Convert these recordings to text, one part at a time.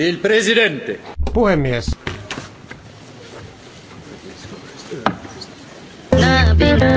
Il presidente. Puhemies. Nabilu,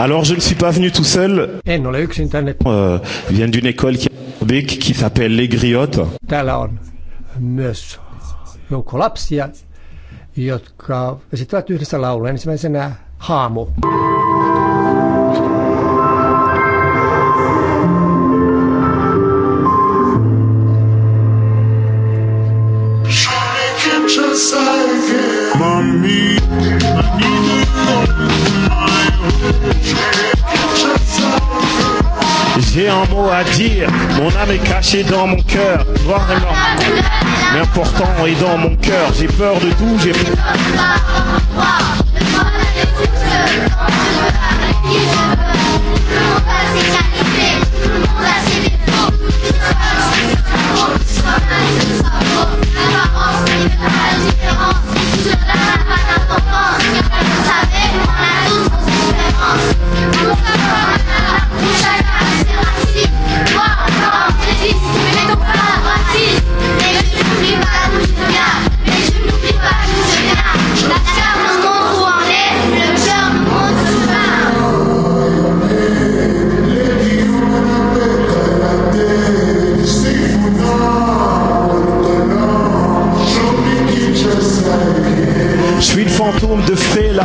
Alors je ne suis pas venu tout seul. Eh, non, ole yksin internet. Euh, vient d'une école qui Big, qui s'appelle Les Griottes. Täällä on myös joukko lapsia, jotka esittävät yhdessä laulua ensimmäisenä Haamu. Haamu. à dire. Mon âme est cachée dans mon cœur, noir et blanc. Mais important est dans mon cœur. J'ai peur de tout, j'ai peur. Cela n'a pas d'importance, vous savez Je suis le fantôme de Fela.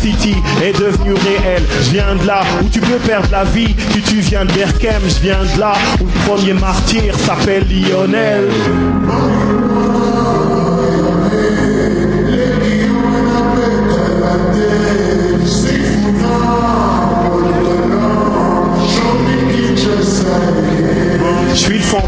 city est devenu réel. Je viens de là où tu peux perdre la vie. Si tu viens de Berkem, je viens de là où le premier martyr s'appelle Lionel. Je suis le fond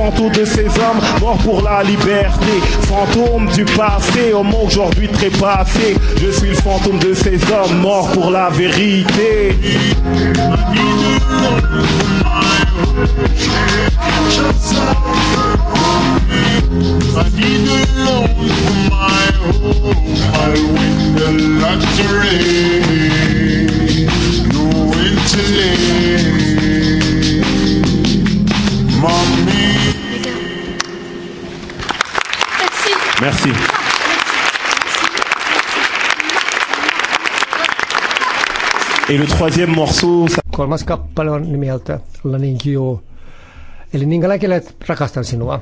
fantôme de ces hommes morts pour la liberté. Fantôme du passé, homme aujourd'hui trépassé. Je suis le fantôme de ces hommes morts pour la vérité. Mommy. Merci. Et le troisième morceau... Kolmas kappale on nimeltä Lanin Eli niinkä rakastan sinua.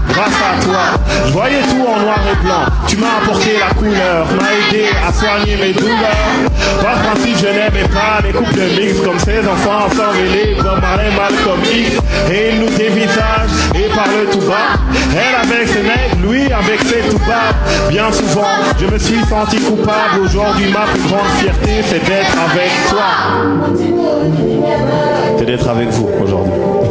Grâce à toi, je voyais tout en noir et blanc. Tu m'as apporté la couleur, m'as aidé à soigner mes douleurs. Par principe, je n'aimais pas les couples de mix comme ces enfants sans ensorvelés, comme Marin mal comme X. Et il nous dévisage et parle tout bas. Elle avec ses mecs, lui avec ses tout bas. Bien souvent, je me suis senti coupable. Aujourd'hui, ma plus grande fierté, c'est d'être avec toi. C'est d'être avec vous aujourd'hui.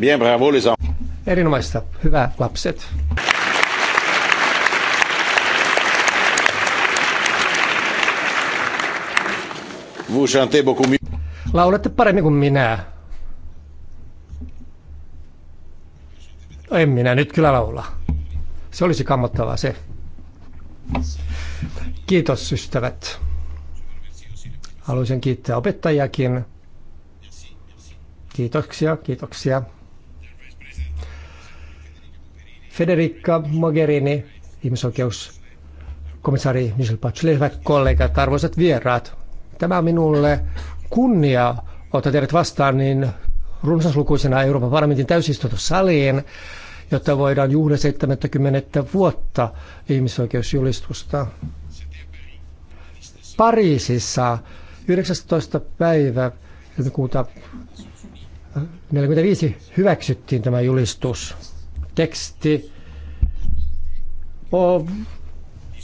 bien, bravo les enfants. Erinomaista. Hyvä lapset. Vous chantez beaucoup mieux. Laulatte paremmin kuin minä. En minä nyt kyllä laula. Se olisi kammottavaa se. Kiitos ystävät. Haluaisin kiittää opettajakin. Kiitoksia, kiitoksia. Federica Mogherini, ihmisoikeuskomissaari Michel Bachelet, hyvät kollegat, arvoisat vieraat. Tämä on minulle kunnia ottaa teidät vastaan niin runsaslukuisena Euroopan parlamentin täysistuntosaliin, jotta voidaan juhlia 70 vuotta ihmisoikeusjulistusta. Pariisissa 19. päivä helmikuuta 45 hyväksyttiin tämä julistus teksti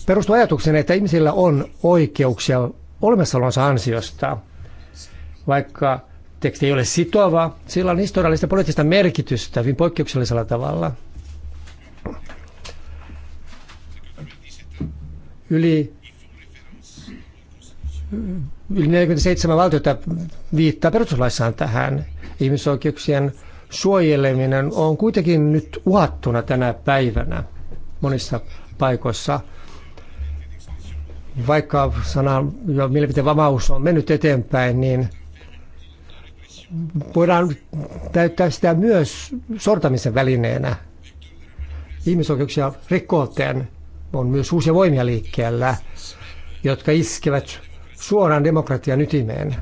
perustuu ajatukseen, että ihmisillä on oikeuksia olemassaolonsa ansiosta. Vaikka teksti ei ole sitova, sillä on historiallista poliittista merkitystä hyvin poikkeuksellisella tavalla. Yli, yli 47 valtiota viittaa perustuslaissaan tähän ihmisoikeuksien suojeleminen on kuitenkin nyt uhattuna tänä päivänä monissa paikoissa. Vaikka sana ja mielipiteen vamaus on mennyt eteenpäin, niin voidaan täyttää sitä myös sortamisen välineenä. Ihmisoikeuksia rikkoten on myös uusia voimia liikkeellä, jotka iskevät suoraan demokratian ytimeen.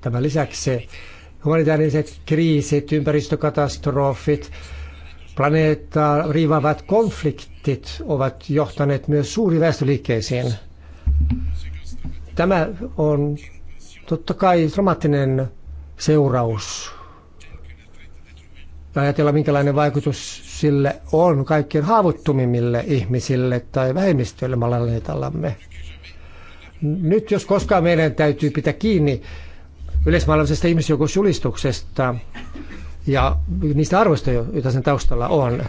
Tämän lisäksi humanitaariset kriisit, ympäristökatastrofit, planeettaa riivaavat konfliktit ovat johtaneet myös suuriin väestöliikkeisiin. Tämä on totta kai dramaattinen seuraus. Ajatella, minkälainen vaikutus sille on kaikkien haavoittumimmille ihmisille tai vähemmistöille planeetallamme. Nyt jos koskaan meidän täytyy pitää kiinni yleismaailmallisesta ihmisjoukosjulistuksesta ja niistä arvoista, joita sen taustalla on.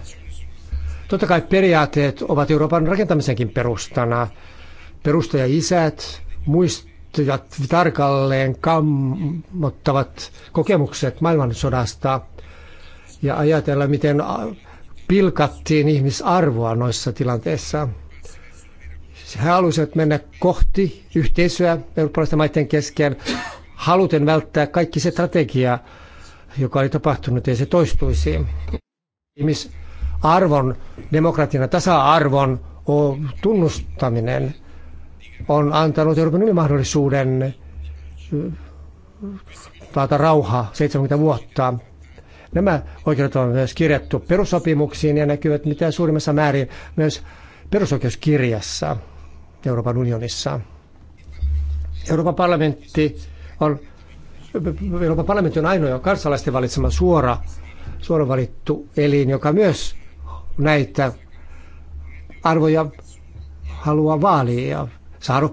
Totta kai periaatteet ovat Euroopan rakentamisenkin perustana. Perustaja isät muistujat tarkalleen kammottavat kokemukset maailmansodasta ja ajatella, miten pilkattiin ihmisarvoa noissa tilanteissa. He halusivat mennä kohti yhteisöä eurooppalaisten maiden kesken, haluten välttää kaikki se strategia, joka oli tapahtunut, ja se toistuisi. Ihmisarvon, demokratian tasa-arvon tunnustaminen on antanut Euroopan mahdollisuuden taata rauhaa 70 vuotta. Nämä oikeudet on myös kirjattu perussopimuksiin ja näkyvät mitä suurimmassa määrin myös perusoikeuskirjassa Euroopan unionissa. Euroopan parlamentti on Euroopan parlamentti on ainoa kansalaisten valitsema suora, suora valittu elin, joka myös näitä arvoja haluaa vaalia.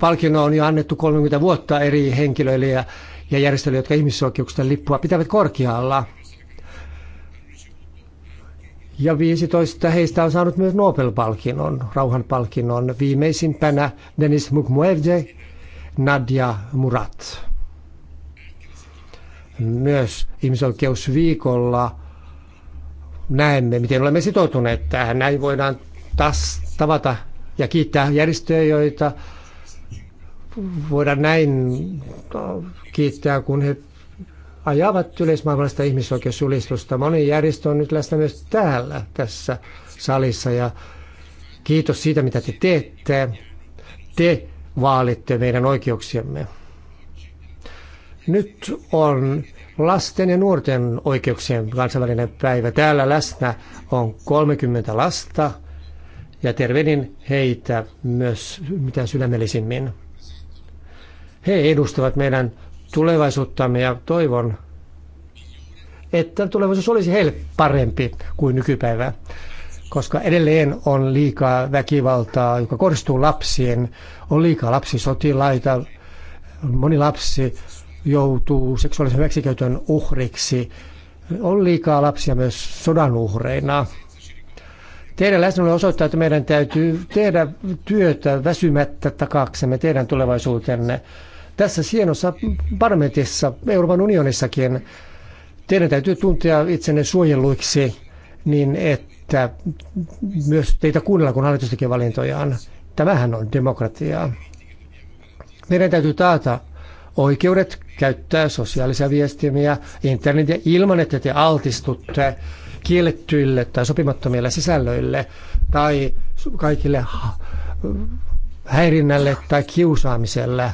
palkinto on jo annettu 30 vuotta eri henkilöille ja, ja järjestöille, jotka ihmisoikeuksien lippua pitävät korkealla. Ja 15 heistä on saanut myös Nobel-palkinnon, rauhanpalkinnon, viimeisimpänä Denis Mukwege, Nadia Murat myös ihmisoikeusviikolla näemme, miten olemme sitoutuneet tähän. Näin voidaan taas tavata ja kiittää järjestöjä, joita voidaan näin kiittää, kun he ajavat yleismaailmallista ihmisoikeusjulistusta. Moni järjestö on nyt läsnä myös täällä tässä salissa ja kiitos siitä, mitä te teette. Te vaalitte meidän oikeuksiamme. Nyt on lasten ja nuorten oikeuksien kansainvälinen päivä. Täällä läsnä on 30 lasta ja tervehdin heitä myös mitä sydämellisimmin. He edustavat meidän tulevaisuuttamme ja toivon, että tulevaisuus olisi heille parempi kuin nykypäivä, koska edelleen on liikaa väkivaltaa, joka kohdistuu lapsiin, on liikaa lapsisotilaita, moni lapsi joutuu seksuaalisen hyväksikäytön uhriksi. On liikaa lapsia myös sodan uhreina. Teidän läsnäolo osoittaa, että meidän täytyy tehdä työtä väsymättä takaksemme teidän tulevaisuutenne. Tässä sienossa parlamentissa, Euroopan unionissakin, teidän täytyy tuntea itsenne suojeluiksi niin, että myös teitä kuunnellaan, kun hallitus tekee valintojaan. Tämähän on demokratiaa. Meidän täytyy taata, oikeudet käyttää sosiaalisia viestimiä, internetiä ilman, että te altistutte kiellettyille tai sopimattomille sisällöille tai kaikille häirinnälle tai kiusaamiselle.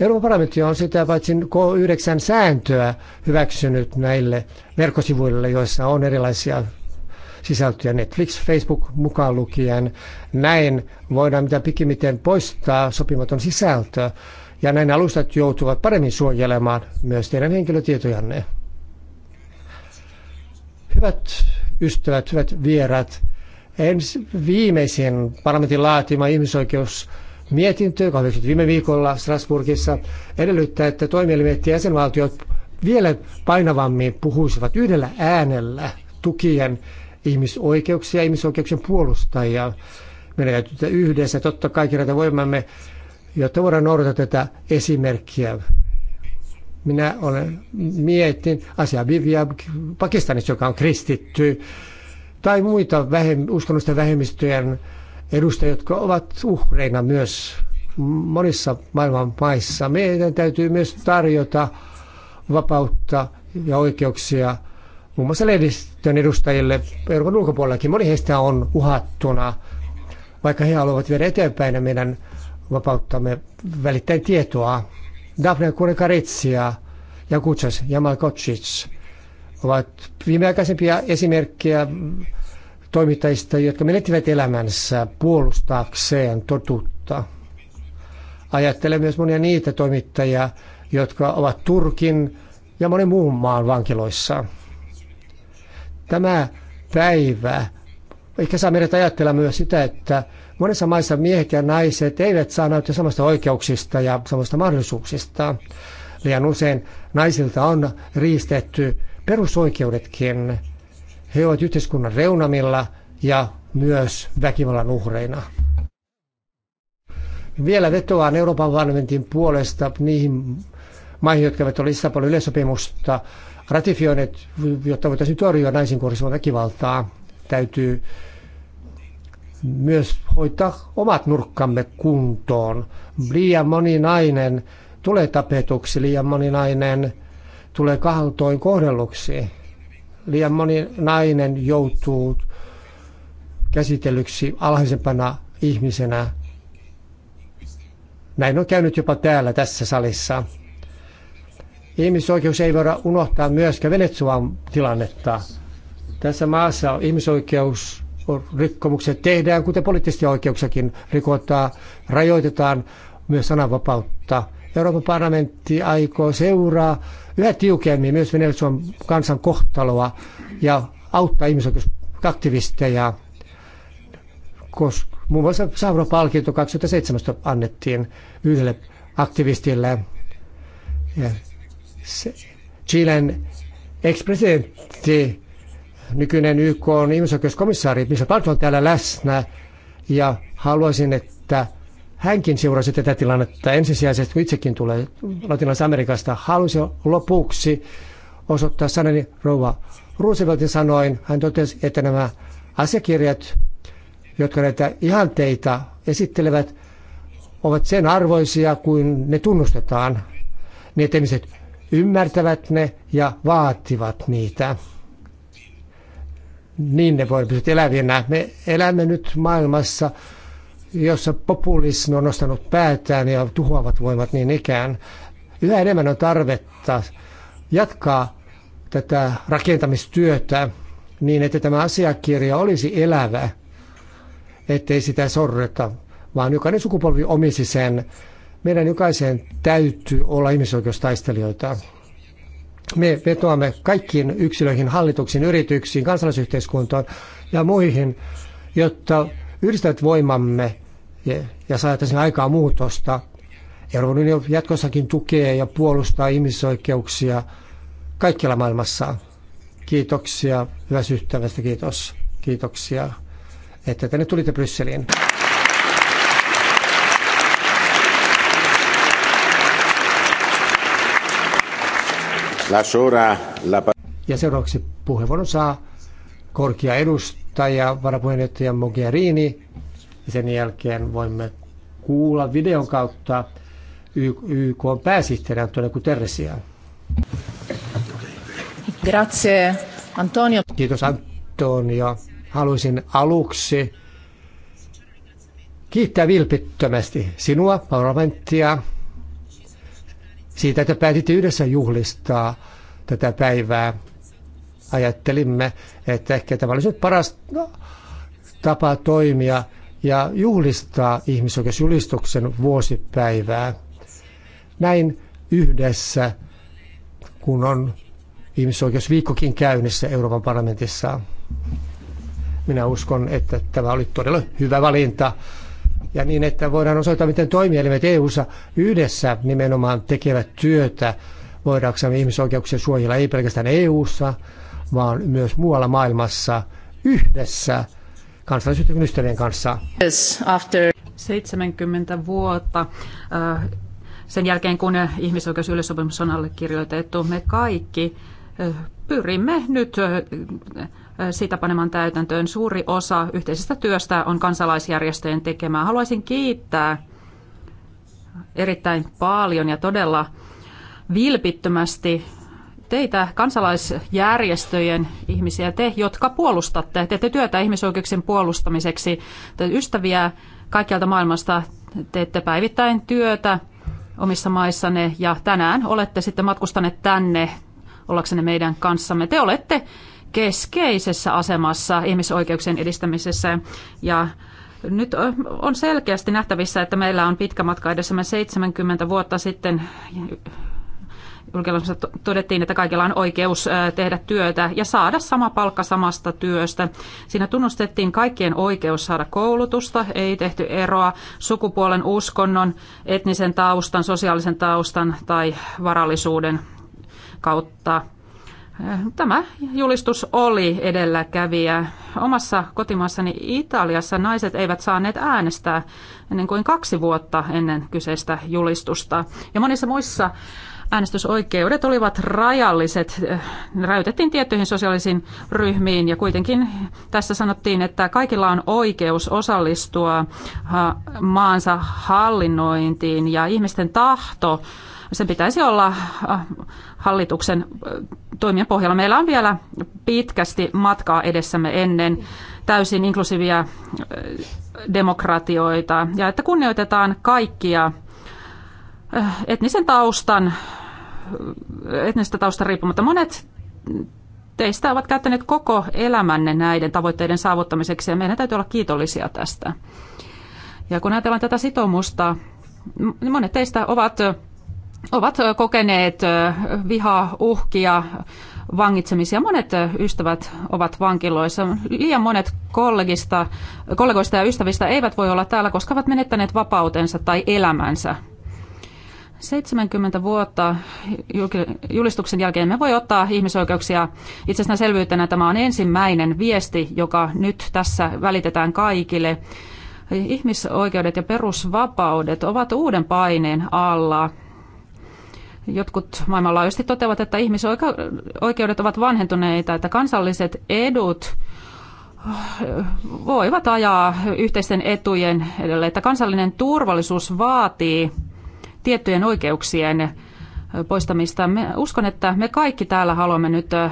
Euroopan parlamentti on sitä paitsi K9 sääntöä hyväksynyt näille verkkosivuille, joissa on erilaisia sisältöjä Netflix, Facebook mukaan lukien. Näin voidaan mitä pikimmiten poistaa sopimaton sisältö ja näin alustat joutuvat paremmin suojelemaan myös teidän henkilötietojanne. Hyvät ystävät, hyvät vieraat, ensi viimeisin parlamentin laatima ihmisoikeus mietintö, joka oli viime viikolla Strasbourgissa, edellyttää, että toimielimet ja jäsenvaltiot vielä painavammin puhuisivat yhdellä äänellä tukien ihmisoikeuksia ja ihmisoikeuksien puolustajia. Meidän täytyy yhdessä totta kai kerätä voimamme jotta voidaan noudata tätä esimerkkiä. Minä olen mietin asiaa Vivia Pakistanissa, joka on kristitty, tai muita vähem- uskonnollisten vähemmistöjen edustajia, jotka ovat uhreina myös monissa maailman maissa. Meidän täytyy myös tarjota vapautta ja oikeuksia muun muassa lehdistön edustajille Euroopan ulkopuolellakin. Moni heistä on uhattuna, vaikka he haluavat viedä eteenpäin meidän vapauttamme välittäen tietoa. Daphne ja Kutsas Jamal Kotsic ovat viimeaikaisempia esimerkkejä toimittajista, jotka menettivät elämänsä puolustaakseen totuutta. Ajattelen myös monia niitä toimittajia, jotka ovat Turkin ja monen muun maan vankiloissa. Tämä päivä ehkä saa meidät ajattelemaan myös sitä, että Monissa maissa miehet ja naiset eivät saa näyttää samasta oikeuksista ja samasta mahdollisuuksista. Liian usein naisilta on riistetty perusoikeudetkin. He ovat yhteiskunnan reunamilla ja myös väkivallan uhreina. Vielä vetoaan Euroopan parlamentin puolesta niihin maihin, jotka eivät ole Lissabonin yleissopimusta ratifioineet, jotta voitaisiin torjua naisiin kohdistuvaa väkivaltaa. Täytyy myös hoitaa omat nurkkamme kuntoon. Liian moni nainen tulee tapetuksi, liian moni nainen tulee kaltoin kohdelluksi. Liian moni nainen joutuu käsitellyksi alhaisempana ihmisenä. Näin on käynyt jopa täällä tässä salissa. Ihmisoikeus ei voida unohtaa myöskään Venezuelan tilannetta. Tässä maassa ihmisoikeus rikkomukset tehdään, kuten poliittisesti oikeuksiakin rikotaan, rajoitetaan myös sananvapautta. Euroopan parlamentti aikoo seuraa yhä tiukemmin myös Venezuelan kansan kohtaloa ja auttaa ihmisoikeusaktivisteja, koska muun muassa Sauro-palkinto 2017 annettiin yhdelle aktivistille. Ja se, Chilen ex-presidentti nykyinen YK on ihmisoikeuskomissaari Michel Barton on täällä läsnä ja haluaisin, että hänkin seurasi tätä tilannetta ensisijaisesti, kun itsekin tulee Latinalaisesta Amerikasta. Haluaisin lopuksi osoittaa sanani rouva Rooseveltin sanoin. Hän totesi, että nämä asiakirjat, jotka näitä ihanteita esittelevät, ovat sen arvoisia kuin ne tunnustetaan. Niin, että ihmiset ymmärtävät ne ja vaativat niitä niin ne voivat pysyä elävinä. Me elämme nyt maailmassa, jossa populismi on nostanut päätään ja tuhoavat voimat niin ikään. Yhä enemmän on tarvetta jatkaa tätä rakentamistyötä niin, että tämä asiakirja olisi elävä, ettei sitä sorreta, vaan jokainen sukupolvi omisi sen. Meidän jokaisen täytyy olla ihmisoikeustaistelijoita. Me vetoamme kaikkiin yksilöihin, hallituksiin, yrityksiin, kansalaisyhteiskuntaan ja muihin, jotta yhdistävät voimamme ja saataisiin aikaa muutosta. Euroopan unioni jatkossakin tukee ja puolustaa ihmisoikeuksia kaikkialla maailmassa. Kiitoksia hyvästä ystävästä, kiitos. Kiitoksia, että tänne tulitte Brysseliin. Ja seuraavaksi puheenvuoron saa korkea edustaja, varapuheenjohtaja Mogherini. Ja sen jälkeen voimme kuulla videon kautta YK pääsihteeri Antonio Guterresia. Grazie, Antonio. Kiitos Antonio. Haluaisin aluksi kiittää vilpittömästi sinua, parlamenttia, siitä, että päätitte yhdessä juhlistaa tätä päivää. Ajattelimme, että ehkä tämä olisi nyt paras no, tapa toimia ja juhlistaa ihmisoikeusjulistuksen vuosipäivää. Näin yhdessä, kun on ihmisoikeusviikkokin käynnissä Euroopan parlamentissa. Minä uskon, että tämä oli todella hyvä valinta ja niin, että voidaan osoittaa, miten toimielimet EU-ssa yhdessä nimenomaan tekevät työtä, voidaanko ihmisoikeuksia suojella ei pelkästään EU-ssa, vaan myös muualla maailmassa yhdessä kansalaisyhteisön ystävien kanssa. Yes, after 70 vuotta äh, sen jälkeen, kun ihmisoikeusyleissopimus on allekirjoitettu, me kaikki äh, pyrimme nyt äh, sitä panemaan täytäntöön. Suuri osa yhteisestä työstä on kansalaisjärjestöjen tekemää. Haluaisin kiittää erittäin paljon ja todella vilpittömästi teitä kansalaisjärjestöjen ihmisiä, te, jotka puolustatte, teette työtä ihmisoikeuksien puolustamiseksi, te ystäviä kaikkialta maailmasta, teette päivittäin työtä omissa maissanne ja tänään olette sitten matkustaneet tänne ollaksenne meidän kanssamme. Te olette keskeisessä asemassa ihmisoikeuksien edistämisessä ja nyt on selkeästi nähtävissä, että meillä on pitkä matka edessämme 70 vuotta sitten julkilausumassa todettiin, että kaikilla on oikeus tehdä työtä ja saada sama palkka samasta työstä. Siinä tunnustettiin kaikkien oikeus saada koulutusta, ei tehty eroa sukupuolen, uskonnon, etnisen taustan, sosiaalisen taustan tai varallisuuden kautta. Äh, tämä julistus oli edelläkävijä. Omassa kotimaassani Italiassa naiset eivät saaneet äänestää ennen kuin kaksi vuotta ennen kyseistä julistusta. Ja monissa muissa äänestysoikeudet olivat rajalliset, ne äh, räytettiin tiettyihin sosiaalisiin ryhmiin ja kuitenkin tässä sanottiin, että kaikilla on oikeus osallistua äh, maansa hallinnointiin ja ihmisten tahto se pitäisi olla äh, hallituksen äh, toimien pohjalla. Meillä on vielä pitkästi matkaa edessämme ennen täysin inklusiivia äh, demokratioita ja että kunnioitetaan kaikkia etnisen taustan, etnisestä taustan riippumatta. Monet teistä ovat käyttäneet koko elämänne näiden tavoitteiden saavuttamiseksi ja meidän täytyy olla kiitollisia tästä. Ja kun ajatellaan tätä sitoumusta, monet teistä ovat ovat kokeneet vihaa, uhkia, vangitsemisia. Monet ystävät ovat vankiloissa. Liian monet kollegista, kollegoista ja ystävistä eivät voi olla täällä, koska ovat menettäneet vapautensa tai elämänsä. 70 vuotta julistuksen jälkeen me voi ottaa ihmisoikeuksia selvyytenä. Tämä on ensimmäinen viesti, joka nyt tässä välitetään kaikille. Ihmisoikeudet ja perusvapaudet ovat uuden paineen alla Jotkut maailmanlaajuisesti toteavat, että ihmisoikeudet ovat vanhentuneita, että kansalliset edut oh, voivat ajaa yhteisten etujen edelle, että kansallinen turvallisuus vaatii tiettyjen oikeuksien poistamista. Me uskon, että me kaikki täällä haluamme nyt eh,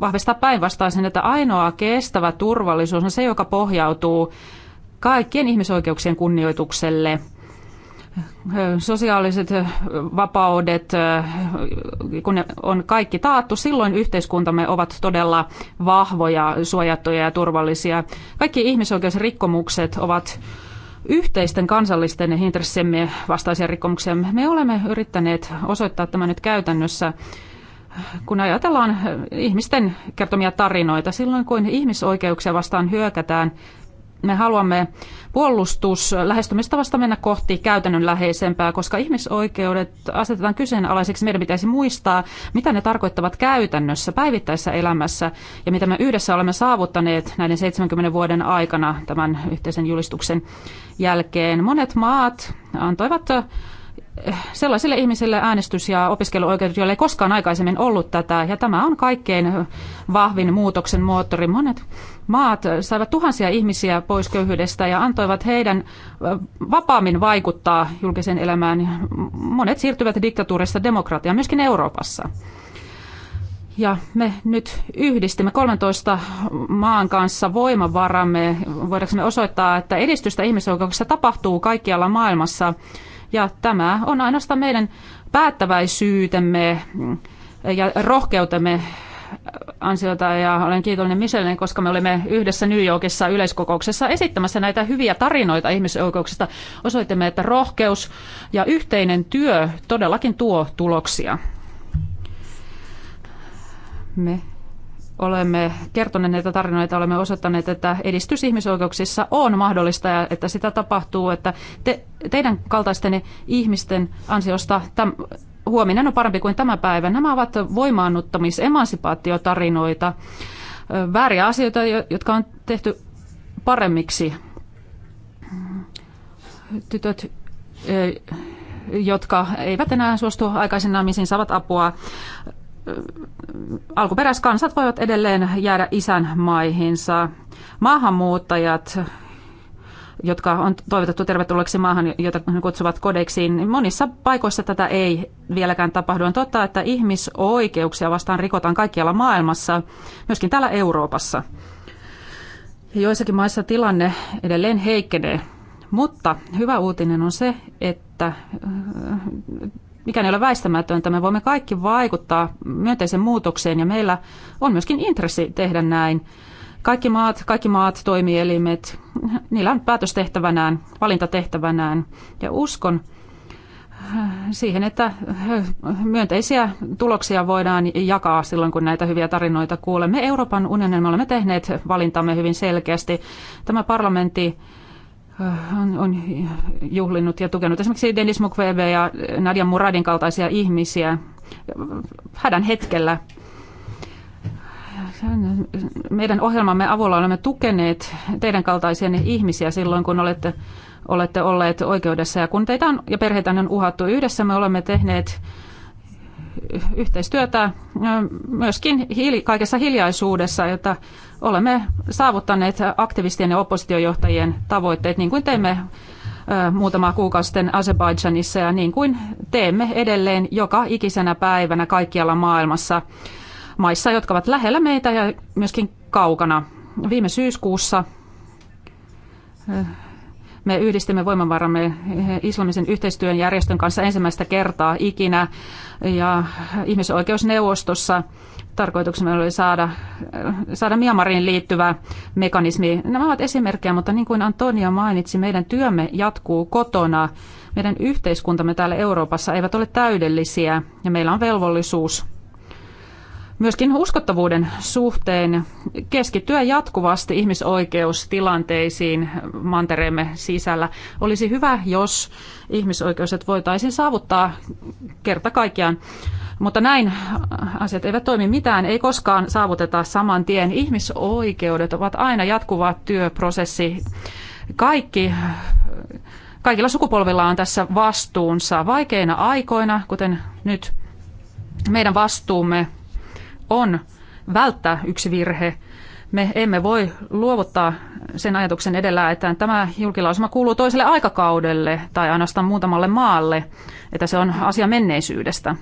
vahvistaa päinvastaisen, että ainoa kestävä turvallisuus on se, joka pohjautuu kaikkien ihmisoikeuksien kunnioitukselle – sosiaaliset vapaudet, kun ne on kaikki taattu, silloin yhteiskuntamme ovat todella vahvoja, suojattuja ja turvallisia. Kaikki ihmisoikeusrikkomukset ovat yhteisten kansallisten intressiemme vastaisia rikkomuksia. Me olemme yrittäneet osoittaa tämä nyt käytännössä kun ajatellaan ihmisten kertomia tarinoita, silloin kun ihmisoikeuksia vastaan hyökätään, me haluamme puolustus lähestymistavasta mennä kohti käytännönläheisempää, koska ihmisoikeudet asetetaan kyseenalaiseksi. Meidän pitäisi muistaa, mitä ne tarkoittavat käytännössä, päivittäisessä elämässä ja mitä me yhdessä olemme saavuttaneet näiden 70 vuoden aikana tämän yhteisen julistuksen jälkeen. Monet maat antoivat sellaisille ihmisille äänestys- ja opiskeluoikeudet, joilla ei koskaan aikaisemmin ollut tätä. Ja tämä on kaikkein vahvin muutoksen moottori. Monet maat saivat tuhansia ihmisiä pois köyhyydestä ja antoivat heidän vapaammin vaikuttaa julkiseen elämään. Monet siirtyvät diktatuurista demokratiaan, myöskin Euroopassa. Ja me nyt yhdistimme 13 maan kanssa voimavaramme, voidaanko me osoittaa, että edistystä ihmisoikeuksissa tapahtuu kaikkialla maailmassa – ja tämä on ainoastaan meidän päättäväisyytemme ja rohkeutemme ansiota ja olen kiitollinen Michelle, koska me olimme yhdessä New Yorkissa yleiskokouksessa esittämässä näitä hyviä tarinoita ihmisoikeuksista. Osoitimme, että rohkeus ja yhteinen työ todellakin tuo tuloksia. Me olemme kertoneet näitä tarinoita, olemme osoittaneet, että edistys ihmisoikeuksissa on mahdollista ja että sitä tapahtuu, että te, teidän kaltaisten ihmisten ansiosta täm, huominen on parempi kuin tämä päivä. Nämä ovat voimaannuttamis- emansipaatiotarinoita, vääriä asioita, jotka on tehty paremmiksi. Tytöt, eh, jotka eivät enää suostu aikaisin naimisiin, saavat apua alkuperäiskansat voivat edelleen jäädä isänmaihinsa. Maahanmuuttajat, jotka on toivotettu tervetulleeksi maahan, jota he kutsuvat kodeksiin, niin monissa paikoissa tätä ei vieläkään tapahdu. On totta, että ihmisoikeuksia vastaan rikotaan kaikkialla maailmassa, myöskin täällä Euroopassa. Joissakin maissa tilanne edelleen heikkenee, mutta hyvä uutinen on se, että mikään ei ole väistämätöntä. Me voimme kaikki vaikuttaa myönteiseen muutokseen ja meillä on myöskin intressi tehdä näin. Kaikki maat, kaikki maat, toimielimet, niillä on päätöstehtävänään, valintatehtävänään ja uskon äh, siihen, että äh, myönteisiä tuloksia voidaan jakaa silloin, kun näitä hyviä tarinoita kuulemme. Euroopan unionin me olemme tehneet valintamme hyvin selkeästi. Tämä parlamentti Äh, on, on juhlinut ja tukenut esimerkiksi Denis Mukwebe ja Nadia Muradin kaltaisia ihmisiä hädän hetkellä. Meidän ohjelmamme avulla olemme tukeneet teidän kaltaisia ihmisiä silloin, kun olette, olette olleet oikeudessa ja kun teitä on, ja perheitä on uhattu. Yhdessä me olemme tehneet yhteistyötä myöskin kaikessa hiljaisuudessa, jota olemme saavuttaneet aktivistien ja oppositiojohtajien tavoitteet, niin kuin teimme muutama kuukausi sitten Azerbaijanissa ja niin kuin teemme edelleen joka ikisenä päivänä kaikkialla maailmassa maissa, jotka ovat lähellä meitä ja myöskin kaukana. Viime syyskuussa me yhdistimme voimavaramme eh, islamisen yhteistyön järjestön kanssa ensimmäistä kertaa ikinä ja ihmisoikeusneuvostossa tarkoituksena oli saada, eh, saada Myanmariin liittyvä mekanismi. Nämä ovat esimerkkejä, mutta niin kuin Antonia mainitsi, meidän työmme jatkuu kotona. Meidän yhteiskuntamme täällä Euroopassa eivät ole täydellisiä ja meillä on velvollisuus myöskin uskottavuuden suhteen keskittyä jatkuvasti ihmisoikeustilanteisiin mantereemme sisällä. Olisi hyvä, jos ihmisoikeudet voitaisiin saavuttaa kerta kaikkiaan. Mutta näin asiat eivät toimi mitään, ei koskaan saavuteta saman tien. Ihmisoikeudet ovat aina jatkuva työprosessi. Kaikki kaikilla sukupolvilla on tässä vastuunsa vaikeina aikoina, kuten nyt meidän vastuumme on välttää yksi virhe. Me emme voi luovuttaa sen ajatuksen edellä, että tämä julkilausuma kuuluu toiselle aikakaudelle tai ainoastaan muutamalle maalle, että se on asia menneisyydestä.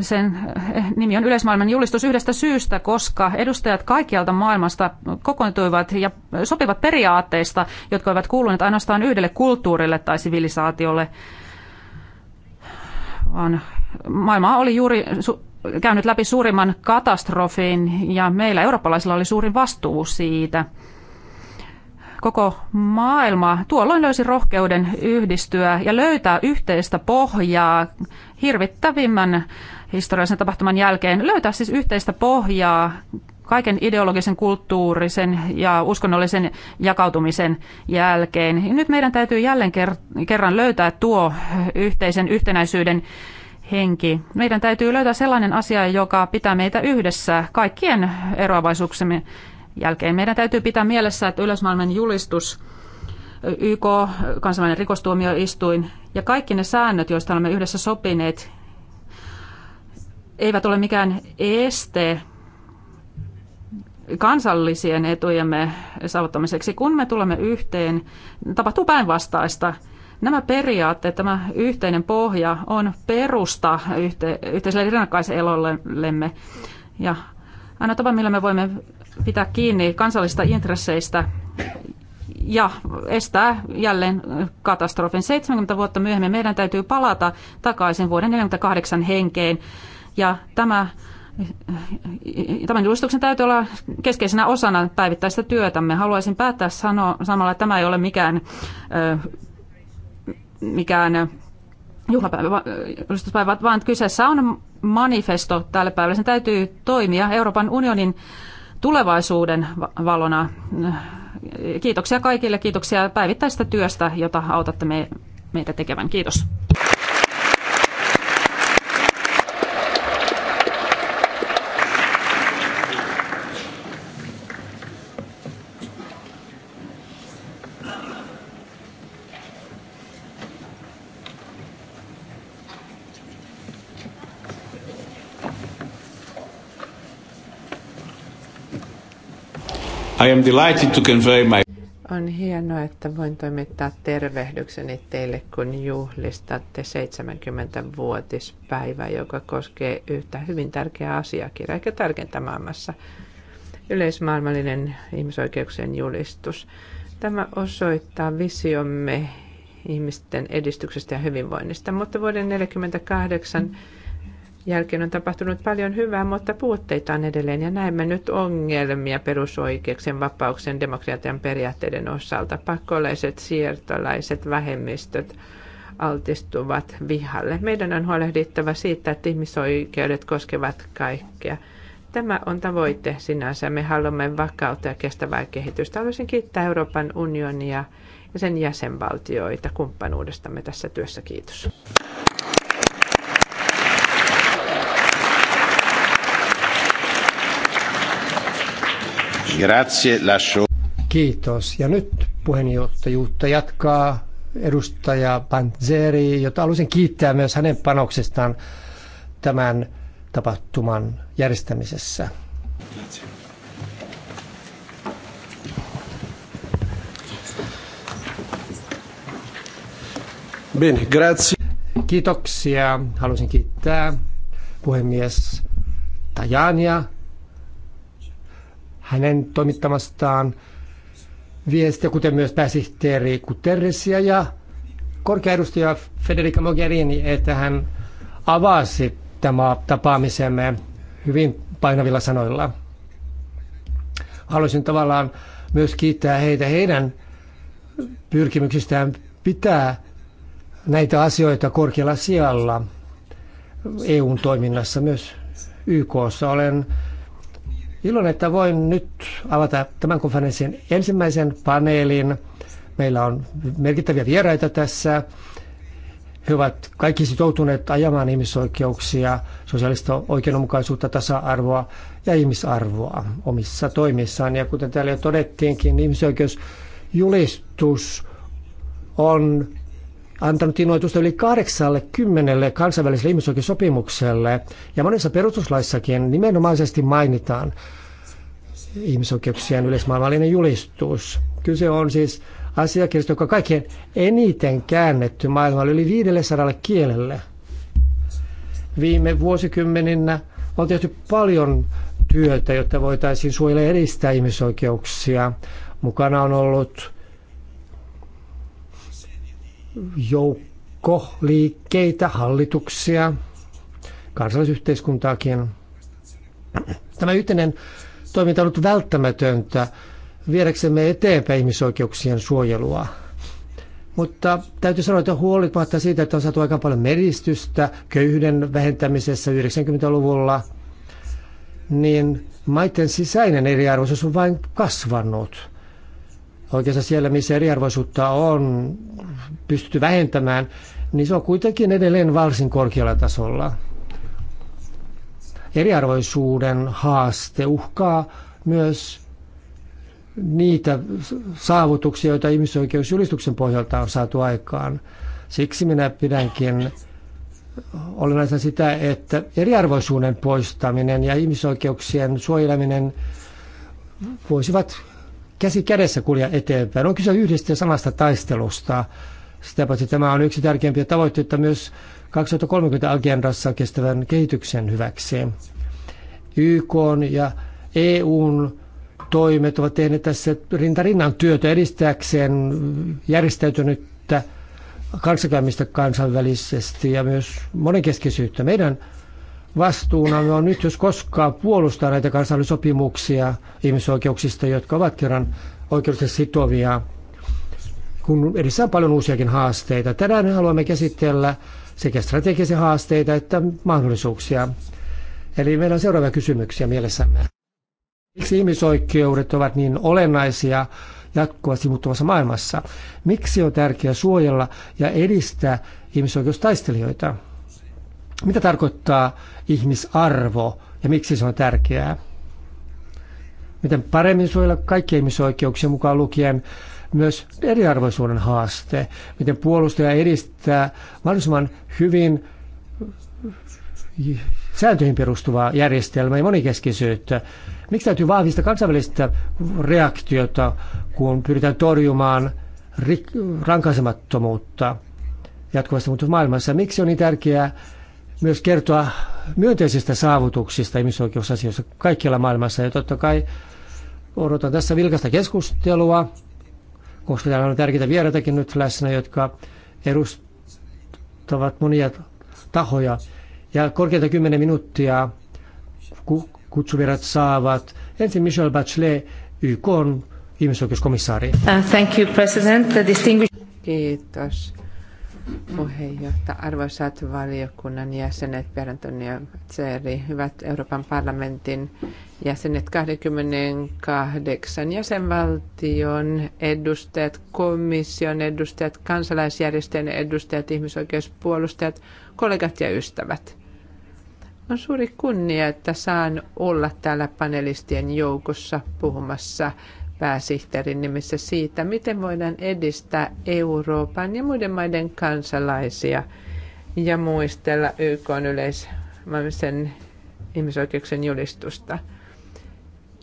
Sen eh, nimi on yleismaailman julistus yhdestä syystä, koska edustajat kaikkialta maailmasta kokoontuivat ja sopivat periaatteista, jotka ovat kuuluneet ainoastaan yhdelle kulttuurille tai sivilisaatiolle, maailma oli juuri käynyt läpi suurimman katastrofin ja meillä eurooppalaisilla oli suurin vastuu siitä. Koko maailma tuolloin löysi rohkeuden yhdistyä ja löytää yhteistä pohjaa hirvittävimmän historiallisen tapahtuman jälkeen. Löytää siis yhteistä pohjaa kaiken ideologisen, kulttuurisen ja uskonnollisen jakautumisen jälkeen. Nyt meidän täytyy jälleen kerran löytää tuo yhteisen yhtenäisyyden henki. Meidän täytyy löytää sellainen asia, joka pitää meitä yhdessä kaikkien eroavaisuuksemme jälkeen. Meidän täytyy pitää mielessä, että yleismaailman julistus, YK, kansainvälinen rikostuomioistuin ja kaikki ne säännöt, joista olemme yhdessä sopineet, eivät ole mikään este kansallisien etujemme saavuttamiseksi. Kun me tulemme yhteen, tapahtuu päinvastaista – Nämä periaatteet, tämä yhteinen pohja on perusta yhte- yhteiselle rinnakkaiselollemme ja aina tapa, millä me voimme pitää kiinni kansallisista intresseistä ja estää jälleen katastrofin. 70 vuotta myöhemmin meidän täytyy palata takaisin vuoden 48 henkeen ja tämä Tämän julistuksen täytyy olla keskeisenä osana päivittäistä työtämme. Haluaisin päättää sanoa, samalla, että tämä ei ole mikään ö, mikään juhlapäivä, julistuspäivä, vaan kyseessä on manifesto tälle päivälle. Sen täytyy toimia Euroopan unionin tulevaisuuden valona. Kiitoksia kaikille, kiitoksia päivittäistä työstä, jota autatte meitä tekevän. Kiitos. I am delighted to convey my... On hienoa, että voin toimittaa tervehdykseni teille, kun juhlistatte 70-vuotispäivää, joka koskee yhtä hyvin tärkeää asiakirjaa, ehkä tärkeintä maailmassa, yleismaailmallinen ihmisoikeuksien julistus. Tämä osoittaa visiomme ihmisten edistyksestä ja hyvinvoinnista, mutta vuoden 1948 jälkeen on tapahtunut paljon hyvää, mutta puutteita on edelleen ja näemme nyt ongelmia perusoikeuksien, vapauksen, demokratian periaatteiden osalta. Pakolaiset, siirtolaiset, vähemmistöt altistuvat vihalle. Meidän on huolehdittava siitä, että ihmisoikeudet koskevat kaikkea. Tämä on tavoite sinänsä. Me haluamme vakautta ja kestävää kehitystä. Haluaisin kiittää Euroopan unionia ja sen jäsenvaltioita kumppanuudestamme tässä työssä. Kiitos. Kiitos. Ja nyt puheenjohtajuutta jatkaa edustaja Panzeri, jota haluaisin kiittää myös hänen panoksestaan tämän tapahtuman järjestämisessä. Kiitos. Bene, Kiitoksia. Haluaisin kiittää puhemies Tajania hänen toimittamastaan viestiä, kuten myös pääsihteeri Kuterresia ja korkea edustaja Federica Mogherini, että hän avasi tämä tapaamisemme hyvin painavilla sanoilla. Haluaisin tavallaan myös kiittää heitä heidän pyrkimyksistään pitää näitä asioita korkealla sijalla EUn toiminnassa, myös YKssa. Olen Ilon, että voin nyt avata tämän konferenssin ensimmäisen paneelin. Meillä on merkittäviä vieraita tässä. He ovat kaikki sitoutuneet ajamaan ihmisoikeuksia, sosiaalista oikeudenmukaisuutta, tasa-arvoa ja ihmisarvoa omissa toimissaan. Ja kuten täällä jo todettiinkin, ihmisoikeusjulistus on antanut innoitusta yli 80 kansainväliselle ihmisoikeussopimukselle. Ja monessa perustuslaissakin nimenomaisesti mainitaan ihmisoikeuksien yleismaailmallinen julistus. Kyse on siis asiakirjasta, joka on kaikkein eniten käännetty maailmalle yli 500 kielelle. Viime vuosikymmeninä on tehty paljon työtä, jotta voitaisiin suojella ja edistää ihmisoikeuksia. Mukana on ollut joukko liikkeitä, hallituksia, kansallisyhteiskuntaakin. Tämä yhteinen toiminta on ollut välttämätöntä viedäksemme eteenpäin ihmisoikeuksien suojelua. Mutta täytyy sanoa, että huolimatta siitä, että on saatu aika paljon meristystä köyhyyden vähentämisessä 90-luvulla, niin maiden sisäinen eriarvoisuus on vain kasvanut oikeastaan siellä, missä eriarvoisuutta on pystytty vähentämään, niin se on kuitenkin edelleen varsin korkealla tasolla. Eriarvoisuuden haaste uhkaa myös niitä saavutuksia, joita ihmisoikeusjulistuksen pohjalta on saatu aikaan. Siksi minä pidänkin olennaisena sitä, että eriarvoisuuden poistaminen ja ihmisoikeuksien suojeleminen voisivat käsi kädessä kulje eteenpäin. On kyse yhdestä ja samasta taistelusta. Sitä paitsi tämä on yksi tärkeimpiä tavoitteita myös 2030 agendassa kestävän kehityksen hyväksi. YK ja EUn toimet ovat tehneet tässä rintarinnan työtä edistääkseen järjestäytynyttä kanssakäymistä kansainvälisesti ja myös monenkeskisyyttä. Meidän vastuunamme on nyt jos koskaan puolustaa näitä kansainvälisiä sopimuksia ihmisoikeuksista, jotka ovat kerran oikeudellisesti sitovia, kun edessä on paljon uusiakin haasteita. Tänään haluamme käsitellä sekä strategisia haasteita että mahdollisuuksia. Eli meillä on seuraavia kysymyksiä mielessämme. Miksi ihmisoikeudet ovat niin olennaisia jatkuvasti muuttuvassa maailmassa? Miksi on tärkeää suojella ja edistää ihmisoikeustaistelijoita? Mitä tarkoittaa ihmisarvo ja miksi se on tärkeää? Miten paremmin suojella kaikkia ihmisoikeuksia mukaan lukien myös eriarvoisuuden haaste? Miten puolustaja edistää mahdollisimman hyvin sääntöihin perustuvaa järjestelmää ja monikeskisyyttä? Miksi täytyy vahvistaa kansainvälistä reaktiota, kun pyritään torjumaan rankaisemattomuutta jatkuvasti muuttuvassa maailmassa? Miksi on niin tärkeää myös kertoa myönteisistä saavutuksista ihmisoikeusasioissa kaikkialla maailmassa. Ja totta kai odotan tässä vilkasta keskustelua, koska täällä on tärkeitä vieraitakin nyt läsnä, jotka edustavat monia tahoja. Ja korkeinta 10 minuuttia kutsuvirat saavat. Ensin Michel Bachelet, YK on ihmisoikeuskomissaari. Uh, thank you, President. the Distinguished... Kiitos puheenjohtaja, arvoisat valiokunnan jäsenet, Berntoni ja Tseri, hyvät Euroopan parlamentin jäsenet, 28 jäsenvaltion edustajat, komission edustajat, kansalaisjärjestöjen edustajat, ihmisoikeuspuolustajat, kollegat ja ystävät. On suuri kunnia, että saan olla täällä panelistien joukossa puhumassa – pääsihteerin nimissä siitä, miten voidaan edistää Euroopan ja muiden maiden kansalaisia ja muistella YK yleismaailmisen ihmisoikeuksien julistusta.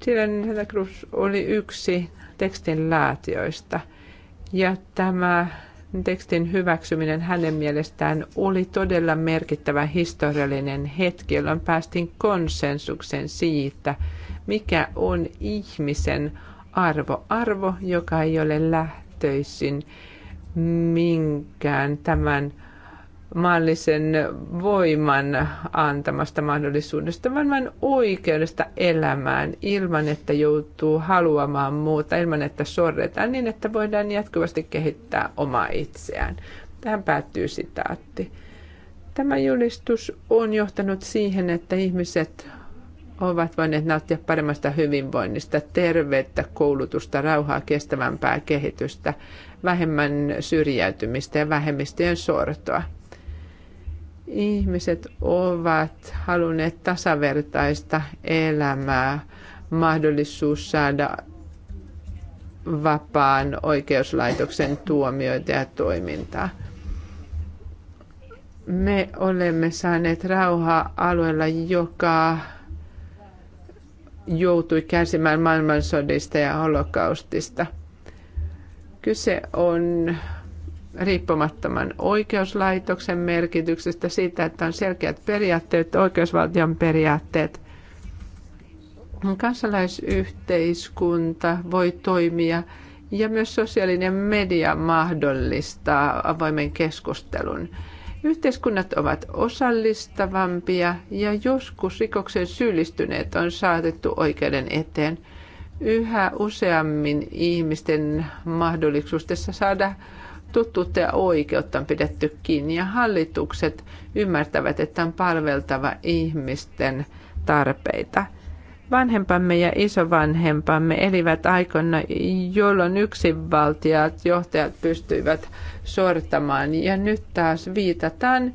Silloin Santa Cruz oli yksi tekstin laatioista ja tämä tekstin hyväksyminen hänen mielestään oli todella merkittävä historiallinen hetki, jolloin päästiin konsensuksen siitä, mikä on ihmisen arvo. Arvo, joka ei ole lähtöisin minkään tämän maallisen voiman antamasta mahdollisuudesta, vaan vain oikeudesta elämään ilman, että joutuu haluamaan muuta, ilman, että sorretaan niin, että voidaan jatkuvasti kehittää omaa itseään. Tähän päättyy sitaatti. Tämä julistus on johtanut siihen, että ihmiset ovat voineet nauttia paremmasta hyvinvoinnista, terveyttä, koulutusta, rauhaa, kestävämpää kehitystä, vähemmän syrjäytymistä ja vähemmistöjen sortoa. Ihmiset ovat halunneet tasavertaista elämää, mahdollisuus saada vapaan oikeuslaitoksen tuomioita ja toimintaa me olemme saaneet rauhaa alueella, joka joutui kärsimään maailmansodista ja holokaustista. Kyse on riippumattoman oikeuslaitoksen merkityksestä, siitä, että on selkeät periaatteet, oikeusvaltion periaatteet. Kansalaisyhteiskunta voi toimia ja myös sosiaalinen media mahdollistaa avoimen keskustelun. Yhteiskunnat ovat osallistavampia ja joskus rikoksen syyllistyneet on saatettu oikeuden eteen. Yhä useammin ihmisten mahdollisuus saada tuttuutta ja oikeutta on pidetty kiinni ja hallitukset ymmärtävät, että on palveltava ihmisten tarpeita. Vanhempamme ja isovanhempamme elivät aikoina, jolloin yksinvaltiat johtajat pystyivät sortamaan. Ja nyt taas viitataan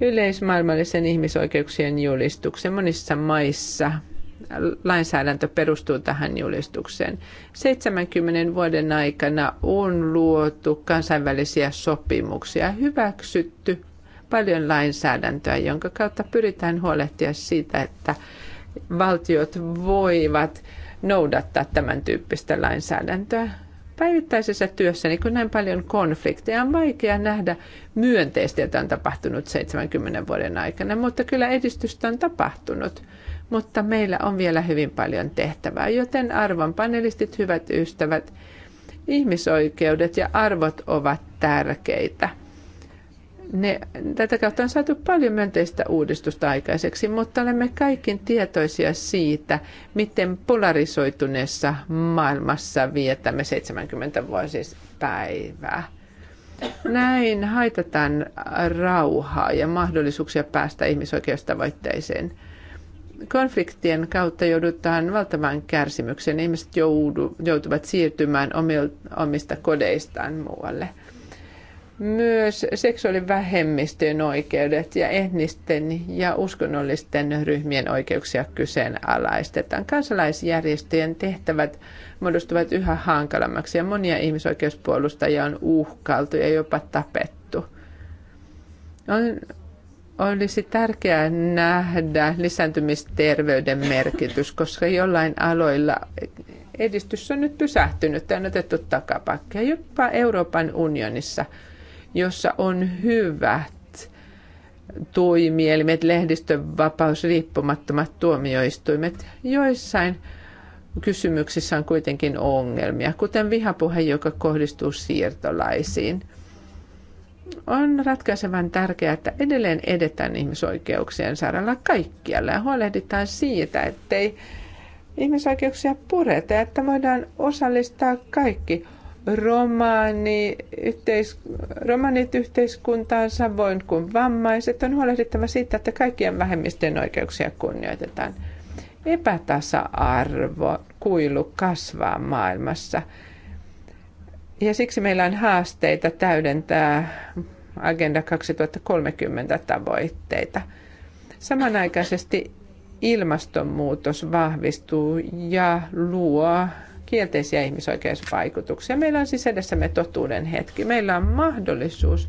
yleismaailmallisen ihmisoikeuksien julistuksen monissa maissa lainsäädäntö perustuu tähän julistukseen. 70 vuoden aikana on luotu kansainvälisiä sopimuksia, hyväksytty paljon lainsäädäntöä, jonka kautta pyritään huolehtia siitä, että valtiot voivat noudattaa tämän tyyppistä lainsäädäntöä. Päivittäisessä työssäni, kun näin paljon konflikteja, on vaikea nähdä myönteistä, jota on tapahtunut 70 vuoden aikana, mutta kyllä edistystä on tapahtunut. Mutta meillä on vielä hyvin paljon tehtävää, joten arvon panelistit, hyvät ystävät, ihmisoikeudet ja arvot ovat tärkeitä ne, tätä kautta on saatu paljon myönteistä uudistusta aikaiseksi, mutta olemme kaikki tietoisia siitä, miten polarisoituneessa maailmassa vietämme 70 vuosispäivää. Näin haitataan rauhaa ja mahdollisuuksia päästä ihmisoikeustavoitteeseen. Konfliktien kautta joudutaan valtavan kärsimykseen. Ihmiset joudu, joutuvat siirtymään omista kodeistaan muualle – myös seksuaalivähemmistöjen oikeudet ja etnisten ja uskonnollisten ryhmien oikeuksia kyseenalaistetaan. Kansalaisjärjestöjen tehtävät muodostuvat yhä hankalammaksi ja monia ihmisoikeuspuolustajia on uhkailtu ja jopa tapettu. On, olisi tärkeää nähdä lisääntymisterveyden merkitys, koska jollain aloilla edistys on nyt pysähtynyt ja on otettu takapakkia. Jopa Euroopan unionissa – jossa on hyvät toimielimet, lehdistönvapaus, riippumattomat tuomioistuimet. Joissain kysymyksissä on kuitenkin ongelmia, kuten vihapuhe, joka kohdistuu siirtolaisiin. On ratkaisevan tärkeää, että edelleen edetään ihmisoikeuksien saralla kaikkialla ja huolehditaan siitä, ettei ihmisoikeuksia pureta, että voidaan osallistaa kaikki romaani, yhteis, romaanit yhteiskuntaan samoin kuin vammaiset on huolehdittava siitä, että kaikkien vähemmistöjen oikeuksia kunnioitetaan. Epätasa-arvo, kuilu kasvaa maailmassa. Ja siksi meillä on haasteita täydentää Agenda 2030 tavoitteita. Samanaikaisesti ilmastonmuutos vahvistuu ja luo kielteisiä ihmisoikeusvaikutuksia. Meillä on siis edessämme totuuden hetki. Meillä on mahdollisuus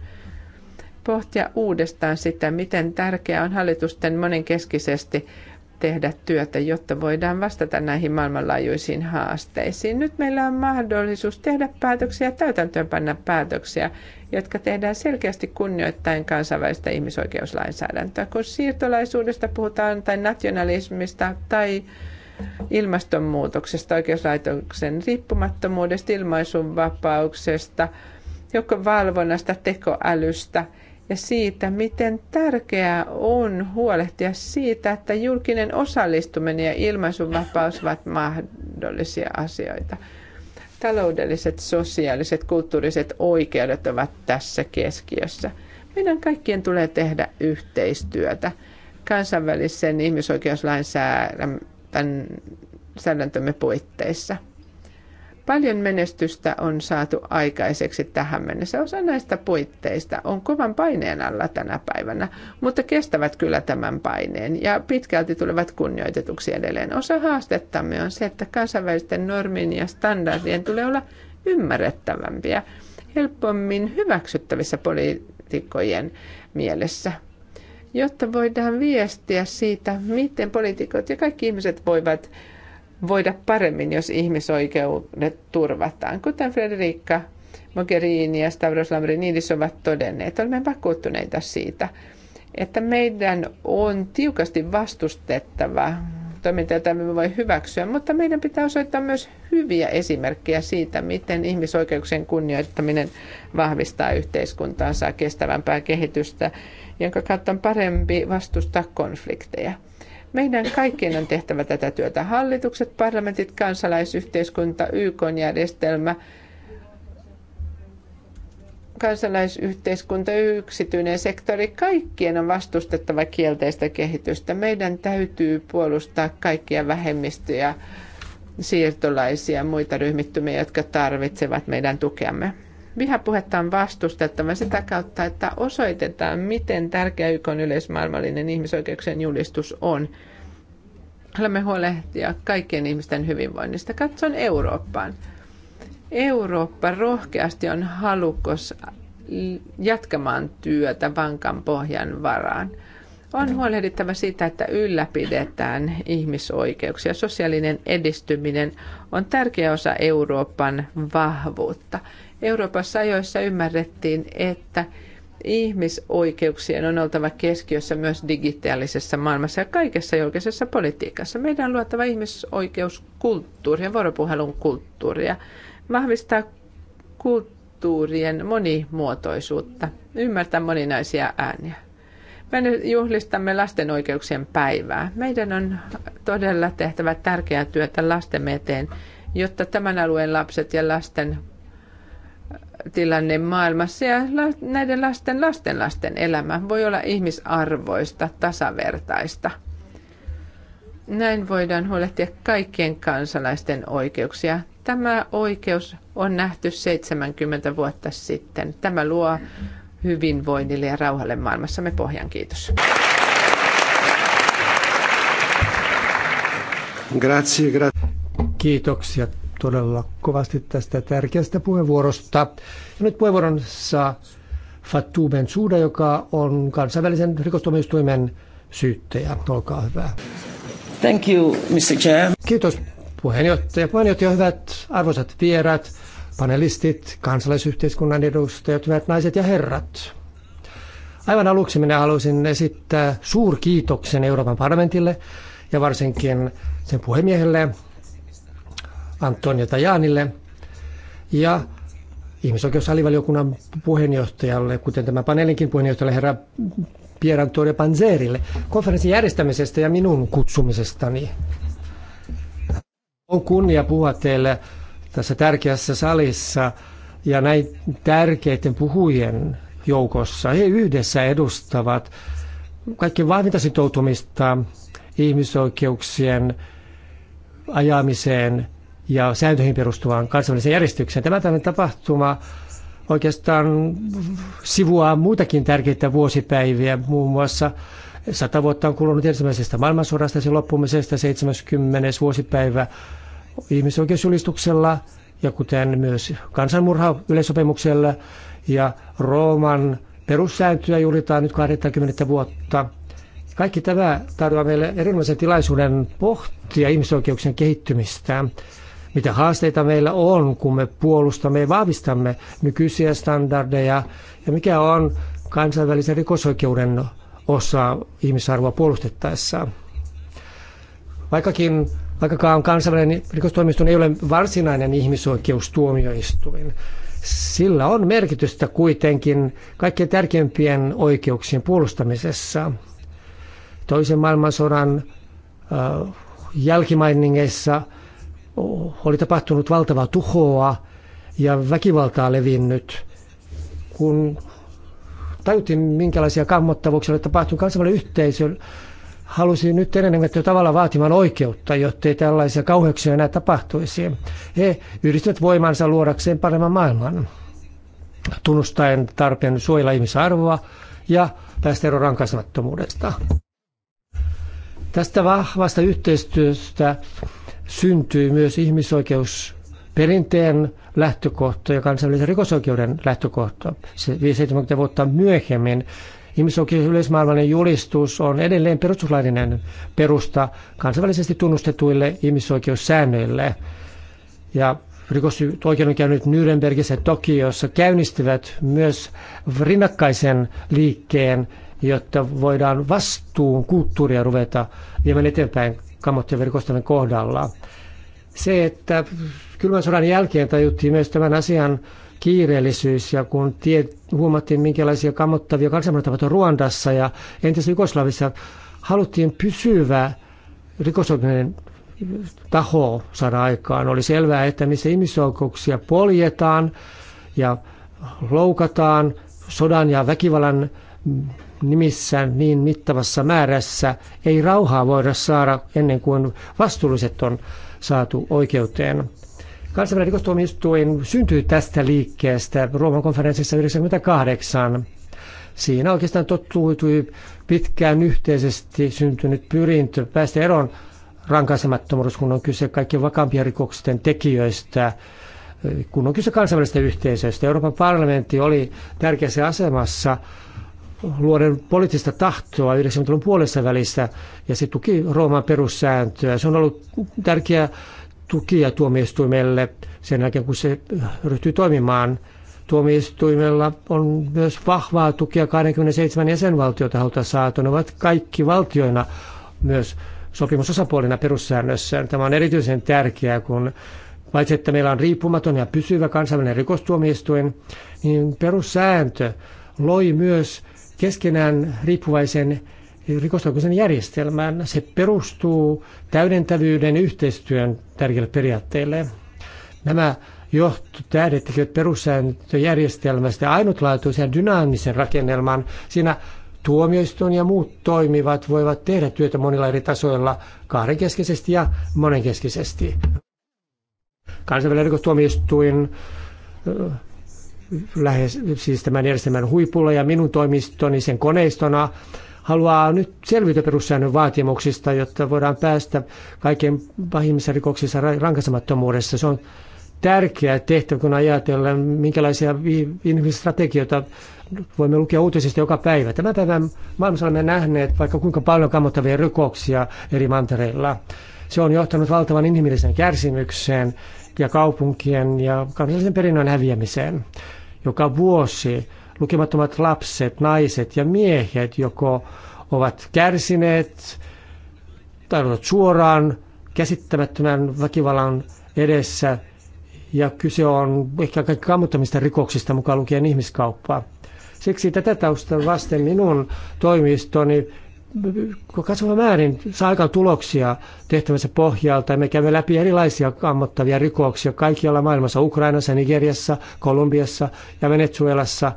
pohtia uudestaan sitä, miten tärkeää on hallitusten monenkeskisesti tehdä työtä, jotta voidaan vastata näihin maailmanlaajuisiin haasteisiin. Nyt meillä on mahdollisuus tehdä päätöksiä, täytäntöönpanna päätöksiä, jotka tehdään selkeästi kunnioittain kansainvälistä ihmisoikeuslainsäädäntöä. Kun siirtolaisuudesta puhutaan tai nationalismista tai ilmastonmuutoksesta, oikeuslaitoksen riippumattomuudesta, ilmaisunvapauksesta, joko valvonnasta, tekoälystä ja siitä, miten tärkeää on huolehtia siitä, että julkinen osallistuminen ja ilmaisunvapaus ovat mahdollisia asioita. Taloudelliset, sosiaaliset, kulttuuriset oikeudet ovat tässä keskiössä. Meidän kaikkien tulee tehdä yhteistyötä kansainvälisen ihmisoikeuslainsäädännön tämän säädäntömme puitteissa. Paljon menestystä on saatu aikaiseksi tähän mennessä. Osa näistä puitteista on kovan paineen alla tänä päivänä, mutta kestävät kyllä tämän paineen ja pitkälti tulevat kunnioitetuksi edelleen. Osa haastettamme on se, että kansainvälisten normien ja standardien tulee olla ymmärrettävämpiä, helpommin hyväksyttävissä poliitikkojen mielessä jotta voidaan viestiä siitä, miten poliitikot ja kaikki ihmiset voivat voida paremmin, jos ihmisoikeudet turvataan. Kuten Frederikka Mogherini ja Stavros Lambrinidis ovat todenneet, olemme vakuuttuneita siitä, että meidän on tiukasti vastustettava toiminta, jota me voi hyväksyä, mutta meidän pitää osoittaa myös hyviä esimerkkejä siitä, miten ihmisoikeuksien kunnioittaminen vahvistaa yhteiskuntaansa kestävämpää kehitystä jonka kautta on parempi vastustaa konflikteja. Meidän kaikkien on tehtävä tätä työtä. Hallitukset, parlamentit, kansalaisyhteiskunta, YK-järjestelmä, kansalaisyhteiskunta, yksityinen sektori, kaikkien on vastustettava kielteistä kehitystä. Meidän täytyy puolustaa kaikkia vähemmistöjä, siirtolaisia ja muita ryhmittymiä, jotka tarvitsevat meidän tukeamme. Vihapuhetta on vastustettava sitä kautta, että osoitetaan, miten tärkeä YK yleismaailmallinen ihmisoikeuksien julistus on. Haluamme huolehtia kaikkien ihmisten hyvinvoinnista. Katson Eurooppaan. Eurooppa rohkeasti on halukos jatkamaan työtä vankan pohjan varaan. On huolehdittava siitä, että ylläpidetään ihmisoikeuksia. Sosiaalinen edistyminen on tärkeä osa Euroopan vahvuutta. Euroopassa ajoissa ymmärrettiin, että ihmisoikeuksien on oltava keskiössä myös digitaalisessa maailmassa ja kaikessa julkisessa politiikassa. Meidän on luotava ihmisoikeuskulttuuria, vuoropuhelun kulttuuria, vahvistaa kulttuurien monimuotoisuutta, ymmärtää moninaisia ääniä. Me nyt juhlistamme lasten oikeuksien päivää. Meidän on todella tehtävä tärkeää työtä lastemme eteen, jotta tämän alueen lapset ja lasten tilanne maailmassa ja näiden lasten lasten lasten elämä voi olla ihmisarvoista, tasavertaista. Näin voidaan huolehtia kaikkien kansalaisten oikeuksia. Tämä oikeus on nähty 70 vuotta sitten. Tämä luo hyvinvoinnille ja rauhalle maailmassamme pohjan. Kiitos. Grazie, grazie, Kiitoksia todella kovasti tästä tärkeästä puheenvuorosta. Ja nyt puheenvuoron saa Fatou Bensouda, joka on kansainvälisen rikostuomioistuimen syyttäjä. Olkaa hyvä. Thank you, Mr. Chair. Kiitos puheenjohtaja. Puheenjohtaja, hyvät arvoisat vierat, panelistit, kansalaisyhteiskunnan edustajat, hyvät naiset ja herrat. Aivan aluksi minä haluaisin esittää suurkiitoksen Euroopan parlamentille ja varsinkin sen puhemiehelle Antonio Tajanille ja ihmisoikeusalivaliokunnan puheenjohtajalle, kuten tämä paneelinkin puheenjohtajalle herra Antonio Panzerille, konferenssin järjestämisestä ja minun kutsumisestani. On kunnia puhua teille tässä tärkeässä salissa ja näin tärkeiden puhujien joukossa. He yhdessä edustavat kaikki vahvinta sitoutumista ihmisoikeuksien ajamiseen ja sääntöihin perustuvaan kansainväliseen järjestykseen. Tämä tämmöinen tapahtuma oikeastaan sivuaa muitakin tärkeitä vuosipäiviä, muun muassa sata vuotta on kulunut ensimmäisestä maailmansodasta ja sen loppumisesta 70. vuosipäivä ihmisoikeusjulistuksella ja kuten myös kansanmurha yleisopimuksella ja Rooman perussääntöä julitaan nyt 20 vuotta. Kaikki tämä tarjoaa meille erinomaisen tilaisuuden pohtia ihmisoikeuksien kehittymistä mitä haasteita meillä on, kun me puolustamme ja vahvistamme nykyisiä standardeja ja mikä on kansainvälisen rikosoikeuden osa ihmisarvoa puolustettaessa. Vaikkakin vaikkakaan kansainvälinen rikostoimisto ei ole varsinainen ihmisoikeustuomioistuin, sillä on merkitystä kuitenkin kaikkein tärkeimpien oikeuksien puolustamisessa. Toisen maailmansodan äh, jälkimainingeissa oli tapahtunut valtavaa tuhoa ja väkivaltaa levinnyt. Kun tajutin, minkälaisia kammottavuuksia oli tapahtunut, kansainvälinen yhteisö halusi nyt enemmän tavalla vaatimaan oikeutta, ei tällaisia kauheuksia enää tapahtuisi. He yhdistivät voimansa luodakseen paremman maailman, tunnustaen tarpeen suojella ihmisarvoa ja päästä eroon rankaisemattomuudesta. Tästä vahvasta yhteistyöstä syntyi myös ihmisoikeusperinteen lähtökohta ja kansainvälisen rikosoikeuden lähtökohta. Se 70 vuotta myöhemmin ihmisoikeus yleismaailmallinen julistus on edelleen perustuslaillinen perusta kansainvälisesti tunnustetuille ihmisoikeussäännöille. Ja rikosoikeudenkäynnit Nürnbergissä ja Tokiossa käynnistivät myös rinnakkaisen liikkeen, jotta voidaan vastuun kulttuuria ruveta viemään eteenpäin kammottajaverkoston kohdalla. Se, että kylmän sodan jälkeen tajuttiin myös tämän asian kiireellisyys ja kun tie, huomattiin minkälaisia kammottavia kansanmurhat on Ruandassa ja entisessä Jugoslavissa, haluttiin pysyvä rikosoikeuden taho saada aikaan. Oli selvää, että missä ihmisoikeuksia poljetaan ja loukataan sodan ja väkivallan nimissä niin mittavassa määrässä ei rauhaa voida saada ennen kuin vastuulliset on saatu oikeuteen. Kansainvälinen rikostuomioistuin syntyi tästä liikkeestä Rooman konferenssissa 1998. Siinä oikeastaan tottuutui pitkään yhteisesti syntynyt pyrintö päästä eroon rankaisemattomuus, kun on kyse kaikkien vakaampien rikosten tekijöistä, kun on kyse kansainvälisestä yhteisöstä. Euroopan parlamentti oli tärkeässä asemassa luoden poliittista tahtoa 90-luvun puolessa välissä ja se tuki Rooman perussääntöä. Se on ollut tärkeä tukia tuomioistuimelle sen jälkeen, kun se ryhtyi toimimaan. Tuomioistuimella on myös vahvaa tukia 27 jäsenvaltiota taholta saatu. Ne ovat kaikki valtioina myös sopimusosapuolina perussäännössä. Tämä on erityisen tärkeää, kun paitsi että meillä on riippumaton ja pysyvä kansainvälinen rikostuomioistuin, niin perussääntö loi myös keskenään riippuvaisen rikostoikeuden järjestelmään. Se perustuu täydentävyyden yhteistyön tärkeille periaatteille. Nämä johtotähdet tekevät perussääntöjärjestelmästä ainutlaatuisen dynaamisen rakennelman. Siinä tuomioistuin ja muut toimivat voivat tehdä työtä monilla eri tasoilla kahdenkeskeisesti ja monenkeskeisesti Kansainvälinen rikostuomioistuin lähes, siis tämän järjestelmän huipulla ja minun toimistoni sen koneistona haluaa nyt selvitä perussäännön vaatimuksista, jotta voidaan päästä kaiken pahimmissa rikoksissa rankasemattomuudessa. Se on tärkeä tehtävä, kun ajatellaan, minkälaisia inhimillisstrategioita voimme lukea uutisista joka päivä. Tämän päivän maailmassa olemme nähneet vaikka kuinka paljon kammottavia rikoksia eri mantereilla. Se on johtanut valtavan inhimilliseen kärsimykseen ja kaupunkien ja kansallisen perinnön häviämiseen joka vuosi lukemattomat lapset, naiset ja miehet joko ovat kärsineet tai ovat suoraan käsittämättömän väkivallan edessä ja kyse on ehkä kaikki kammuttamista rikoksista mukaan lukien ihmiskauppaa. Siksi tätä taustaa vasten minun toimistoni kasvava määrin saa aikaan tuloksia tehtävänsä pohjalta. Me käymme läpi erilaisia kammottavia rikoksia kaikkialla maailmassa, Ukrainassa, Nigeriassa, Kolumbiassa ja Venezuelassa,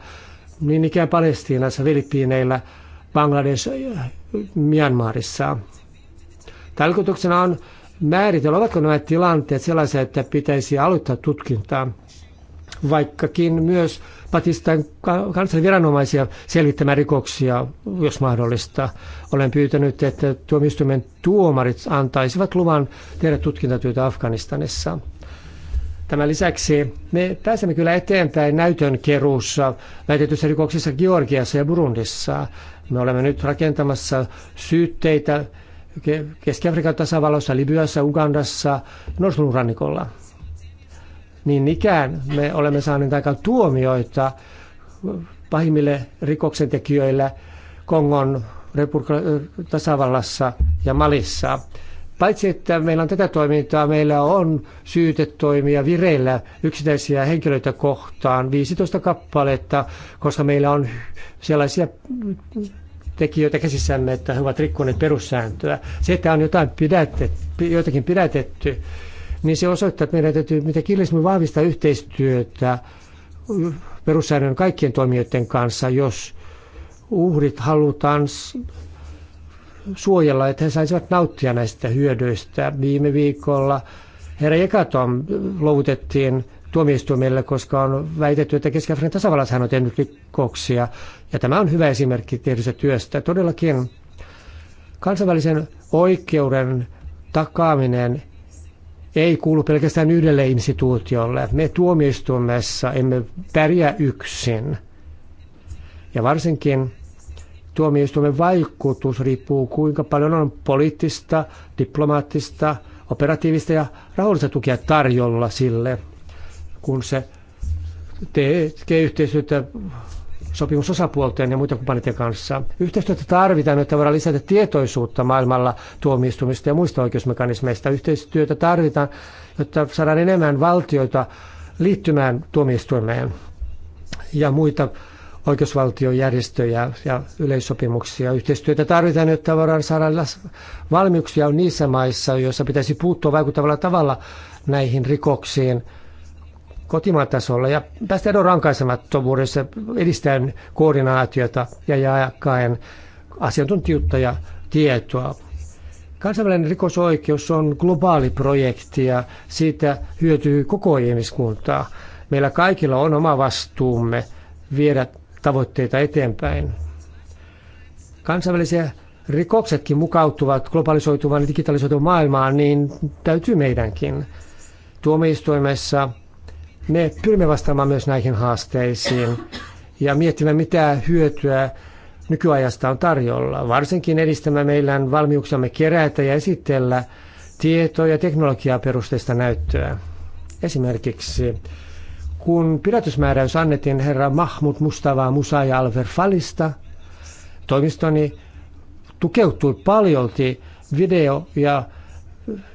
niin ikään Palestiinassa, Filippiineillä, Bangladesh, Myanmarissa. Tarkoituksena on määritellä, ovatko nämä tilanteet sellaisia, että pitäisi aloittaa tutkintaa, vaikkakin myös Patistan kansanviranomaisia selvittämään rikoksia, jos mahdollista. Olen pyytänyt, että tuomioistuimen tuomarit antaisivat luvan tehdä tutkintatyötä Afganistanissa. Tämän lisäksi me pääsemme kyllä eteenpäin näytön keruussa väitetyssä rikoksissa Georgiassa ja Burundissa. Me olemme nyt rakentamassa syytteitä Keski-Afrikan tasavallossa, Libyassa, Ugandassa, Norsulun rannikolla niin ikään me olemme saaneet aika tuomioita pahimmille rikoksentekijöille Kongon tasavallassa ja Malissa. Paitsi että meillä on tätä toimintaa, meillä on syytetoimia vireillä yksittäisiä henkilöitä kohtaan, 15 kappaletta, koska meillä on sellaisia tekijöitä käsissämme, että he ovat rikkoneet perussääntöä. Se, että on jotain pidätetty, joitakin pidätetty, niin se osoittaa, että meidän täytyy mitä kiireellisemmin vahvistaa yhteistyötä perussäännön kaikkien toimijoiden kanssa, jos uhrit halutaan suojella, että he saisivat nauttia näistä hyödyistä. Viime viikolla herra Ekaton luovutettiin tuomioistuimelle, koska on väitetty, että keski tasavallassa hän on tehnyt rikoksia. Ja tämä on hyvä esimerkki tehdystä työstä. Todellakin kansainvälisen oikeuden takaaminen ei kuulu pelkästään yhdelle instituutiolle. Me tuomioistuimessa emme pärjää yksin. Ja varsinkin tuomioistuimen vaikutus riippuu kuinka paljon on poliittista, diplomaattista, operatiivista ja rahoitusta tukea tarjolla sille, kun se tekee yhteistyötä sopimusosapuolten ja muiden kumppaneiden kanssa. Yhteistyötä tarvitaan, jotta voidaan lisätä tietoisuutta maailmalla tuomistumista ja muista oikeusmekanismeista. Yhteistyötä tarvitaan, jotta saadaan enemmän valtioita liittymään tuomioistuimeen ja muita oikeusvaltiojärjestöjä ja yleissopimuksia. Yhteistyötä tarvitaan, jotta voidaan saada valmiuksia niissä maissa, joissa pitäisi puuttua vaikuttavalla tavalla näihin rikoksiin – kotimaatasolla ja tästä eroon rankaisemattomuudessa edistäen koordinaatiota ja jaakkaen asiantuntijuutta ja tietoa. Kansainvälinen rikosoikeus on globaali projekti ja siitä hyötyy koko ihmiskuntaa. Meillä kaikilla on oma vastuumme viedä tavoitteita eteenpäin. Kansainvälisiä rikoksetkin mukautuvat globalisoituvaan ja digitalisoituvaan maailmaan, niin täytyy meidänkin. Tuomioistuimessa me pyrimme vastaamaan myös näihin haasteisiin ja miettimään, mitä hyötyä nykyajasta on tarjolla. Varsinkin edistämään meidän valmiuksiamme kerätä ja esitellä tietoja ja teknologiaa perusteista näyttöä. Esimerkiksi kun pidätysmääräys annettiin herra Mahmud Mustavaa Musa ja Alver Falista, toimistoni tukeutui paljolti video- ja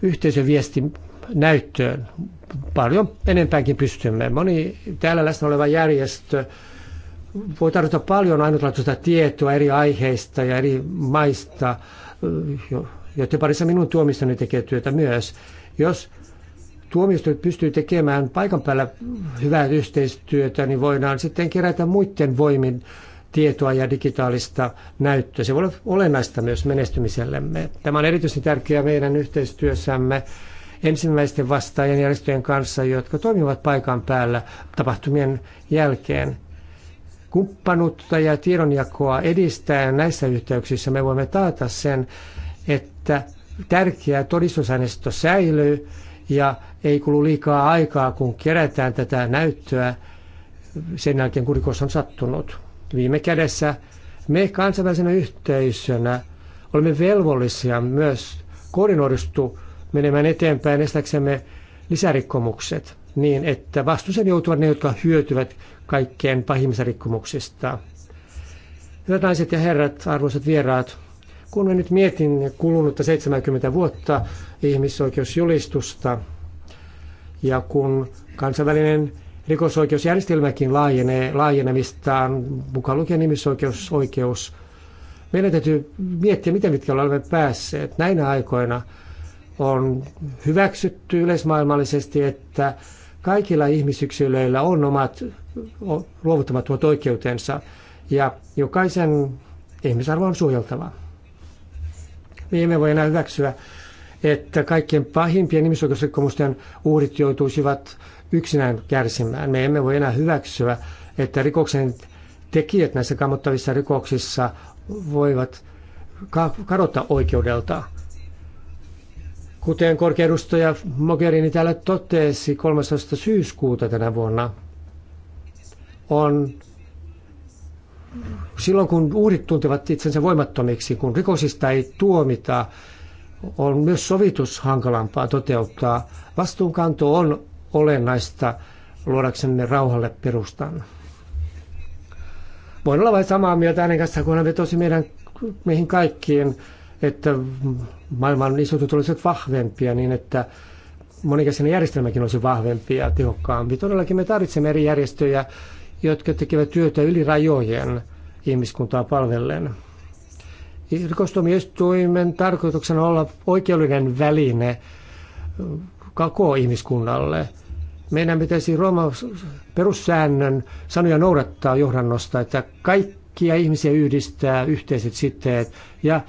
yhteisöviestin näyttöön. Paljon enempäänkin pystymme. Moni täällä läsnä oleva järjestö voi tarjota paljon ainutlaatuista tietoa eri aiheista ja eri maista, joiden parissa minun tuomistani tekee työtä myös. Jos tuomioistuin pystyy tekemään paikan päällä hyvää yhteistyötä, niin voidaan sitten kerätä muiden voimin tietoa ja digitaalista näyttöä. Se voi olla olennaista myös menestymisellemme. Tämä on erityisen tärkeää meidän yhteistyössämme ensimmäisten vastaajien järjestöjen kanssa, jotka toimivat paikan päällä tapahtumien jälkeen. Kumppanuutta ja tiedonjakoa edistäen näissä yhteyksissä me voimme taata sen, että tärkeä todistusaineisto säilyy ja ei kulu liikaa aikaa, kun kerätään tätä näyttöä sen jälkeen, kun rikos on sattunut. Viime kädessä me kansainvälisenä yhteisönä olemme velvollisia myös koordinoidustu menemään eteenpäin estäksemme lisärikkomukset niin, että vastuuseen joutuvat ne, jotka hyötyvät kaikkein pahimmista rikkomuksista. Hyvät naiset ja herrat, arvoisat vieraat, kun me nyt mietin kulunutta 70 vuotta ihmisoikeusjulistusta ja kun kansainvälinen rikosoikeusjärjestelmäkin laajenee laajenemistaan, mukaan lukien ihmisoikeusoikeus, meidän täytyy miettiä, miten mitkä olemme päässeet näinä aikoina – on hyväksytty yleismaailmallisesti, että kaikilla ihmisyksilöillä on omat tuot oikeutensa ja jokaisen ihmisarvo on suojeltava. Me emme voi enää hyväksyä, että kaikkien pahimpien ihmisoikeusrikkomusten uhrit joutuisivat yksinään kärsimään. Me emme voi enää hyväksyä, että rikoksen tekijät näissä kammottavissa rikoksissa voivat kadota oikeudelta. Kuten korkeudustaja Mogherini täällä totesi 13. syyskuuta tänä vuonna, on silloin kun uudit tuntevat itsensä voimattomiksi, kun rikosista ei tuomita, on myös sovitus hankalampaa toteuttaa. Vastuunkanto on olennaista luodaksemme rauhalle perustan. Voin olla vain samaa mieltä hänen kanssaan, kun hän vetosi meidän, meihin kaikkiin että maailman isotut olisivat vahvempia niin, että monikäisenä järjestelmäkin olisi vahvempi ja tehokkaampi. Todellakin me tarvitsemme eri järjestöjä, jotka tekevät työtä yli rajojen ihmiskuntaa palvellen. Rikostuomioistuimen tarkoituksena on olla oikeudellinen väline koko ihmiskunnalle. Meidän pitäisi Rooman perussäännön sanoja noudattaa johdannosta, että kaikkia ihmisiä yhdistää yhteiset siteet ja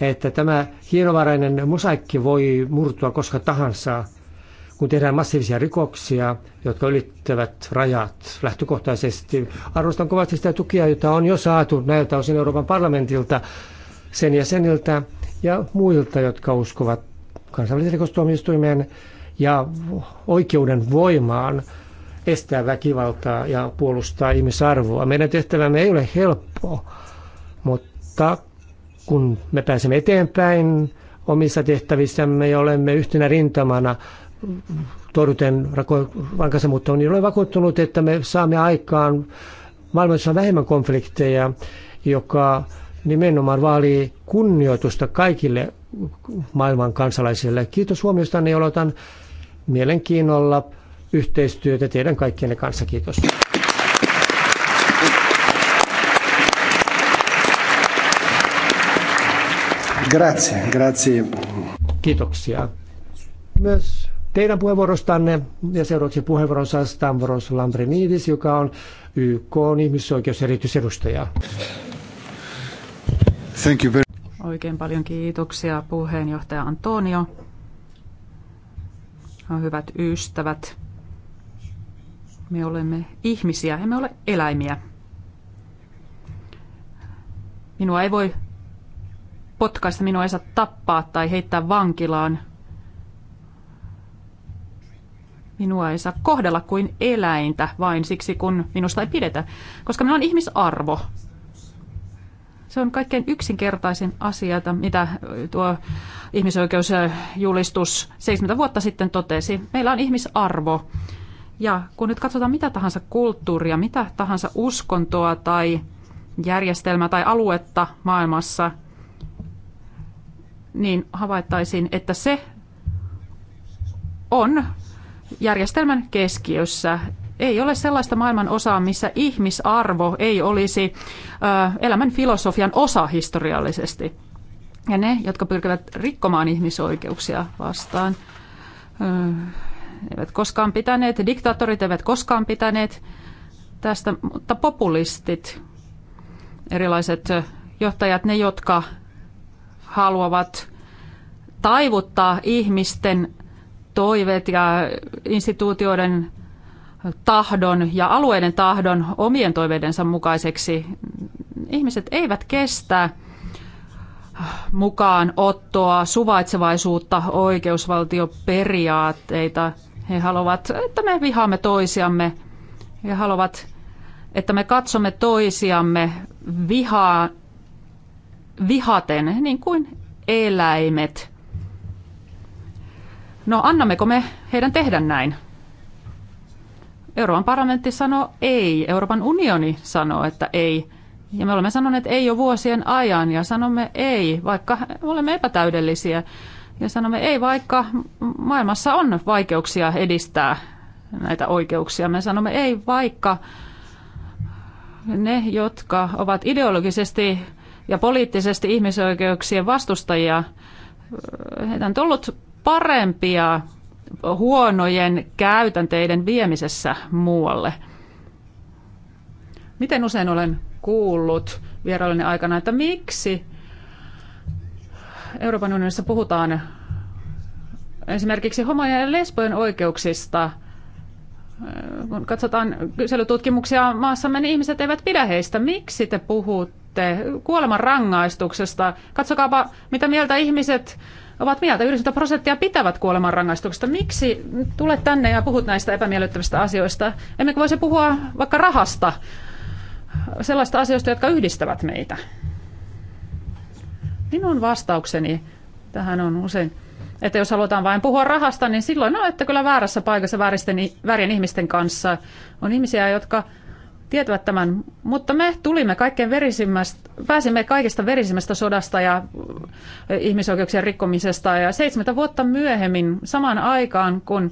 että tämä hienovarainen mosaikki voi murtua koska tahansa, kun tehdään massiivisia rikoksia, jotka ylittävät rajat lähtökohtaisesti. Arvostan kovasti sitä tukea, jota on jo saatu näiltä osin Euroopan parlamentilta, sen jäseniltä ja muilta, jotka uskovat kansainvälisen rikostuomioistuimeen ja oikeuden voimaan estää väkivaltaa ja puolustaa ihmisarvoa. Meidän tehtävämme ei ole helppo, mutta kun me pääsemme eteenpäin omissa tehtävissämme ja olemme yhtenä rintamana torjuten mutta niin olen vakuuttunut, että me saamme aikaan maailmassa vähemmän konflikteja, joka nimenomaan vaalii kunnioitusta kaikille maailman kansalaisille. Kiitos huomiosta, niin aloitan mielenkiinnolla yhteistyötä teidän kaikkien kanssa. Kiitos. Grazie, grazie. Kiitoksia. Myös teidän puheenvuorostanne ja seuraavaksi puheenvuoron saa Stavros Lambrinidis, joka on YK on ihmisoikeuserityisedustaja. Thank you very Oikein paljon kiitoksia puheenjohtaja Antonio. Hyvät ystävät, me olemme ihmisiä, emme ole eläimiä. Minua ei voi potkaista minua, ei saa tappaa tai heittää vankilaan. Minua ei saa kohdella kuin eläintä vain siksi, kun minusta ei pidetä, koska minulla on ihmisarvo. Se on kaikkein yksinkertaisin asia, mitä tuo ihmisoikeusjulistus 70 vuotta sitten totesi. Meillä on ihmisarvo. Ja kun nyt katsotaan mitä tahansa kulttuuria, mitä tahansa uskontoa tai järjestelmää tai aluetta maailmassa – niin havaittaisiin, että se on järjestelmän keskiössä. Ei ole sellaista maailman osaa, missä ihmisarvo ei olisi elämän filosofian osa historiallisesti. Ja ne, jotka pyrkivät rikkomaan ihmisoikeuksia vastaan, eivät koskaan pitäneet, diktaattorit eivät koskaan pitäneet tästä, mutta populistit, erilaiset johtajat, ne jotka haluavat taivuttaa ihmisten toiveet ja instituutioiden tahdon ja alueiden tahdon omien toiveidensa mukaiseksi. Ihmiset eivät kestä mukaan ottoa, suvaitsevaisuutta, oikeusvaltioperiaatteita. He haluavat, että me vihaamme toisiamme. He haluavat, että me katsomme toisiamme vihaa vihaten, niin kuin eläimet. No annammeko me heidän tehdä näin? Euroopan parlamentti sanoo ei, Euroopan unioni sanoo, että ei. Ja me olemme sanoneet ei jo vuosien ajan ja sanomme ei, vaikka olemme epätäydellisiä. Ja sanomme ei, vaikka maailmassa on vaikeuksia edistää näitä oikeuksia. Me sanomme ei, vaikka ne, jotka ovat ideologisesti ja poliittisesti ihmisoikeuksien vastustajia. Heitä on tullut parempia huonojen käytänteiden viemisessä muualle. Miten usein olen kuullut vierailun aikana, että miksi Euroopan unionissa puhutaan esimerkiksi homojen ja lesbojen oikeuksista. Kun katsotaan kyselytutkimuksia maassamme, niin ihmiset eivät pidä heistä. Miksi te puhutte? puhutte kuoleman rangaistuksesta. Katsokaapa, mitä mieltä ihmiset ovat mieltä. 90 prosenttia pitävät kuoleman rangaistuksesta. Miksi tulet tänne ja puhut näistä epämiellyttävistä asioista? Emmekö voisi puhua vaikka rahasta, sellaista asioista, jotka yhdistävät meitä? Minun vastaukseni tähän on usein, että jos halutaan vain puhua rahasta, niin silloin olette no, kyllä väärässä paikassa vääristen, väärien ihmisten kanssa. On ihmisiä, jotka tietävät tämän, mutta me tulimme kaikkein verisimmästä, pääsimme kaikista verisimmästä sodasta ja ihmisoikeuksien rikkomisesta ja seitsemäntä vuotta myöhemmin samaan aikaan, kun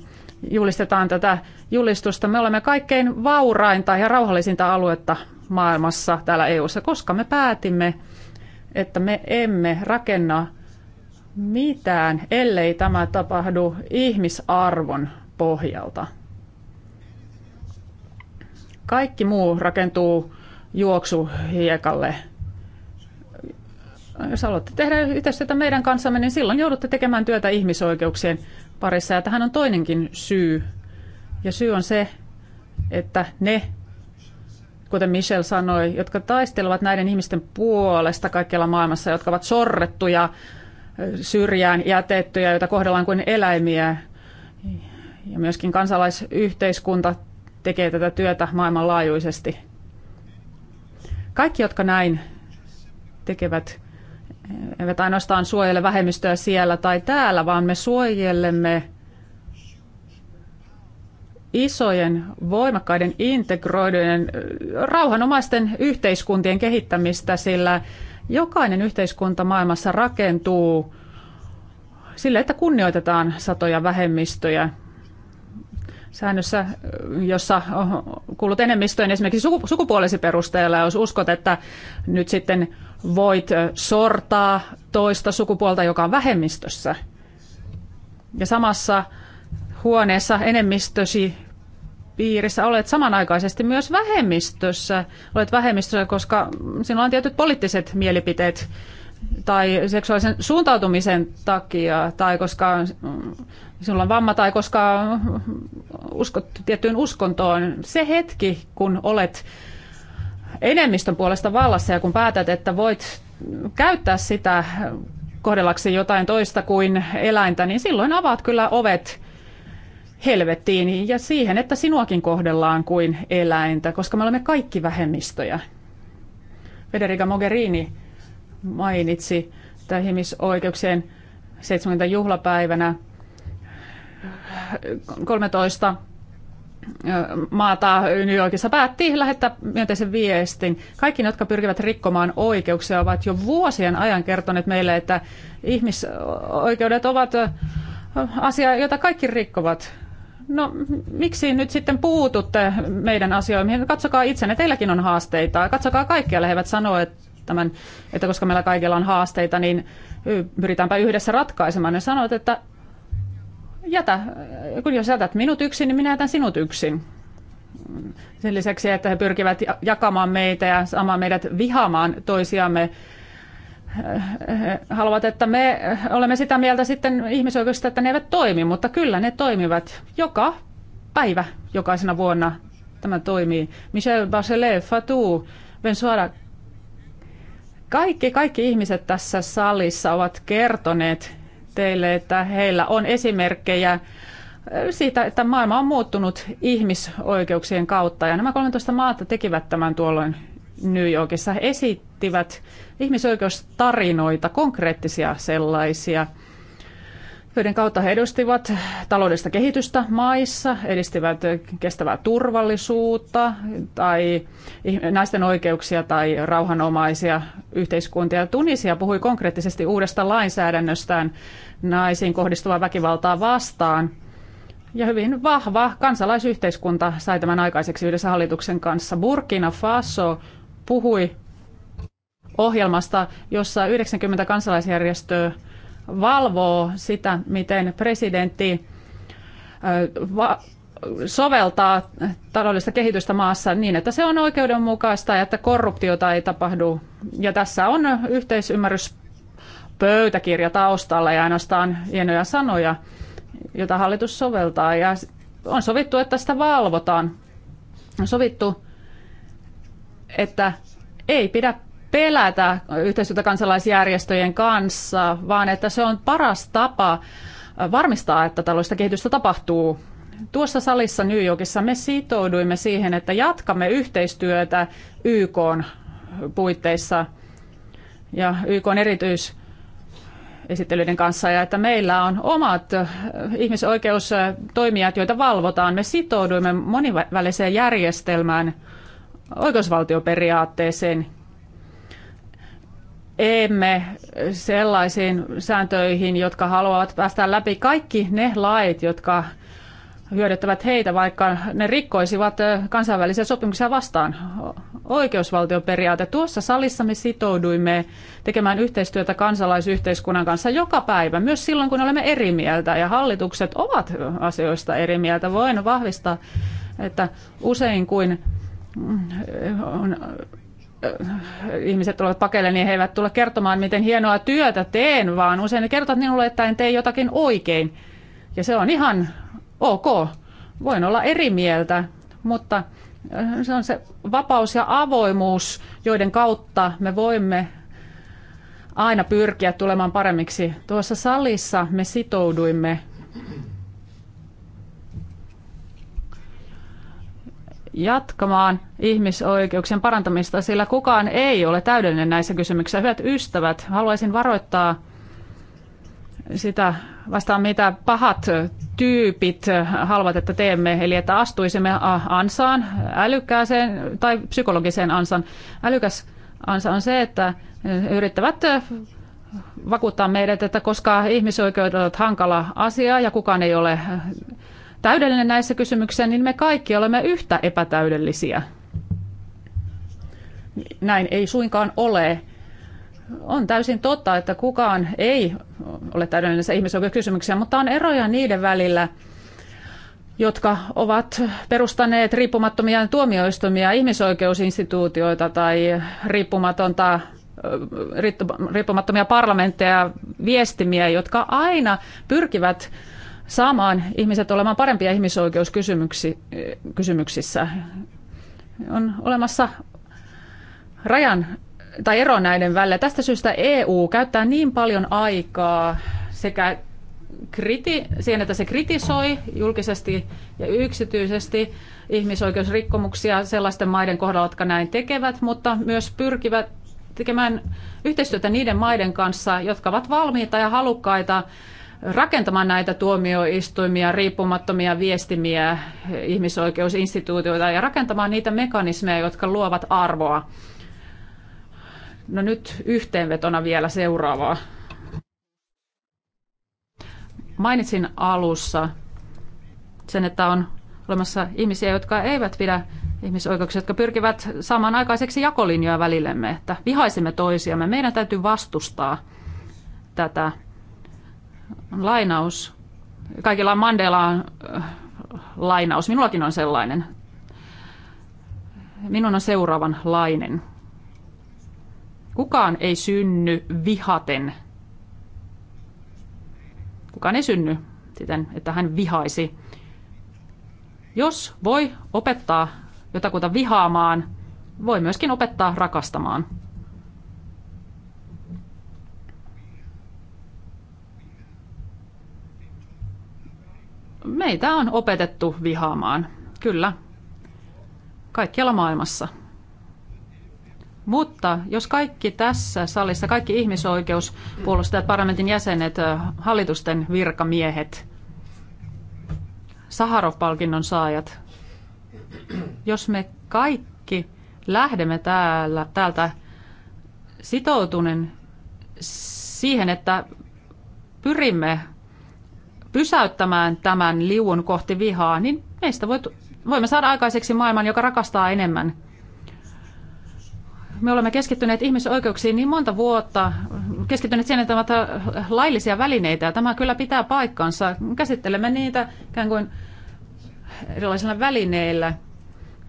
julistetaan tätä julistusta, me olemme kaikkein vaurainta ja rauhallisinta aluetta maailmassa täällä EU:ssa, koska me päätimme, että me emme rakenna mitään, ellei tämä tapahdu ihmisarvon pohjalta. Kaikki muu rakentuu juoksuhiekalle. Jos haluatte tehdä yhteistyötä meidän kanssamme, niin silloin joudutte tekemään työtä ihmisoikeuksien parissa. Ja tähän on toinenkin syy. Ja syy on se, että ne, kuten Michel sanoi, jotka taistelevat näiden ihmisten puolesta kaikkialla maailmassa, jotka ovat sorrettuja, syrjään jätettyjä, joita kohdellaan kuin eläimiä, ja myöskin kansalaisyhteiskunta tekee tätä työtä maailmanlaajuisesti. Kaikki, jotka näin tekevät, eivät ainoastaan suojele vähemmistöä siellä tai täällä, vaan me suojelemme isojen, voimakkaiden, integroidujen, rauhanomaisten yhteiskuntien kehittämistä, sillä jokainen yhteiskunta maailmassa rakentuu sille, että kunnioitetaan satoja vähemmistöjä säännössä, jossa kuulut enemmistöön esimerkiksi sukupuolisi perusteella, jos uskot, että nyt sitten voit sortaa toista sukupuolta, joka on vähemmistössä. Ja samassa huoneessa enemmistösi piirissä olet samanaikaisesti myös vähemmistössä. Olet vähemmistössä, koska sinulla on tietyt poliittiset mielipiteet tai seksuaalisen suuntautumisen takia, tai koska sinulla on vamma, tai koska uskot tiettyyn uskontoon. Se hetki, kun olet enemmistön puolesta vallassa ja kun päätät, että voit käyttää sitä kohdellaksi jotain toista kuin eläintä, niin silloin avaat kyllä ovet helvettiin ja siihen, että sinuakin kohdellaan kuin eläintä, koska me olemme kaikki vähemmistöjä. Federica Mogherini mainitsi tämä ihmisoikeuksien 70 juhlapäivänä 13 maata New Yorkissa päätti lähettää myönteisen viestin. Kaikki, jotka pyrkivät rikkomaan oikeuksia, ovat jo vuosien ajan kertoneet meille, että ihmisoikeudet ovat asia, jota kaikki rikkovat. No miksi nyt sitten puututte meidän asioihin? Katsokaa itsenne, teilläkin on haasteita. Katsokaa kaikkia, he eivät sano, että tämän, että koska meillä kaikilla on haasteita, niin pyritäänpä yhdessä ratkaisemaan. Ne sanoit, että jätä, kun jos jätät minut yksin, niin minä jätän sinut yksin. Sen lisäksi, että he pyrkivät jakamaan meitä ja saamaan meidät vihaamaan toisiamme, he haluavat, että me olemme sitä mieltä sitten ihmisoikeudesta, että ne eivät toimi, mutta kyllä ne toimivat joka päivä, jokaisena vuonna tämä toimii. Michel Bachelet, Fatou, Bensuara, kaikki, kaikki ihmiset tässä salissa ovat kertoneet teille, että heillä on esimerkkejä siitä, että maailma on muuttunut ihmisoikeuksien kautta. Ja nämä 13 maata tekivät tämän tuolloin New Yorkissa. He esittivät ihmisoikeustarinoita, konkreettisia sellaisia – joiden kautta he edustivat taloudellista kehitystä maissa, edistivät kestävää turvallisuutta tai naisten oikeuksia tai rauhanomaisia yhteiskuntia. Tunisia puhui konkreettisesti uudesta lainsäädännöstään naisiin kohdistuvaa väkivaltaa vastaan. Ja hyvin vahva kansalaisyhteiskunta sai tämän aikaiseksi yhdessä hallituksen kanssa. Burkina Faso puhui ohjelmasta, jossa 90 kansalaisjärjestöä valvoo sitä, miten presidentti soveltaa taloudellista kehitystä maassa niin, että se on oikeudenmukaista ja että korruptiota ei tapahdu. Ja tässä on yhteisymmärrys pöytäkirja taustalla ja ainoastaan hienoja sanoja, joita hallitus soveltaa. Ja on sovittu, että sitä valvotaan. On sovittu, että ei pidä pelätä yhteistyötä kansalaisjärjestöjen kanssa, vaan että se on paras tapa varmistaa, että taloudellista kehitystä tapahtuu. Tuossa salissa New Yorkissa me sitouduimme siihen, että jatkamme yhteistyötä YK puitteissa ja YK erityis esittelyiden kanssa ja että meillä on omat ihmisoikeustoimijat, joita valvotaan. Me sitouduimme moniväliseen järjestelmään, oikeusvaltioperiaatteeseen emme sellaisiin sääntöihin, jotka haluavat päästä läpi kaikki ne lait, jotka hyödyttävät heitä, vaikka ne rikkoisivat kansainvälisiä sopimuksia vastaan. Oikeusvaltioperiaate. Tuossa salissa me sitouduimme tekemään yhteistyötä kansalaisyhteiskunnan kanssa joka päivä, myös silloin kun olemme eri mieltä ja hallitukset ovat asioista eri mieltä. Voin vahvistaa, että usein kuin on ihmiset tulevat pakelle niin he eivät tule kertomaan, miten hienoa työtä teen, vaan usein ne kertovat minulle, että en tee jotakin oikein. Ja se on ihan ok. Voin olla eri mieltä, mutta se on se vapaus ja avoimuus, joiden kautta me voimme aina pyrkiä tulemaan paremmiksi. Tuossa salissa me sitouduimme jatkamaan ihmisoikeuksien parantamista, sillä kukaan ei ole täydellinen näissä kysymyksissä. Hyvät ystävät, haluaisin varoittaa sitä vastaan, mitä pahat tyypit haluavat, että teemme, eli että astuisimme ansaan, älykkääseen tai psykologiseen ansaan. Älykäs ansa on se, että yrittävät vakuuttaa meidät, että koska ihmisoikeudet ovat hankala asia ja kukaan ei ole täydellinen näissä kysymyksissä, niin me kaikki olemme yhtä epätäydellisiä. Näin ei suinkaan ole. On täysin totta, että kukaan ei ole ihmisoikeuden kysymyksiä, mutta on eroja niiden välillä, jotka ovat perustaneet riippumattomia tuomioistumia, ihmisoikeusinstituutioita tai riippumatonta riippumattomia parlamentteja, viestimiä, jotka aina pyrkivät saamaan ihmiset olemaan parempia ihmisoikeuskysymyksissä. On olemassa rajan tai ero näiden välillä. Tästä syystä EU käyttää niin paljon aikaa sekä kriti- siihen, että se kritisoi julkisesti ja yksityisesti ihmisoikeusrikkomuksia sellaisten maiden kohdalla, jotka näin tekevät, mutta myös pyrkivät tekemään yhteistyötä niiden maiden kanssa, jotka ovat valmiita ja halukkaita rakentamaan näitä tuomioistuimia, riippumattomia viestimiä, ihmisoikeusinstituutioita ja rakentamaan niitä mekanismeja, jotka luovat arvoa. No nyt yhteenvetona vielä seuraavaa. Mainitsin alussa sen, että on olemassa ihmisiä, jotka eivät pidä ihmisoikeuksia, jotka pyrkivät saamaan aikaiseksi jakolinjoja välillemme, että vihaisimme toisiamme. Meidän täytyy vastustaa tätä lainaus. Kaikilla on Mandelaan äh, lainaus. Minullakin on sellainen. Minun on seuraavan lainen. Kukaan ei synny vihaten. Kukaan ei synny siten, että hän vihaisi. Jos voi opettaa jotakuta vihaamaan, voi myöskin opettaa rakastamaan. meitä on opetettu vihaamaan. Kyllä, kaikkialla maailmassa. Mutta jos kaikki tässä salissa, kaikki ihmisoikeuspuolustajat, parlamentin jäsenet, hallitusten virkamiehet, Saharov-palkinnon saajat, jos me kaikki lähdemme täällä, täältä sitoutuneen siihen, että pyrimme pysäyttämään tämän liuun kohti vihaa, niin meistä voit, voimme saada aikaiseksi maailman, joka rakastaa enemmän. Me olemme keskittyneet ihmisoikeuksiin niin monta vuotta, keskittyneet siihen, että ovat laillisia välineitä, ja tämä kyllä pitää paikkansa. Käsittelemme niitä ikään kuin erilaisilla välineillä.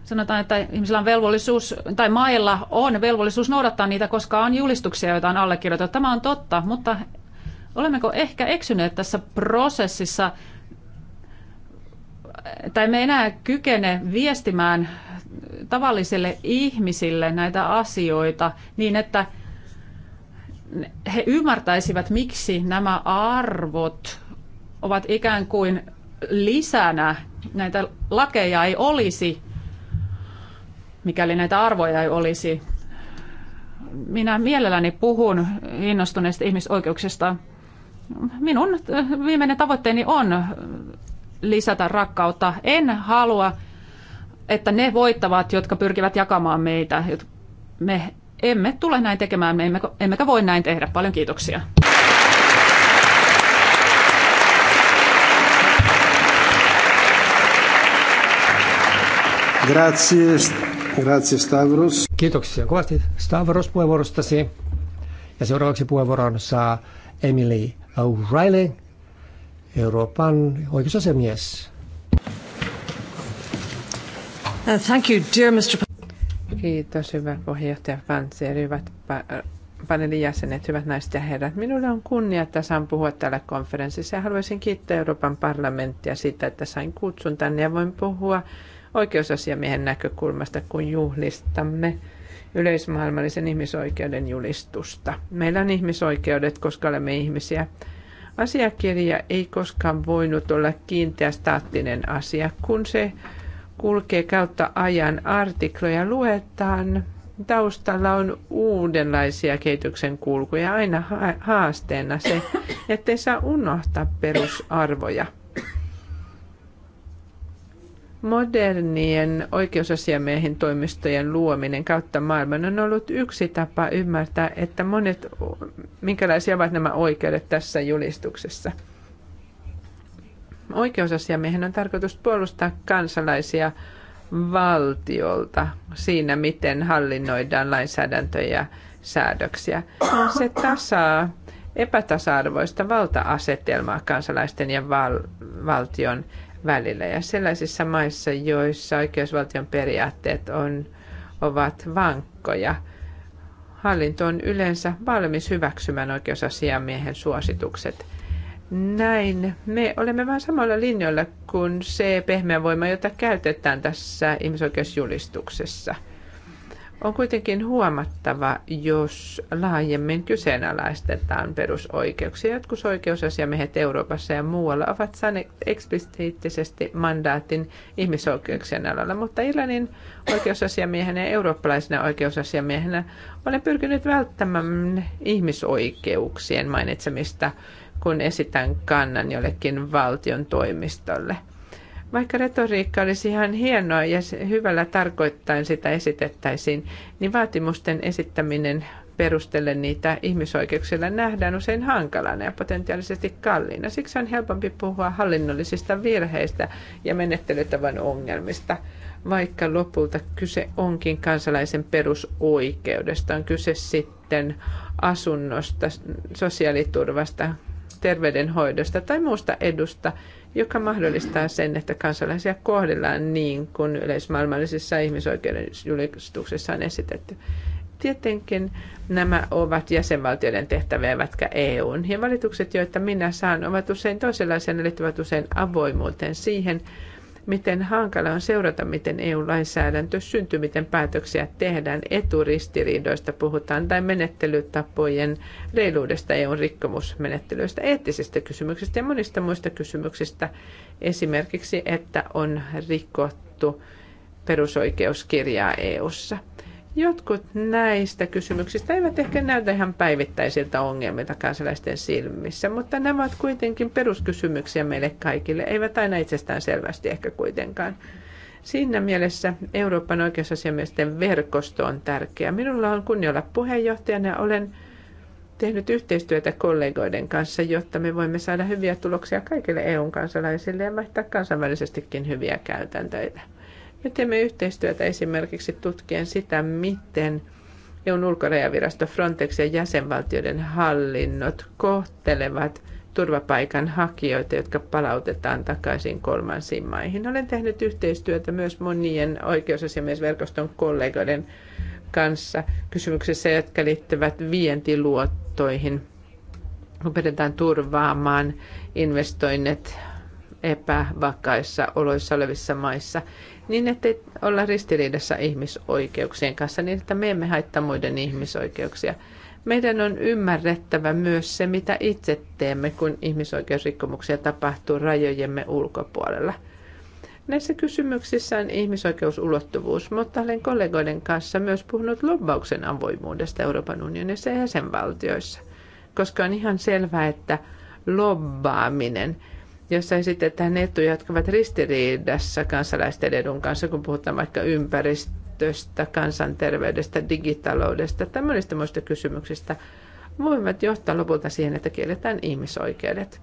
Sanotaan, että ihmisillä on velvollisuus, tai mailla on velvollisuus noudattaa niitä, koska on julistuksia, joita on allekirjoitettu. Tämä on totta, mutta Olemmeko ehkä eksyneet tässä prosessissa, tai me enää kykene viestimään tavallisille ihmisille näitä asioita niin, että he ymmärtäisivät, miksi nämä arvot ovat ikään kuin lisänä. Näitä lakeja ei olisi, mikäli näitä arvoja ei olisi. Minä mielelläni puhun innostuneista ihmisoikeuksista minun viimeinen tavoitteeni on lisätä rakkautta. En halua, että ne voittavat, jotka pyrkivät jakamaan meitä. Me emme tule näin tekemään, me emme, emmekä voi näin tehdä. Paljon kiitoksia. Grazie, grazie Stavros. Kiitoksia kovasti Stavros puheenvuorostasi. Ja seuraavaksi puheenvuoron saa Emily O'Reilly, Euroopan oikeusasiamies. Uh, thank you, dear Mr. Kiitos, hyvä puheenjohtaja Fanser, hyvät paneelin jäsenet, hyvät naiset ja herrat. Minulla on kunnia, että saan puhua täällä konferenssissa ja haluaisin kiittää Euroopan parlamenttia siitä, että sain kutsun tänne ja voin puhua oikeusasiamiehen näkökulmasta, kun juhlistamme yleismaailmallisen ihmisoikeuden julistusta. Meillä on ihmisoikeudet, koska olemme ihmisiä. Asiakirja ei koskaan voinut olla kiinteä staattinen asia, kun se kulkee kautta ajan artikloja luetaan. Taustalla on uudenlaisia kehityksen kulkuja, aina haasteena se, ettei saa unohtaa perusarvoja. Modernien oikeusasiamiehen toimistojen luominen kautta maailman on ollut yksi tapa ymmärtää, että monet, minkälaisia ovat nämä oikeudet tässä julistuksessa. Oikeusasiamiehen on tarkoitus puolustaa kansalaisia valtiolta siinä, miten hallinnoidaan lainsäädäntöjä ja säädöksiä. Se tasaa epätasa-arvoista valta-asetelmaa kansalaisten ja val- valtion välillä. Ja sellaisissa maissa, joissa oikeusvaltion periaatteet on, ovat vankkoja, hallinto on yleensä valmis hyväksymään oikeusasiamiehen suositukset. Näin. Me olemme vain samalla linjoilla kuin se pehmeä voima, jota käytetään tässä ihmisoikeusjulistuksessa – on kuitenkin huomattava, jos laajemmin kyseenalaistetaan perusoikeuksia. Jotkut oikeusasiamiehet Euroopassa ja muualla ovat saaneet eksplisiittisesti mandaatin ihmisoikeuksien alalla, mutta Irlannin oikeusasiamiehenä ja eurooppalaisena oikeusasiamiehenä olen pyrkinyt välttämään ihmisoikeuksien mainitsemista, kun esitän kannan jollekin valtion toimistolle – vaikka retoriikka olisi ihan hienoa ja hyvällä tarkoittain sitä esitettäisiin, niin vaatimusten esittäminen perustelle niitä ihmisoikeuksilla nähdään usein hankalana ja potentiaalisesti kalliina. Siksi on helpompi puhua hallinnollisista virheistä ja menettelytavan ongelmista, vaikka lopulta kyse onkin kansalaisen perusoikeudesta. On kyse sitten asunnosta, sosiaaliturvasta, terveydenhoidosta tai muusta edusta, joka mahdollistaa sen, että kansalaisia kohdellaan niin kuin ihmisoikeuden julistuksessa on esitetty. Tietenkin nämä ovat jäsenvaltioiden tehtäviä, eivätkä EUn. Ja valitukset, joita minä saan, ovat usein toisenlaisia, ne liittyvät usein avoimuuteen siihen, miten hankala on seurata, miten EU-lainsäädäntö syntyy, miten päätöksiä tehdään, eturistiriidoista puhutaan tai menettelytapojen reiluudesta EUn rikkomusmenettelyistä, eettisistä kysymyksistä ja monista muista kysymyksistä, esimerkiksi, että on rikottu perusoikeuskirjaa EUssa. ssa Jotkut näistä kysymyksistä eivät ehkä näytä ihan päivittäisiltä ongelmilta kansalaisten silmissä, mutta nämä ovat kuitenkin peruskysymyksiä meille kaikille, eivät aina itsestään selvästi ehkä kuitenkaan. Siinä mielessä Euroopan oikeusasiamiesten verkosto on tärkeä. Minulla on kunnia olla puheenjohtajana ja olen tehnyt yhteistyötä kollegoiden kanssa, jotta me voimme saada hyviä tuloksia kaikille eu kansalaisille ja vaihtaa kansainvälisestikin hyviä käytäntöitä. Me teemme yhteistyötä esimerkiksi tutkien sitä, miten EUn ulkorajavirasto Frontex ja jäsenvaltioiden hallinnot kohtelevat turvapaikan hakijoita, jotka palautetaan takaisin kolmansiin maihin. Olen tehnyt yhteistyötä myös monien oikeusasiamiesverkoston kollegoiden kanssa kysymyksissä, jotka liittyvät vientiluottoihin. Opetetaan turvaamaan investoinnit epävakaissa oloissa olevissa maissa niin että olla ristiriidassa ihmisoikeuksien kanssa, niin että me emme haittaa muiden ihmisoikeuksia. Meidän on ymmärrettävä myös se, mitä itse teemme, kun ihmisoikeusrikkomuksia tapahtuu rajojemme ulkopuolella. Näissä kysymyksissä on ihmisoikeusulottuvuus, mutta olen kollegoiden kanssa myös puhunut lobbauksen avoimuudesta Euroopan unionissa ja jäsenvaltioissa, koska on ihan selvää, että lobbaaminen – jossa esitetään etuja, jotka ovat ristiriidassa kansalaisten edun kanssa, kun puhutaan vaikka ympäristöstä, kansanterveydestä, digitaloudesta, tämmöistä muista kysymyksistä, voivat johtaa lopulta siihen, että kielletään ihmisoikeudet.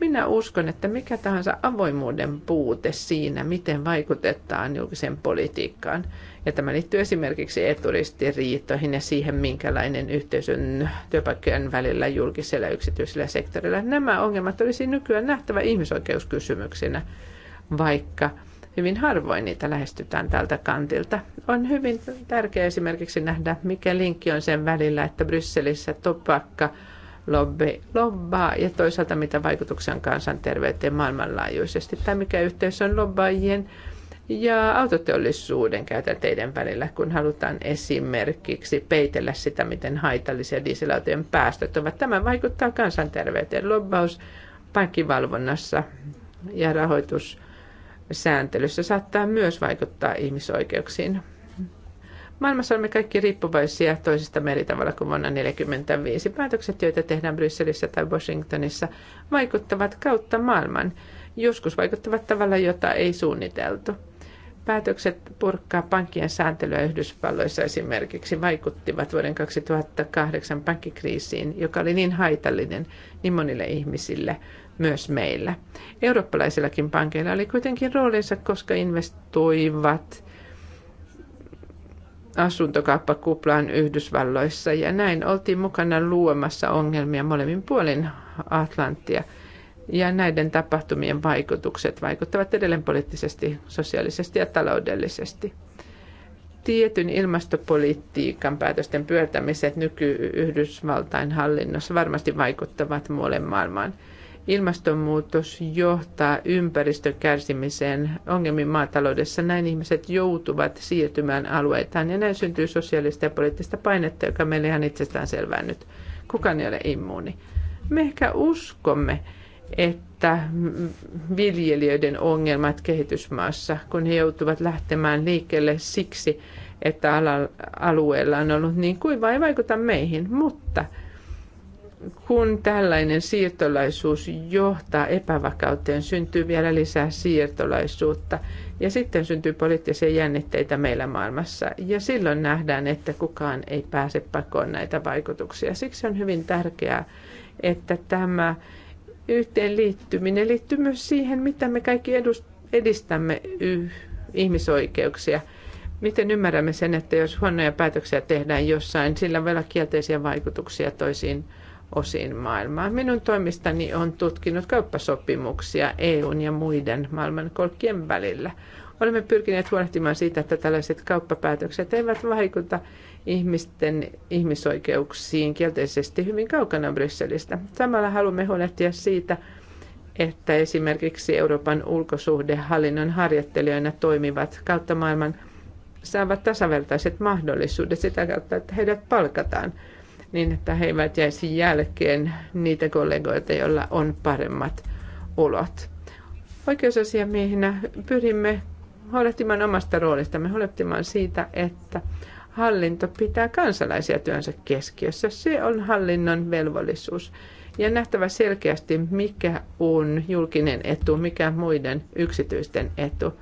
Minä uskon, että mikä tahansa avoimuuden puute siinä, miten vaikutetaan julkiseen politiikkaan, ja tämä liittyy esimerkiksi eturistiriitoihin ja siihen, minkälainen yhteys on työpaikkojen välillä julkisella ja yksityisellä sektorilla. Nämä ongelmat olisi nykyään nähtävä ihmisoikeuskysymyksinä, vaikka hyvin harvoin niitä lähestytään tältä kantilta. On hyvin tärkeää esimerkiksi nähdä, mikä linkki on sen välillä, että Brysselissä topakka lobby lobbaa ja toisaalta mitä vaikutuksia on kansanterveyteen maailmanlaajuisesti tai mikä yhteys on lobbaajien ja autoteollisuuden käytänteiden välillä, kun halutaan esimerkiksi peitellä sitä, miten haitallisia dieselautojen päästöt ovat. Tämä vaikuttaa kansanterveyteen. Lobbaus pankkivalvonnassa ja rahoitussääntelyssä saattaa myös vaikuttaa ihmisoikeuksiin. Maailmassa olemme kaikki riippuvaisia toisista eri tavalla kuin vuonna 1945. Päätökset, joita tehdään Brysselissä tai Washingtonissa, vaikuttavat kautta maailman. Joskus vaikuttavat tavalla, jota ei suunniteltu. Päätökset purkaa pankkien sääntelyä Yhdysvalloissa esimerkiksi vaikuttivat vuoden 2008 pankkikriisiin, joka oli niin haitallinen niin monille ihmisille, myös meillä. Eurooppalaisillakin pankeilla oli kuitenkin roolinsa, koska investoivat – asuntokauppakuplaan Yhdysvalloissa ja näin oltiin mukana luomassa ongelmia molemmin puolin Atlanttia. Ja näiden tapahtumien vaikutukset vaikuttavat edelleen poliittisesti, sosiaalisesti ja taloudellisesti. Tietyn ilmastopolitiikan päätösten pyörtämiset nyky-Yhdysvaltain hallinnossa varmasti vaikuttavat muualle maailmaan. Ilmastonmuutos johtaa ympäristökärsimiseen ongelmiin maataloudessa. Näin ihmiset joutuvat siirtymään alueitaan ja näin syntyy sosiaalista ja poliittista painetta, joka meille ihan itsestään selvää nyt. Kukaan ei ole immuuni. Me ehkä uskomme, että viljelijöiden ongelmat kehitysmaassa, kun he joutuvat lähtemään liikkeelle siksi, että alueella on ollut niin kuin ei vaikuta meihin, mutta – kun tällainen siirtolaisuus johtaa epävakauteen, syntyy vielä lisää siirtolaisuutta ja sitten syntyy poliittisia jännitteitä meillä maailmassa. Ja silloin nähdään, että kukaan ei pääse pakoon näitä vaikutuksia. Siksi on hyvin tärkeää, että tämä yhteenliittyminen liittyy myös siihen, mitä me kaikki edistämme ihmisoikeuksia. Miten ymmärrämme sen, että jos huonoja päätöksiä tehdään jossain, sillä voi olla kielteisiä vaikutuksia toisiin osiin maailmaa. Minun toimistani on tutkinut kauppasopimuksia EUn ja muiden maailmankolkkien välillä. Olemme pyrkineet huolehtimaan siitä, että tällaiset kauppapäätökset eivät vaikuta ihmisten ihmisoikeuksiin kielteisesti hyvin kaukana Brysselistä. Samalla haluamme huolehtia siitä, että esimerkiksi Euroopan ulkosuhdehallinnon harjoittelijoina toimivat kautta maailman saavat tasavertaiset mahdollisuudet sitä kautta, että heidät palkataan – niin että he eivät jäisi jälkeen niitä kollegoita, joilla on paremmat olot. Oikeusasiamiehinä pyrimme huolehtimaan omasta roolistamme, huolehtimaan siitä, että hallinto pitää kansalaisia työnsä keskiössä. Se on hallinnon velvollisuus. Ja nähtävä selkeästi, mikä on julkinen etu, mikä muiden yksityisten etu.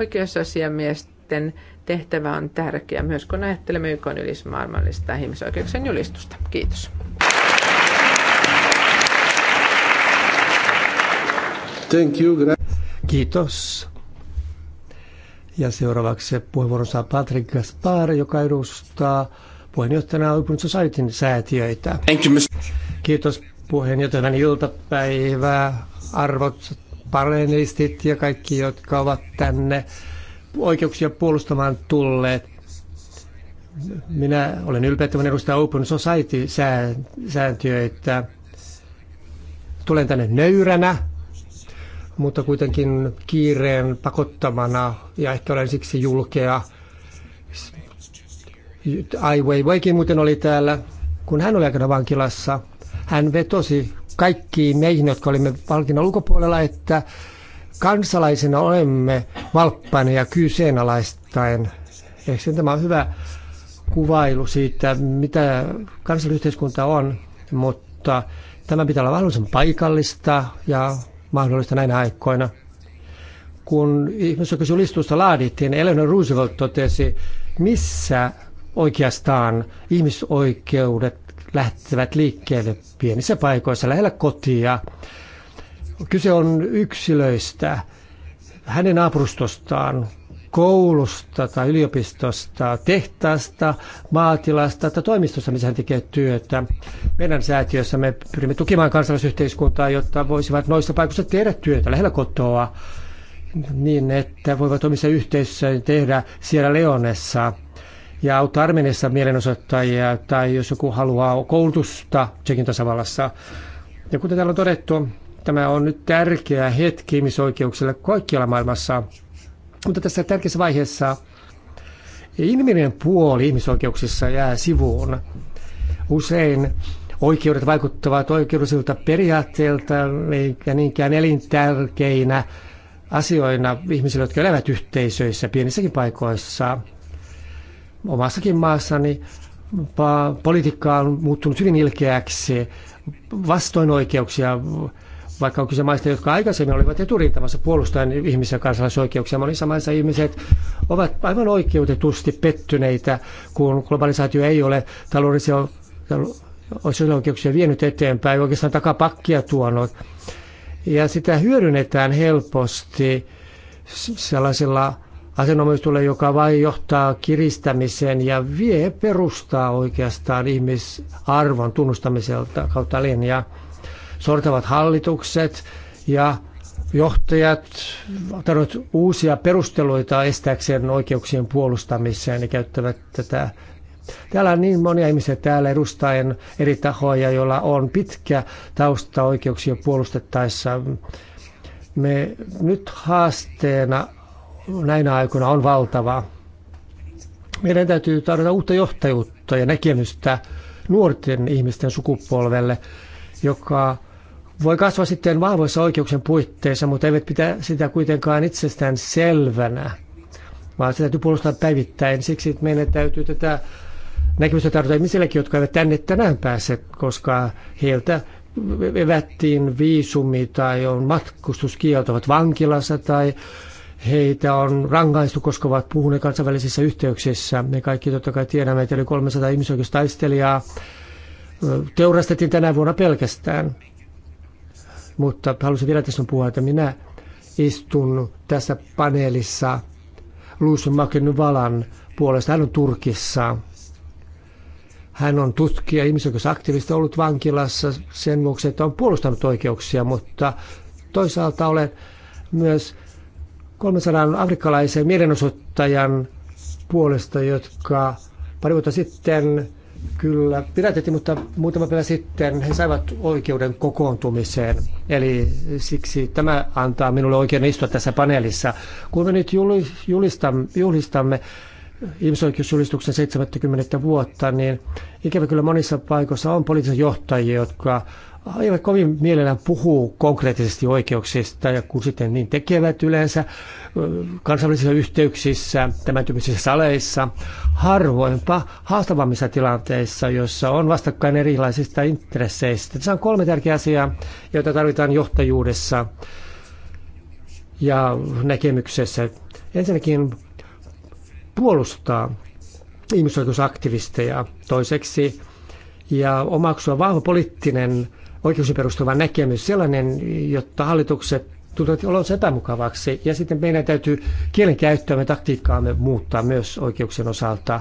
Oikeusasiamiesten tehtävä on tärkeä, myös kun ajattelemme YK ylismaailmallista ihmisoikeuksien julistusta. Kiitos. Thank you. Kiitos. Ja seuraavaksi puheenvuoron saa Patrick Gaspar, joka edustaa puheenjohtajana Open Societyn säätiöitä. Thank you, Mr. Kiitos puheenjohtajan iltapäivää, arvot panelistit ja kaikki, jotka ovat tänne oikeuksia puolustamaan tulleet. Minä olen ylpeä, että edustaa Open society että Tulen tänne nöyränä, mutta kuitenkin kiireen pakottamana ja ehkä olen siksi julkea. Ai Weiweikin muuten oli täällä, kun hän oli aikana vankilassa. Hän vetosi kaikkiin meihin, jotka olimme palkinnon ulkopuolella, että kansalaisina olemme valppaina ja kyseenalaistaen. Ehkä tämä on hyvä kuvailu siitä, mitä kansallisyhteiskunta on, mutta tämä pitää olla mahdollisimman paikallista ja mahdollista näinä aikoina. Kun ihmisoikeusjulistusta laadittiin, Eleanor Roosevelt totesi, missä oikeastaan ihmisoikeudet lähtevät liikkeelle pienissä paikoissa lähellä kotia Kyse on yksilöistä, hänen naapurustostaan, koulusta tai yliopistosta, tehtaasta, maatilasta tai toimistosta, missä hän tekee työtä. Meidän säätiössä me pyrimme tukemaan kansalaisyhteiskuntaa, jotta voisivat noissa paikoissa tehdä työtä lähellä kotoa, niin että voivat omissa yhteisöissä tehdä siellä Leonessa ja auttaa Armeniassa mielenosoittajia tai jos joku haluaa koulutusta Tsekin tasavallassa. Ja kuten täällä on todettu, Tämä on nyt tärkeä hetki ihmisoikeuksille kaikkialla maailmassa. Mutta tässä tärkeässä vaiheessa inhimillinen puoli ihmisoikeuksissa jää sivuun. Usein oikeudet vaikuttavat oikeudellisilta periaatteilta eikä niinkään elintärkeinä asioina ihmisille, jotka elävät yhteisöissä pienissäkin paikoissa. Omassakin maassani poliitikka on muuttunut hyvin ilkeäksi, vastoin oikeuksia vaikka on kyse maista, jotka aikaisemmin olivat eturintamassa puolustajan ihmisiä kansalaisoikeuksia. Monissa maissa ihmiset ovat aivan oikeutetusti pettyneitä, kun globalisaatio ei ole taloudellisia oikeuksia vienyt eteenpäin, oikeastaan takapakkia tuonut. Ja sitä hyödynnetään helposti sellaisella asenomistulle, joka vain johtaa kiristämiseen ja vie perustaa oikeastaan ihmisarvon tunnustamiselta kautta linjaa sortavat hallitukset ja johtajat tarvitsevat uusia perusteluita estääkseen oikeuksien puolustamiseen ja käyttävät tätä. Täällä on niin monia ihmisiä täällä edustajien eri tahoja, joilla on pitkä tausta oikeuksia puolustettaessa. Me nyt haasteena näinä aikoina on valtava. Meidän täytyy tarjota uutta johtajuutta ja näkemystä nuorten ihmisten sukupolvelle, joka voi kasvaa sitten vahvoissa oikeuksien puitteissa, mutta eivät pitää sitä kuitenkaan itsestään selvänä, vaan sitä täytyy puolustaa päivittäin. Siksi että meidän täytyy tätä näkemystä tarjota ihmisillekin, jotka eivät tänne tänään pääse, koska heiltä evättiin viisumi tai on matkustuskielto, ovat vankilassa tai heitä on rangaistu, koska ovat puhuneet kansainvälisissä yhteyksissä. Me kaikki totta kai tiedämme, että yli 300 ihmisoikeustaistelijaa teurastettiin tänä vuonna pelkästään mutta halusin vielä tässä puhua, että minä istun tässä paneelissa Luusun Valan puolesta. Hän on Turkissa. Hän on tutkija, ihmisoikeusaktivista, ollut vankilassa sen vuoksi, että on puolustanut oikeuksia, mutta toisaalta olen myös 300 afrikkalaisen mielenosoittajan puolesta, jotka pari vuotta sitten kyllä pidätettiin, mutta muutama päivä sitten he saivat oikeuden kokoontumiseen. Eli siksi tämä antaa minulle oikeuden istua tässä paneelissa. Kun me nyt julistamme, julistamme ihmisoikeusjulistuksen 70 vuotta, niin ikävä kyllä monissa paikoissa on poliittisia johtajia, jotka eivät kovin mielellään puhu konkreettisesti oikeuksista, ja kun sitten niin tekevät yleensä kansainvälisissä yhteyksissä, tämän tyyppisissä saleissa, harvoinpa haastavammissa tilanteissa, joissa on vastakkain erilaisista intresseistä. Tässä on kolme tärkeää asiaa, joita tarvitaan johtajuudessa ja näkemyksessä. Ensinnäkin puolustaa ihmisoikeusaktivisteja, toiseksi ja omaksua vahva poliittinen Oikeus oikeusperustuva näkemys sellainen, jotta hallitukset tuntevat olonsa epämukavaksi. Ja sitten meidän täytyy kielenkäyttöämme, taktiikkaamme muuttaa myös oikeuksien osalta.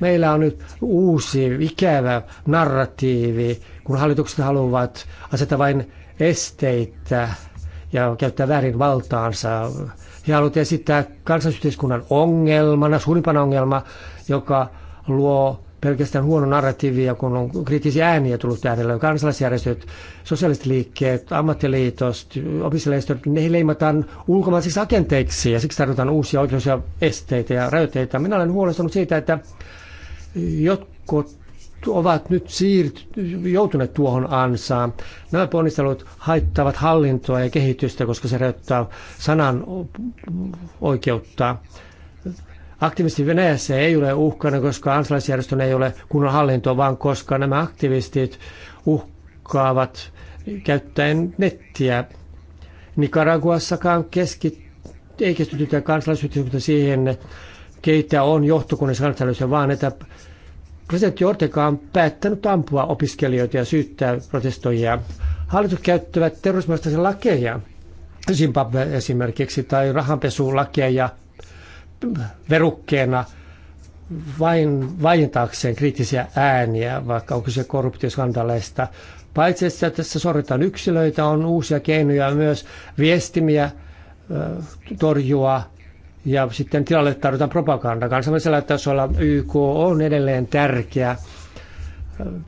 Meillä on nyt uusi, ikävä narratiivi, kun hallitukset haluavat asettaa vain esteitä ja käyttää väärin valtaansa. He haluavat esittää kansallisyhteiskunnan ongelmana, suurimpana ongelma, joka luo pelkästään huono ja kun on kriittisiä ääniä tullut äänellä. Kansalaisjärjestöt, sosiaaliset liikkeet, ammattiliitost, opiskelijajärjestöt, ne leimataan ulkomaisiksi agenteiksi ja siksi tarvitaan uusia oikeuksia, esteitä ja rajoitteita. Minä olen huolestunut siitä, että jotkut ovat nyt siirt, joutuneet tuohon ansaan. Nämä ponnistelut haittavat hallintoa ja kehitystä, koska se rajoittaa sanan oikeutta. Aktivistit Venäjässä ei ole uhkana, koska kansalaisjärjestön ei ole kunnon hallintoa, vaan koska nämä aktivistit uhkaavat käyttäen nettiä. Nicaraguassakaan keskit, ei keskitytä kansalaisyhteiskunta siihen, keitä on johtokunnissa kansallisessa, vaan että presidentti Ortega on päättänyt ampua opiskelijoita ja syyttää protestoijia. Hallitus käyttävät terrorismistaisen lakeja, Zimbabwe esimerkiksi, tai rahanpesulakeja verukkeena vain vaientaakseen kriittisiä ääniä, vaikka onko se korruptioskandaaleista. Paitsi että tässä sorretaan yksilöitä, on uusia keinoja myös viestimiä torjua ja sitten tilalle tarvitaan propaganda. Kansainvälisellä tasolla YK on edelleen tärkeä,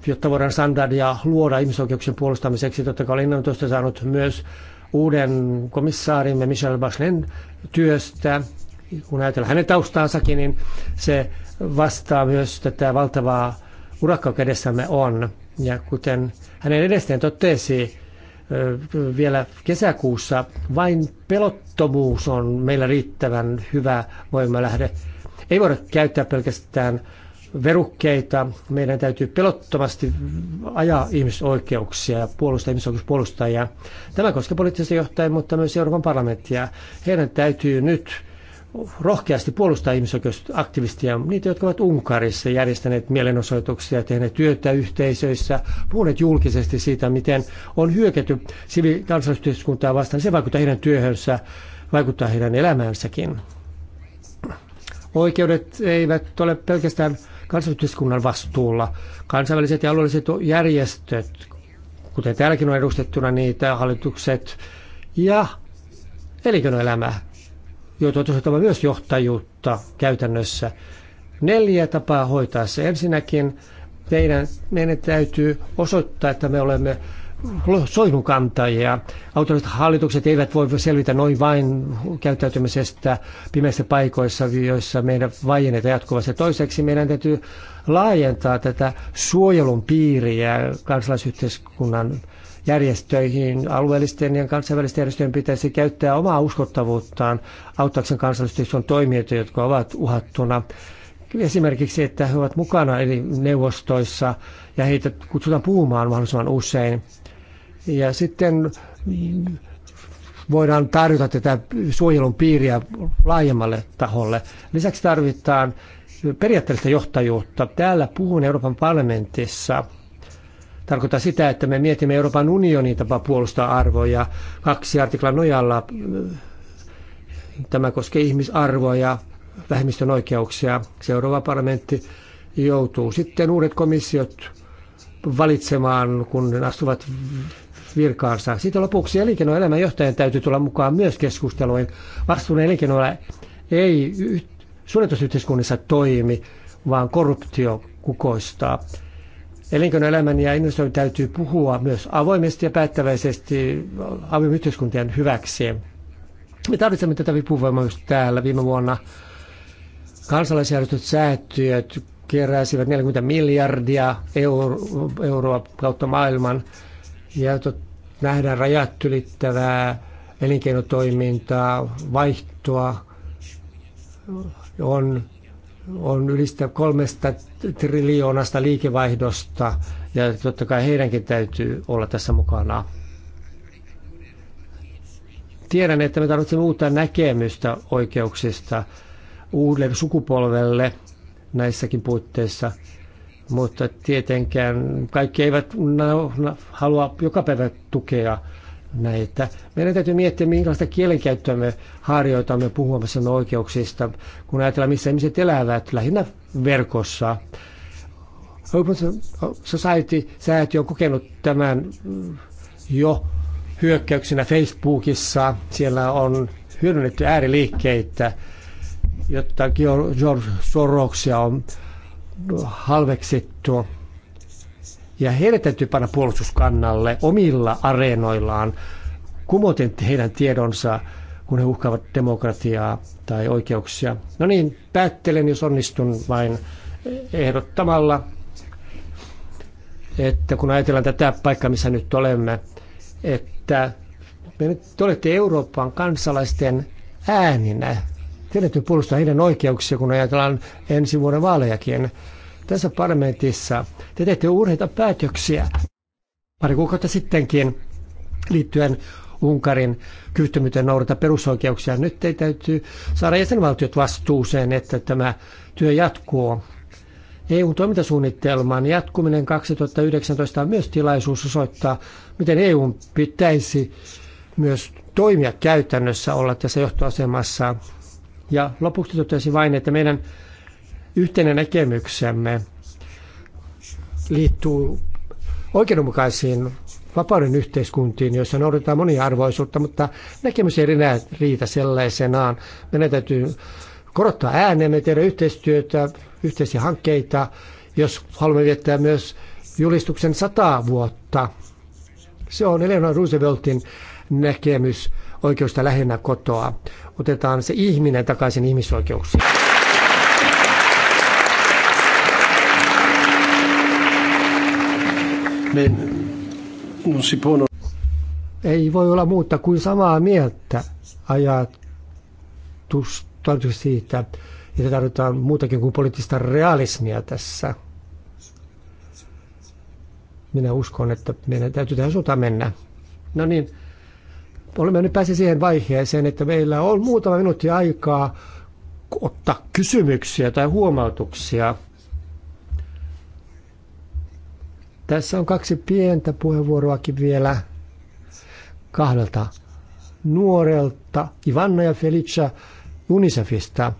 jotta voidaan standardia luoda ihmisoikeuksien puolustamiseksi. Totta kai olen tuosta saanut myös uuden komissaarimme Michel Bachelin työstä kun ajatellaan hänen taustaansakin, niin se vastaa myös tätä valtavaa urakkaa, kädessämme on. Ja kuten hänen edestään totesi vielä kesäkuussa, vain pelottomuus on meillä riittävän hyvä voimalähde. Ei voida käyttää pelkästään verukkeita. Meidän täytyy pelottomasti ajaa ihmisoikeuksia ja puolustaa ihmisoikeuspuolustajia. Tämä koskee poliittisesti johtajia, mutta myös Euroopan parlamenttia. Heidän täytyy nyt rohkeasti puolustaa ihmisoikeusaktivistia, niitä, jotka ovat Unkarissa järjestäneet mielenosoituksia, tehneet työtä yhteisöissä, puhuneet julkisesti siitä, miten on hyökätty kansallisyhteiskuntaa vastaan. Se vaikuttaa heidän työhönsä, vaikuttaa heidän elämäänsäkin. Oikeudet eivät ole pelkästään kansallisyhteiskunnan vastuulla. Kansainväliset ja alueelliset järjestöt, kuten täälläkin on edustettuna niitä, hallitukset ja elinkeinoelämä on tosiaan myös johtajuutta käytännössä. Neljä tapaa hoitaa se. Ensinnäkin meidän, meidän täytyy osoittaa, että me olemme soihdunkantajia. Autoriset hallitukset eivät voi selvitä noin vain käyttäytymisestä pimeissä paikoissa, joissa meidän vaiennetaan jatkuvasti. Toiseksi meidän täytyy laajentaa tätä suojelun piiriä kansalaisyhteiskunnan järjestöihin. Alueellisten ja kansainvälisten järjestöjen pitäisi käyttää omaa uskottavuuttaan auttaakseen kansallisyhteisön toimijoita, jotka ovat uhattuna. Esimerkiksi, että he ovat mukana eli neuvostoissa ja heitä kutsutaan puhumaan mahdollisimman usein. Ja sitten voidaan tarjota tätä suojelun piiriä laajemmalle taholle. Lisäksi tarvitaan periaatteellista johtajuutta. Täällä puhun Euroopan parlamentissa – tarkoittaa sitä, että me mietimme Euroopan unionin tapa puolustaa arvoja kaksi artiklan nojalla. Äh, tämä koskee ihmisarvoa ja vähemmistön oikeuksia. Seuraava parlamentti joutuu sitten uudet komissiot valitsemaan, kun ne astuvat virkaansa. Sitten lopuksi elinkeinoelämän johtajan täytyy tulla mukaan myös keskusteluun. Vastuullinen elinkeinoelämä ei suljetusyhteiskunnissa toimi, vaan korruptio kukoistaa. Elinkeinoelämän ja investoinnin täytyy puhua myös avoimesti ja päättäväisesti avoimen yhteiskuntien hyväksi. Me tarvitsemme tätä vipuvoimaa myös täällä. Viime vuonna kansalaisjärjestöt säätiöt keräsivät 40 miljardia euro, euroa kautta maailman. Ja nähdään rajat ylittävää elinkeinotoimintaa, vaihtoa, on on ylistä kolmesta triljoonasta liikevaihdosta ja totta kai heidänkin täytyy olla tässä mukana. Tiedän, että me tarvitsemme uutta näkemystä oikeuksista uudelle sukupolvelle näissäkin puitteissa, mutta tietenkään kaikki eivät halua joka päivä tukea – näitä. Meidän täytyy miettiä, minkälaista kielenkäyttöä me harjoitamme puhumassa oikeuksista, kun ajatellaan, missä ihmiset elävät, lähinnä verkossa. Open Society-säätiö on kokenut tämän jo hyökkäyksenä Facebookissa. Siellä on hyödynnetty ääriliikkeitä, jotta George Soroksia on halveksittu. Ja heidät täytyy panna puolustuskannalle omilla areenoillaan, kumoten heidän tiedonsa, kun he uhkaavat demokratiaa tai oikeuksia. No niin, päättelen, jos onnistun vain ehdottamalla, että kun ajatellaan tätä paikkaa, missä nyt olemme, että me nyt te olette Euroopan kansalaisten ääninä. Teidän täytyy puolustaa heidän oikeuksia, kun ajatellaan ensi vuoden vaalejakin tässä parlamentissa te teette urheita päätöksiä pari kuukautta sittenkin liittyen Unkarin kyvyttömyyteen noudata perusoikeuksia. Nyt ei täytyy saada jäsenvaltiot vastuuseen, että tämä työ jatkuu. EU-toimintasuunnitelman jatkuminen 2019 on myös tilaisuus osoittaa, miten EU pitäisi myös toimia käytännössä olla tässä johtoasemassa. Ja lopuksi totesin vain, että meidän yhteinen näkemyksemme liittyy oikeudenmukaisiin vapauden yhteiskuntiin, joissa noudatetaan moniarvoisuutta, mutta näkemys ei enää riitä sellaisenaan. Meidän täytyy korottaa äänemme, tehdä yhteistyötä, yhteisiä hankkeita, jos haluamme viettää myös julistuksen sata vuotta. Se on Eleanor Rooseveltin näkemys oikeusta lähinnä kotoa. Otetaan se ihminen takaisin ihmisoikeuksiin. Me non si può non... Ei voi olla muuta kuin samaa mieltä ajatusta siitä, että tarvitaan muutakin kuin poliittista realismia tässä. Minä uskon, että meidän täytyy tähän suuntaan mennä. No niin, olemme nyt päässeet siihen vaiheeseen, että meillä on muutama minuutti aikaa ottaa kysymyksiä tai huomautuksia. Tässä on kaksi pientä puheenvuoroakin vielä kahdelta nuorelta, Ivanna ja Felicia Unicefista.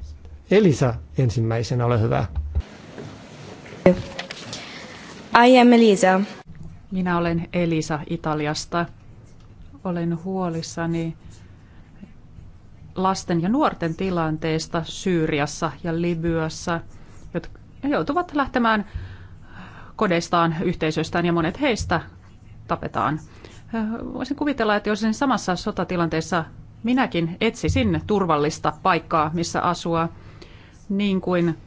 Elisa ensimmäisenä, ole hyvä. I am Elisa. Minä olen Elisa Italiasta. Olen huolissani lasten ja nuorten tilanteesta Syyriassa ja Libyassa, jotka joutuvat lähtemään kodeistaan, yhteisöstään ja monet heistä tapetaan. Voisin kuvitella, että jos sen samassa sotatilanteessa minäkin etsisin turvallista paikkaa, missä asua, niin kuin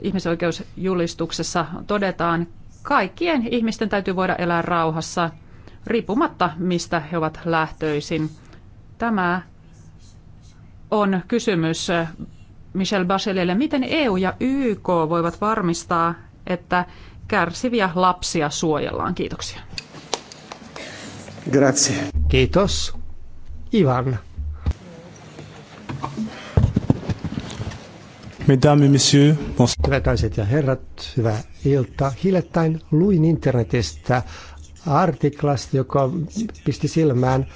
ihmisoikeusjulistuksessa todetaan, kaikkien ihmisten täytyy voida elää rauhassa, riippumatta mistä he ovat lähtöisin. Tämä on kysymys Michel Bacheletille, miten EU ja YK voivat varmistaa, että kärsiviä lapsia suojellaan. Kiitoksia. Grazie. Kiitos. Ivan. Mesdames messieurs, bonsoir. Hyvät naiset ja herrat, hyvää iltaa. Hiljattain luin internetistä artiklasta, joka pisti silmään.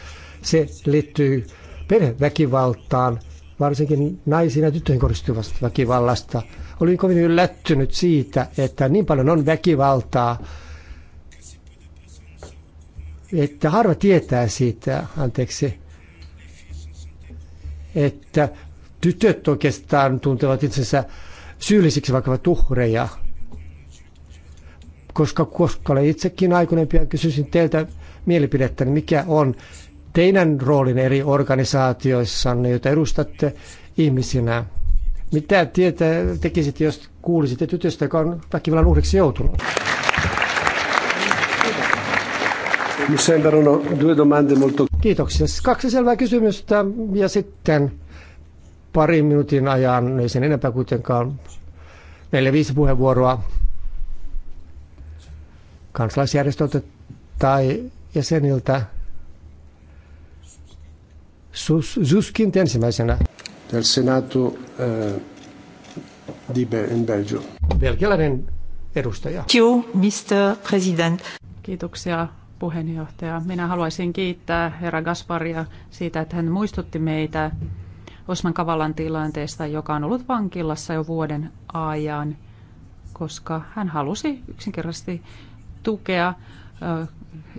Se liittyy perheväkivaltaan, varsinkin naisiin ja tyttöihin kohdistuvasta väkivallasta – Olin kovin yllättynyt siitä, että niin paljon on väkivaltaa, että harva tietää siitä, anteeksi, että tytöt oikeastaan tuntevat itsensä syyllisiksi vaikka tuhreja. Koska, koska olen itsekin aikuinen pian kysyisin teiltä mielipidettä, niin mikä on teidän roolin eri organisaatioissanne, joita edustatte ihmisinä? Mitä tietä tekisit, jos kuulisit tytöstä, joka on väkivallan uhriksi joutunut? Kiitoksia. Kaksi selvää kysymystä ja sitten pari minuutin ajan, ei sen enempää kuitenkaan, neljä viisi puheenvuoroa kansalaisjärjestöltä tai jäseniltä. Sus, Zuskin ensimmäisenä del Senato eh, di Be- in Belgio. Belgialainen edustaja. Mr. President. Kiitoksia puheenjohtaja. Minä haluaisin kiittää herra Gasparia siitä, että hän muistutti meitä Osman Kavalan tilanteesta, joka on ollut vankilassa jo vuoden ajan, koska hän halusi yksinkertaisesti tukea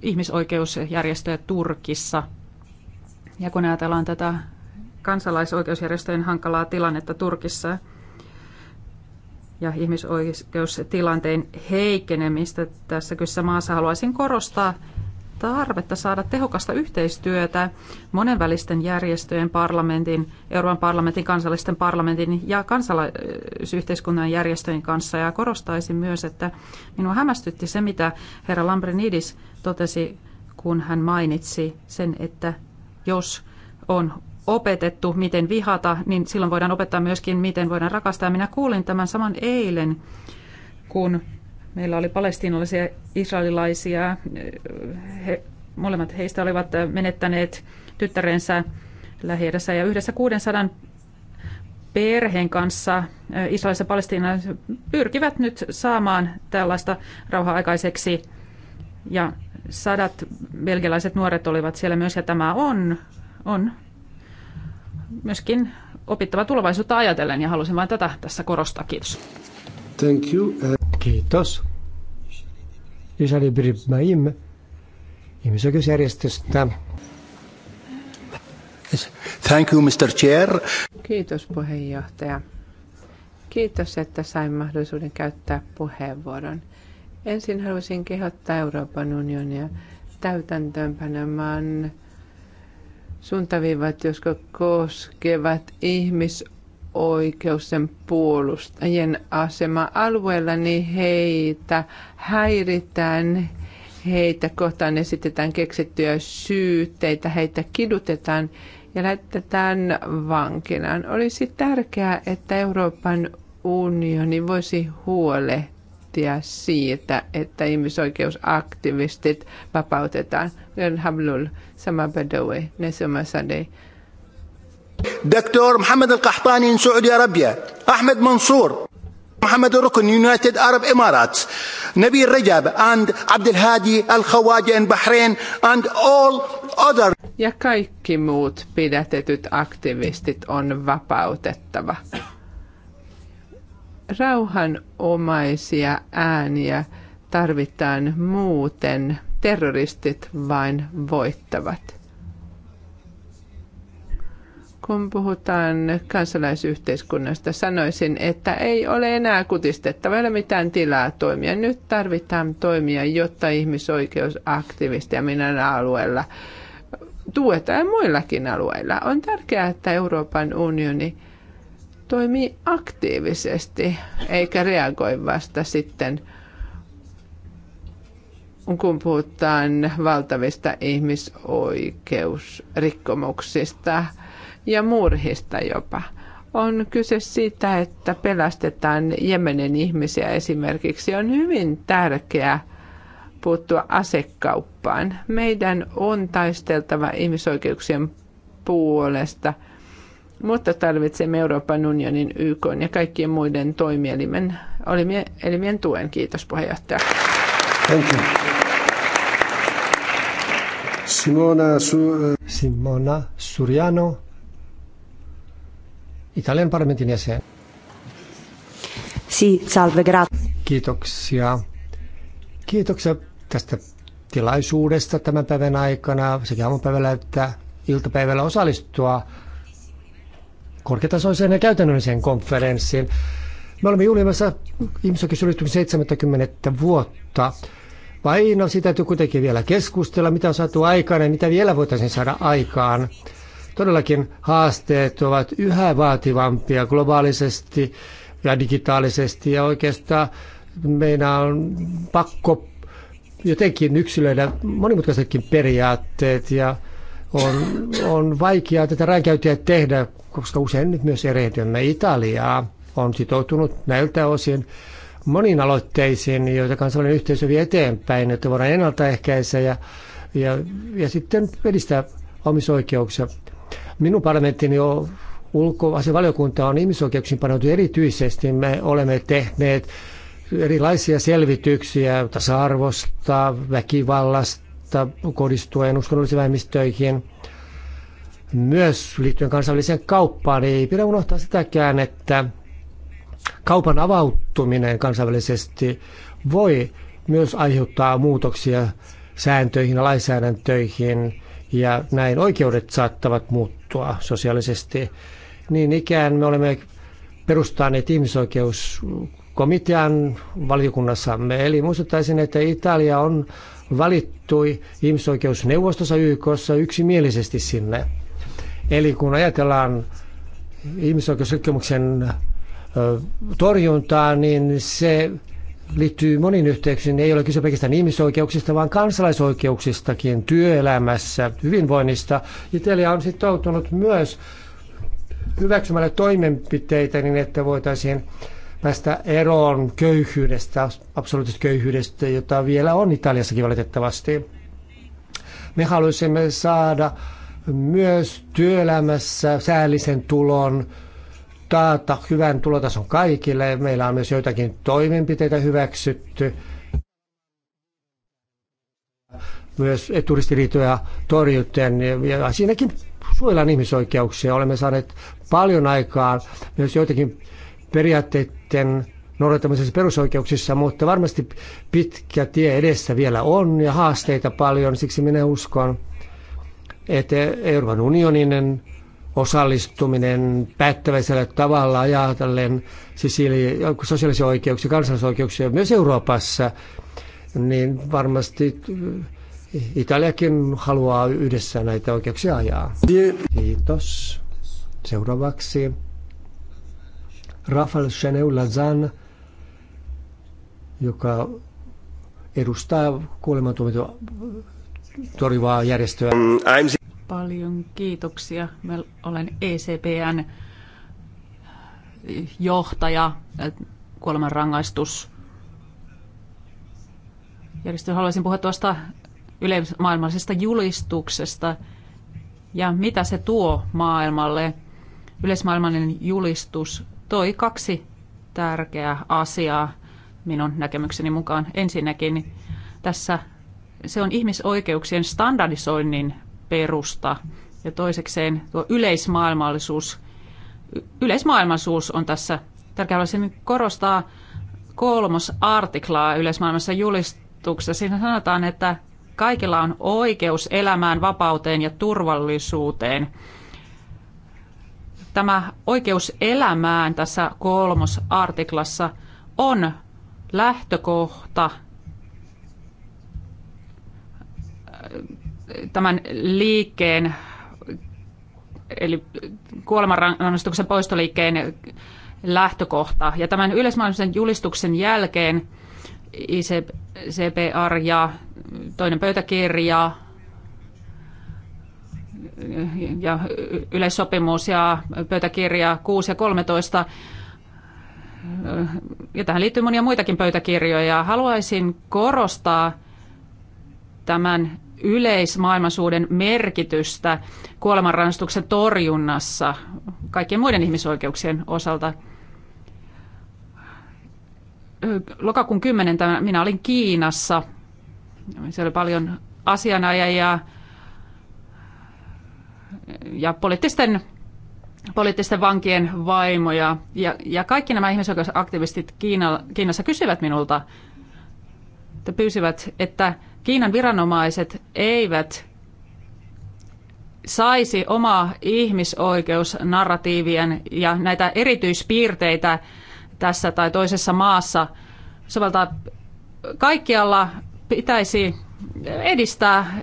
ihmisoikeusjärjestöjä Turkissa. Ja kun ajatellaan tätä kansalaisoikeusjärjestöjen hankalaa tilannetta Turkissa ja ihmisoikeustilanteen heikkenemistä tässä kyssä maassa. Haluaisin korostaa tarvetta saada tehokasta yhteistyötä monenvälisten järjestöjen, parlamentin, Euroopan parlamentin, kansallisten parlamentin ja kansalaisyhteiskunnan järjestöjen kanssa. Ja korostaisin myös, että minua hämmästytti se, mitä herra Lambrinidis totesi, kun hän mainitsi sen, että jos on opetettu, miten vihata, niin silloin voidaan opettaa myöskin, miten voidaan rakastaa. Minä kuulin tämän saman eilen, kun meillä oli palestiinalaisia israelilaisia. He, molemmat heistä olivat menettäneet tyttärensä lähi ja yhdessä 600 perheen kanssa eh, Israelissa ja pyrkivät nyt saamaan tällaista rauhaa aikaiseksi. Ja sadat belgialaiset nuoret olivat siellä myös, ja tämä on, on myöskin opittava tulevaisuutta ajatellen ja halusin vain tätä tässä korostaa. Kiitos. Thank you. Kiitos. Isali ihmisoikeusjärjestöstä. Thank you, Mr. Chair. Kiitos puheenjohtaja. Kiitos, että sain mahdollisuuden käyttää puheenvuoron. Ensin haluaisin kehottaa Euroopan unionia täytäntöönpanemaan suuntaviivat, jotka koskevat ihmisoikeusten puolustajien asema alueella, niin heitä häiritään, heitä kohtaan esitetään keksittyjä syytteitä, heitä kidutetaan ja lähetetään vankilaan. Olisi tärkeää, että Euroopan unioni voisi huolehtia huolehtia siitä, että ihmisoikeusaktivistit vapautetaan. Jön Hablul Samabadoui, Nesuma Sadei. Dr. Mohamed Al-Qahtani in Saudi-Arabia, Ahmed Mansour, Mohamed Rukun, United Arab Emirates, Nabi Rajab and Abdel Hadi Al-Khawaja in Bahrain and all other. Ja kaikki muut pidätetyt aktivistit on vapautettava. Rauhanomaisia ääniä tarvitaan muuten. Terroristit vain voittavat. Kun puhutaan kansalaisyhteiskunnasta, sanoisin, että ei ole enää kutistettava, ei ole mitään tilaa toimia. Nyt tarvitaan toimia, jotta ihmisoikeusaktivisteja minä alueella tuetaan muillakin alueilla. On tärkeää, että Euroopan unioni toimii aktiivisesti eikä reagoi vasta sitten, kun puhutaan valtavista ihmisoikeusrikkomuksista ja murhista jopa. On kyse siitä, että pelastetaan Jemenin ihmisiä esimerkiksi. On hyvin tärkeää puuttua asekauppaan. Meidän on taisteltava ihmisoikeuksien puolesta – mutta tarvitsemme Euroopan unionin, YK ja kaikkien muiden toimielimen elimien tuen. Kiitos puheenjohtaja. Thank you. Simona, Su- Simona Suriano, Italian parlamentin jäsen. Si, salve, grazie. Kiitoksia. Kiitoksia tästä tilaisuudesta tämän päivän aikana sekä aamupäivällä että iltapäivällä osallistua korkeatasoiseen ja käytännölliseen konferenssiin. Me olemme juhlimassa ihmisoikeusjulistuksen 70 vuotta. no, sitä täytyy kuitenkin vielä keskustella, mitä on saatu aikaan ja mitä vielä voitaisiin saada aikaan. Todellakin haasteet ovat yhä vaativampia globaalisesti ja digitaalisesti ja oikeastaan meidän on pakko jotenkin yksilöidä monimutkaisetkin periaatteet ja on, on vaikeaa tätä rankäytiä tehdä, koska usein nyt myös erehdymme. Italiaa on sitoutunut näiltä osin moniin aloitteisiin, joita kansallinen yhteisö vie eteenpäin, että voidaan ennaltaehkäistä ja, ja, ja sitten edistää omisoikeuksia. Minun parlamenttini on ulkoasevaliokunta on ihmisoikeuksiin paneutunut erityisesti. Me olemme tehneet erilaisia selvityksiä tasa-arvosta, väkivallasta, kodistuen uskonnollisiin vähemmistöihin – myös liittyen kansainväliseen kauppaan, niin ei pidä unohtaa sitäkään, että kaupan avauttuminen kansainvälisesti voi myös aiheuttaa muutoksia sääntöihin ja lainsäädäntöihin, ja näin oikeudet saattavat muuttua sosiaalisesti. Niin ikään me olemme perustaneet ihmisoikeuskomitean valiokunnassamme. Eli muistuttaisin, että Italia on valittu ihmisoikeusneuvostossa YKssa yksimielisesti sinne. Eli kun ajatellaan ihmisoikeusrikkomuksen torjuntaa, niin se liittyy moniin yhteyksiin. Ei ole kyse pelkästään ihmisoikeuksista, vaan kansalaisoikeuksistakin, työelämässä, hyvinvoinnista. Italia on sitoutunut myös hyväksymällä toimenpiteitä niin, että voitaisiin päästä eroon köyhyydestä, absoluuttisesta köyhyydestä, jota vielä on Italiassakin valitettavasti. Me haluaisimme saada myös työelämässä säällisen tulon, taata hyvän tulotason kaikille. Meillä on myös joitakin toimenpiteitä hyväksytty. Myös turistiliittoja torjuten ja siinäkin suojellaan ihmisoikeuksia. Olemme saaneet paljon aikaa myös joitakin periaatteiden noudattamisessa perusoikeuksissa, mutta varmasti pitkä tie edessä vielä on ja haasteita paljon. Siksi minä uskon, että Euroopan unionin osallistuminen päättäväisellä tavalla ajatellen sosiaalisia oikeuksia, kansallisoikeuksia myös Euroopassa, niin varmasti eh, Italiakin haluaa yhdessä näitä oikeuksia ajaa. Kiitos. Seuraavaksi Rafael Cheneu Lazan, joka edustaa kuolemantuomitun torjuvaa järjestöä. Mm, Paljon kiitoksia. Mä olen ECPN johtaja, äh, kuolemanrangaistus. Järjestö haluaisin puhua tuosta yleismaailmallisesta julistuksesta ja mitä se tuo maailmalle. Yleismaailmallinen julistus toi kaksi tärkeää asiaa minun näkemykseni mukaan. Ensinnäkin tässä se on ihmisoikeuksien standardisoinnin perusta. Ja toisekseen tuo yleismaailmallisuus, yleismaailmallisuus on tässä tärkeää, se korostaa kolmos artiklaa yleismaailmassa julistuksessa. Siinä sanotaan, että kaikilla on oikeus elämään, vapauteen ja turvallisuuteen. Tämä oikeus elämään tässä kolmos artiklassa on lähtökohta – tämän liikkeen, eli kuolemanrangaistuksen poistoliikkeen lähtökohta. Ja tämän yleismaailmallisen julistuksen jälkeen ICPR ja toinen pöytäkirja ja yleissopimus ja pöytäkirja 6 ja 13 ja tähän liittyy monia muitakin pöytäkirjoja. Haluaisin korostaa tämän yleismaailmansuuden merkitystä kuolemanrangaistuksen torjunnassa kaikkien muiden ihmisoikeuksien osalta. Lokakuun 10. minä olin Kiinassa. Se oli paljon asianajajia ja poliittisten, poliittisten vankien vaimoja. Ja, ja kaikki nämä ihmisoikeusaktivistit Kiina, Kiinassa kysyivät minulta, että pyysivät, että Kiinan viranomaiset eivät saisi omaa ihmisoikeusnarratiivien ja näitä erityispiirteitä tässä tai toisessa maassa soveltaa kaikkialla pitäisi edistää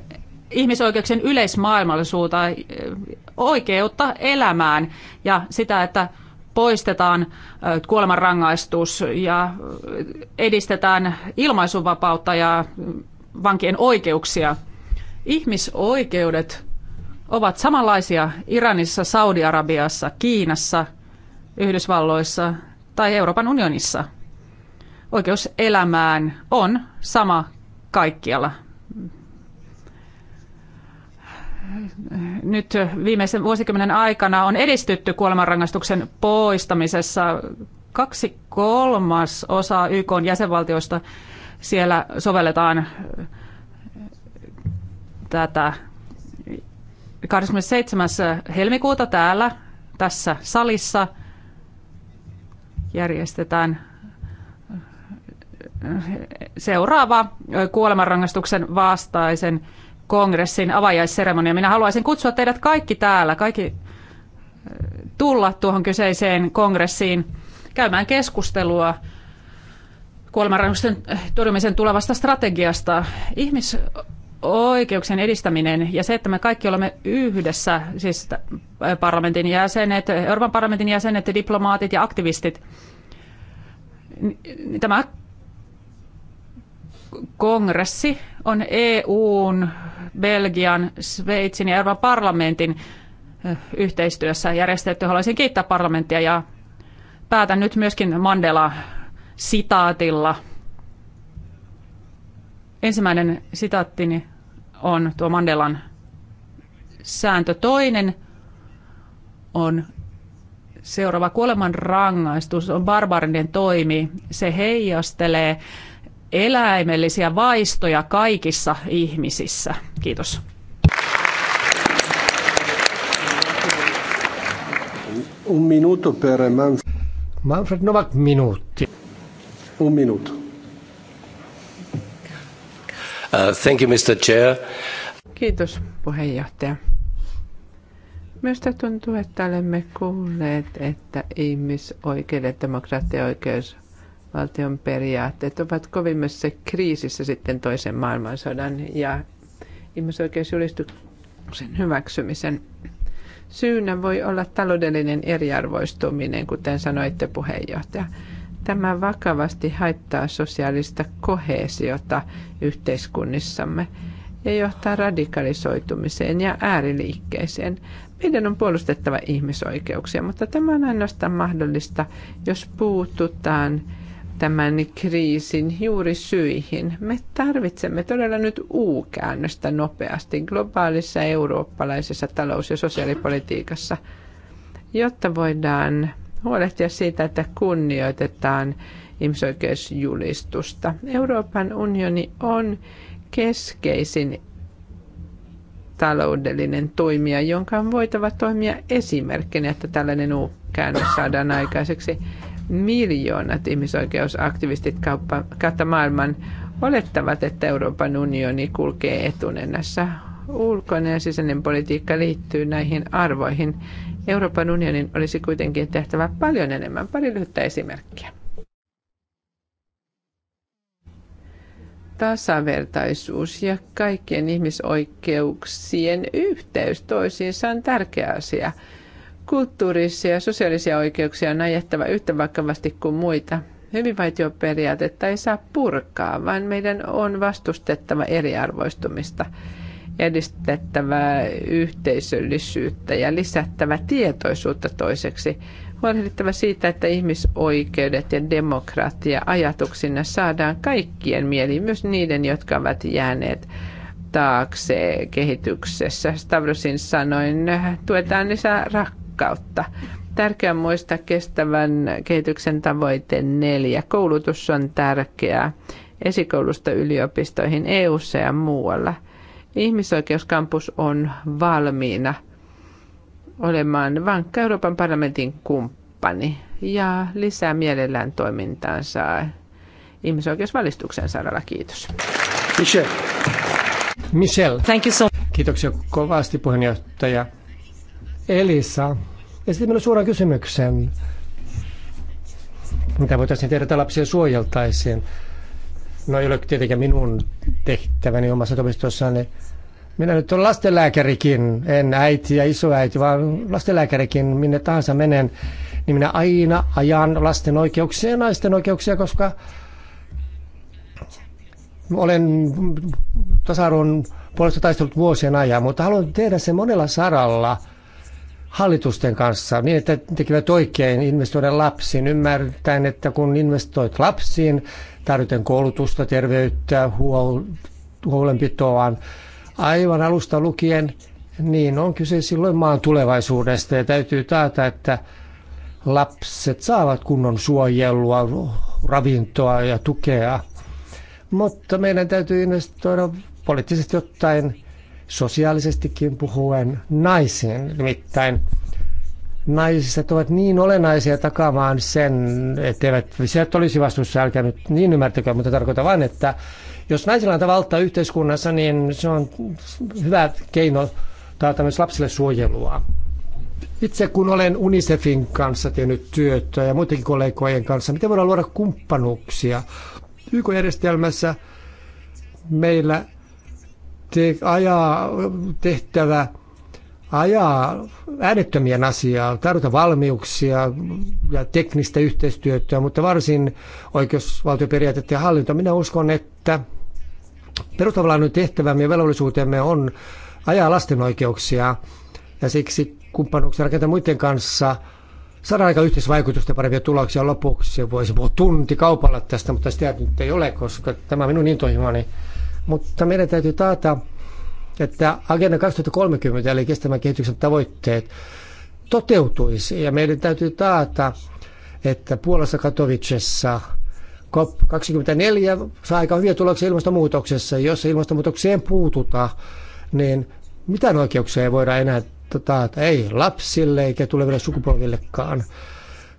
ihmisoikeuksien yleismaailmallisuutta, oikeutta elämään ja sitä, että poistetaan kuolemanrangaistus ja edistetään ilmaisuvapautta ja vankien oikeuksia. Ihmisoikeudet ovat samanlaisia Iranissa, Saudi-Arabiassa, Kiinassa, Yhdysvalloissa tai Euroopan unionissa. Oikeus elämään on sama kaikkialla. Nyt viimeisen vuosikymmenen aikana on edistytty kuolemanrangaistuksen poistamisessa kaksi kolmas osaa YK jäsenvaltioista siellä sovelletaan äh, tätä 27. helmikuuta täällä tässä salissa järjestetään äh, seuraava äh, kuolemanrangaistuksen vastaisen kongressin avajaisseremonia. Minä haluaisin kutsua teidät kaikki täällä, kaikki tulla tuohon kyseiseen kongressiin käymään keskustelua kuolemanrangaistusten torjumisen tulevasta strategiasta. Ihmisoikeuksien edistäminen ja se, että me kaikki olemme yhdessä, siis parlamentin jäsenet, Euroopan parlamentin jäsenet, diplomaatit ja aktivistit, tämä kongressi on EUn, Belgian, Sveitsin ja Euroopan parlamentin yhteistyössä järjestetty. Haluaisin kiittää parlamenttia ja päätän nyt myöskin Mandela sitaatilla. Ensimmäinen sitaattini on tuo Mandelan sääntö. Toinen on seuraava kuoleman rangaistus on barbarinen toimi. Se heijastelee eläimellisiä vaistoja kaikissa ihmisissä. Kiitos. Un minuto per Manfred. Manfred Novak minuutti. Uh, thank you, Mr. Chair. Kiitos, puheenjohtaja. Minusta tuntuu, että olemme kuulleet, että ihmisoikeudet, demokratia- oikeus, valtion periaatteet ovat kovimmassa kriisissä sitten toisen maailmansodan ja ihmisoikeusjulistuksen hyväksymisen. Syynä voi olla taloudellinen eriarvoistuminen, kuten sanoitte puheenjohtaja. Tämä vakavasti haittaa sosiaalista koheesiota yhteiskunnissamme ja johtaa radikalisoitumiseen ja ääriliikkeeseen. Meidän on puolustettava ihmisoikeuksia, mutta tämä on ainoastaan mahdollista, jos puututaan tämän kriisin juuri syihin. Me tarvitsemme todella nyt U-käännöstä nopeasti globaalissa eurooppalaisessa talous- ja sosiaalipolitiikassa, jotta voidaan huolehtia siitä, että kunnioitetaan ihmisoikeusjulistusta. Euroopan unioni on keskeisin taloudellinen toimija, jonka on voitava toimia esimerkkinä, että tällainen uusi käännös saadaan aikaiseksi. Miljoonat ihmisoikeusaktivistit kautta maailman olettavat, että Euroopan unioni kulkee etunenässä. Ulkoinen ja sisäinen politiikka liittyy näihin arvoihin Euroopan unionin olisi kuitenkin tehtävä paljon enemmän. Pari lyhyttä esimerkkiä. Tasavertaisuus ja kaikkien ihmisoikeuksien yhteys toisiinsa on tärkeä asia. Kulttuurisia ja sosiaalisia oikeuksia on ajettava yhtä vakavasti kuin muita. Hyvinvointioperiaatetta ei saa purkaa, vaan meidän on vastustettava eriarvoistumista – edistettävä yhteisöllisyyttä ja lisättävä tietoisuutta toiseksi. Huolehdittava siitä, että ihmisoikeudet ja demokratia ajatuksina saadaan kaikkien mieliin, myös niiden, jotka ovat jääneet taakse kehityksessä. Stavrosin sanoin, tuetaan lisää rakkautta. Tärkeää muistaa kestävän kehityksen tavoite neljä. Koulutus on tärkeää esikoulusta yliopistoihin EU-ssa ja muualla – ihmisoikeuskampus on valmiina olemaan vankka Euroopan parlamentin kumppani ja lisää mielellään toimintaansa ihmisoikeusvalistuksen saralla. Kiitos. Michel. Michel. Thank you so Kiitoksia kovasti puheenjohtaja. Elisa, esitin minulle suoran kysymyksen. Mitä voitaisiin tehdä, että lapsia suojeltaisiin? No ei ole tietenkään minun tehtäväni omassa toimistossani. Minä nyt olen lastenlääkärikin, en äiti ja isoäiti, vaan lastenlääkärikin, minne tahansa menen, niin minä aina ajan lasten oikeuksia ja naisten oikeuksia, koska olen tasa-arvon puolesta taistellut vuosien ajan, mutta haluan tehdä sen monella saralla – hallitusten kanssa niin, että tekevät oikein investoida lapsiin, ymmärtäen, että kun investoit lapsiin, tarvitaan koulutusta, terveyttä, huol- huolenpitoa aivan alusta lukien, niin on kyse silloin maan tulevaisuudesta ja täytyy taata, että lapset saavat kunnon suojelua, ravintoa ja tukea. Mutta meidän täytyy investoida poliittisesti ottaen sosiaalisestikin puhuen naisiin. Nimittäin naiset ovat niin olennaisia takaamaan sen, eivät se olisi vastuussa, älkää nyt niin ymmärtäkö, mutta tarkoitan vain, että jos naisilla on valtaa yhteiskunnassa, niin se on hyvä keino taata myös lapsille suojelua. Itse kun olen UNICEFin kanssa tehnyt työtä ja muidenkin kollegojen kanssa, miten voidaan luoda kumppanuuksia? YK-järjestelmässä meillä te, ajaa tehtävä ajaa äänettömiä asiaa, tarjota valmiuksia ja teknistä yhteistyötä, mutta varsin oikeusvaltioperiaatetta ja hallinto. Minä uskon, että perustavanlainen tehtävämme ja velvollisuutemme on ajaa lasten oikeuksia ja siksi kumppanuuksia rakentaa muiden kanssa saada aika yhteisvaikutusta parempia tuloksia lopuksi. Voisi puhua tunti kaupalla tästä, mutta sitä nyt ei ole, koska tämä on minun intohimoni. Niin mutta meidän täytyy taata, että Agenda 2030 eli kestävän kehityksen tavoitteet toteutuisi ja meidän täytyy taata, että Puolassa Katowicessa COP24 saa aika hyviä tuloksia ilmastonmuutoksessa. Jos ilmastonmuutokseen puututa, niin mitään oikeuksia ei voida enää taata, ei lapsille eikä tuleville sukupolvillekaan.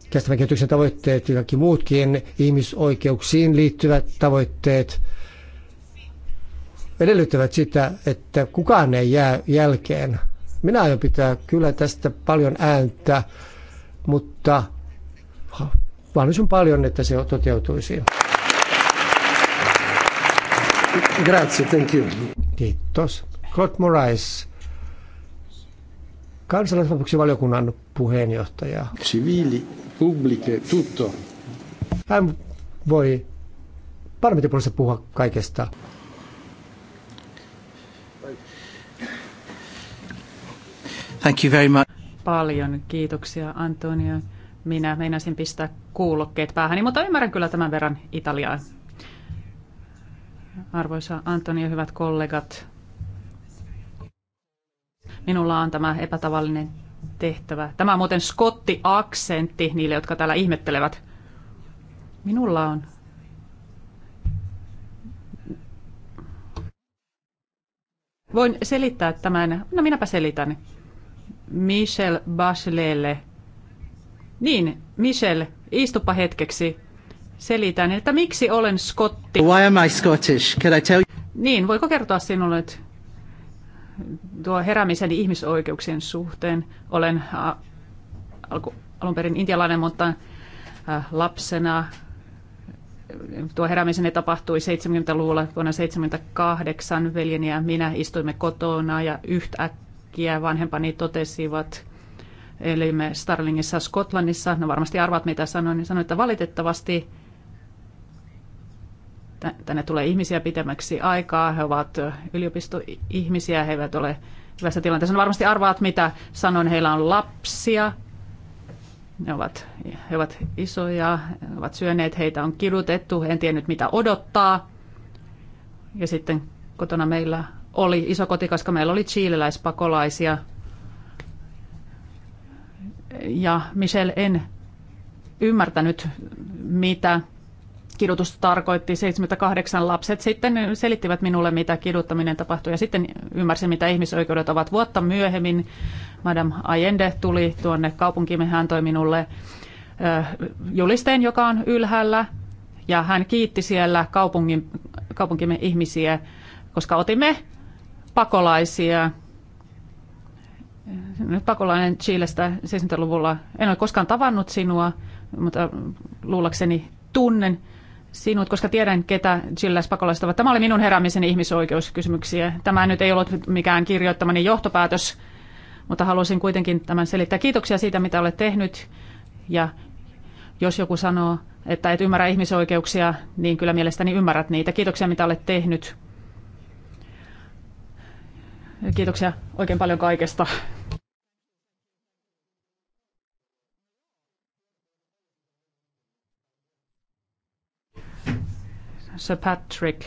Kestävän kehityksen tavoitteet ja kaikki muutkin ihmisoikeuksiin liittyvät tavoitteet – edellyttävät sitä, että kukaan ei jää jälkeen. Minä aion pitää kyllä tästä paljon ääntä, mutta mahdollisimman paljon, että se toteutuisi. Grazie, thank you. Kiitos. Claude Morais, kansalaisvapauksien valiokunnan puheenjohtaja. Siviili, publike, tutto. Hän voi parlamentin puhua kaikesta. Thank you very much. Paljon kiitoksia Antonio. Minä meinasin pistää kuulokkeet päähän, mutta ymmärrän kyllä tämän verran Italiaa. Arvoisa Antonio, hyvät kollegat, minulla on tämä epätavallinen tehtävä. Tämä on muuten skotti-aksentti niille, jotka täällä ihmettelevät. Minulla on Voin selittää tämän. No minäpä selitän. Michel Bachelelle. Niin, Michel, istupa hetkeksi. Selitän, että miksi olen skotti. Why am I Scottish? Can I tell you? Niin, voiko kertoa sinulle, että tuo heräämiseni ihmisoikeuksien suhteen olen äh, alku, alun perin intialainen, mutta äh, lapsena tuo heräämiseni tapahtui 70-luvulla vuonna 78. Veljeni ja minä istuimme kotona ja yhtäkkiä vanhempani totesivat, eli me Starlingissa Skotlannissa, no varmasti arvaat mitä sanoin, niin sanoin, että valitettavasti tänne tulee ihmisiä pitemmäksi aikaa, he ovat yliopistoihmisiä, he eivät ole hyvässä tilanteessa. No varmasti arvaat mitä sanoin, heillä on lapsia, ne ovat, he ovat isoja, he ovat syöneet, heitä on kidutettu, en tiennyt mitä odottaa. Ja sitten kotona meillä oli iso koti, koska meillä oli chileläispakolaisia. Ja Michelle, en ymmärtänyt, mitä kidutus tarkoitti. 78 lapset sitten selittivät minulle, mitä kiduttaminen tapahtui ja sitten ymmärsin, mitä ihmisoikeudet ovat. Vuotta myöhemmin Madame Allende tuli tuonne kaupunkiin, hän toi minulle julisteen, joka on ylhäällä ja hän kiitti siellä kaupungin, kaupunkimme ihmisiä, koska otimme pakolaisia. Nyt pakolainen Chilestä 70-luvulla. En ole koskaan tavannut sinua, mutta luulakseni tunnen sinut, koska tiedän, ketä pakolaiset ovat. Tämä oli minun heräämiseni ihmisoikeuskysymyksiä. Tämä nyt ei ollut mikään kirjoittamani johtopäätös, mutta halusin kuitenkin tämän selittää. Kiitoksia siitä, mitä olet tehnyt. Ja jos joku sanoo, että et ymmärrä ihmisoikeuksia, niin kyllä mielestäni ymmärrät niitä. Kiitoksia, mitä olet tehnyt. Kiitoksia oikein paljon kaikesta. Sir Patrick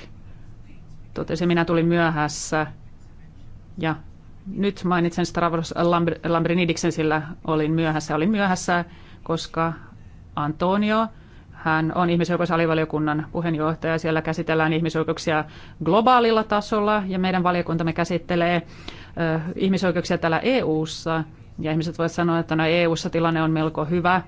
totesi, minä tulin myöhässä ja nyt mainitsen Stavros Lambrinidiksen, sillä olin myöhässä. Olin myöhässä, koska Antonio, hän on ihmisoikeusalivaliokunnan puheenjohtaja. Siellä käsitellään ihmisoikeuksia globaalilla tasolla ja meidän valiokuntamme käsittelee ihmisoikeuksia täällä EU-ssa. Ja ihmiset voivat sanoa, että no EU-ssa tilanne on melko hyvä.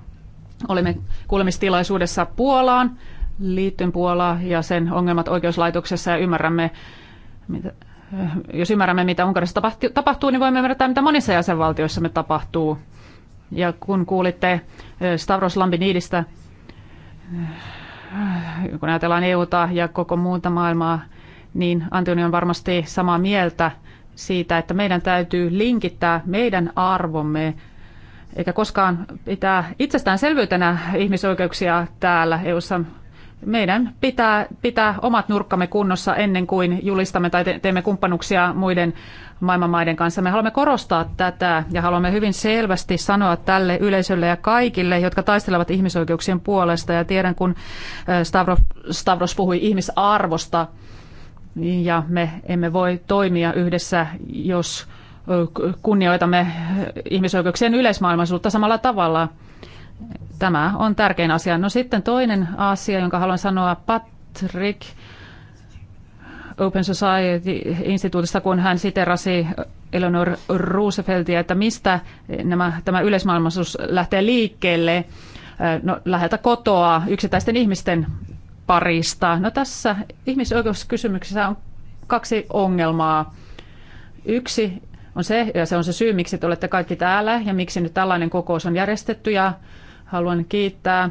Olemme kuulemistilaisuudessa Puolaan liittyen Puola ja sen ongelmat oikeuslaitoksessa ja ymmärrämme, mitä, jos ymmärrämme, mitä Unkarissa tapahtuu, niin voimme ymmärtää, mitä monissa jäsenvaltioissa me tapahtuu. Ja kun kuulitte Stavros Lambinidistä, kun ajatellaan EUta ja koko muuta maailmaa, niin Antoni on varmasti samaa mieltä siitä, että meidän täytyy linkittää meidän arvomme eikä koskaan pitää itsestäänselvyytenä ihmisoikeuksia täällä EUssa meidän pitää pitää omat nurkkamme kunnossa ennen kuin julistamme tai teemme kumppanuksia muiden maailmanmaiden kanssa. Me haluamme korostaa tätä ja haluamme hyvin selvästi sanoa tälle yleisölle ja kaikille, jotka taistelevat ihmisoikeuksien puolesta. Ja tiedän, kun Stavros, Stavros puhui ihmisarvosta, ja me emme voi toimia yhdessä, jos kunnioitamme ihmisoikeuksien yleismaailmaisuutta samalla tavalla. Tämä on tärkein asia. No sitten toinen asia, jonka haluan sanoa, Patrick Open Society-instituutista, kun hän siterasi Eleanor Rooseveltia, että mistä nämä, tämä yleismaailmallisuus lähtee liikkeelle, no, läheltä kotoa yksittäisten ihmisten parista. No tässä ihmisoikeuskysymyksessä on kaksi ongelmaa. Yksi on se, ja se on se syy, miksi te olette kaikki täällä ja miksi nyt tällainen kokous on järjestetty ja Haluan kiittää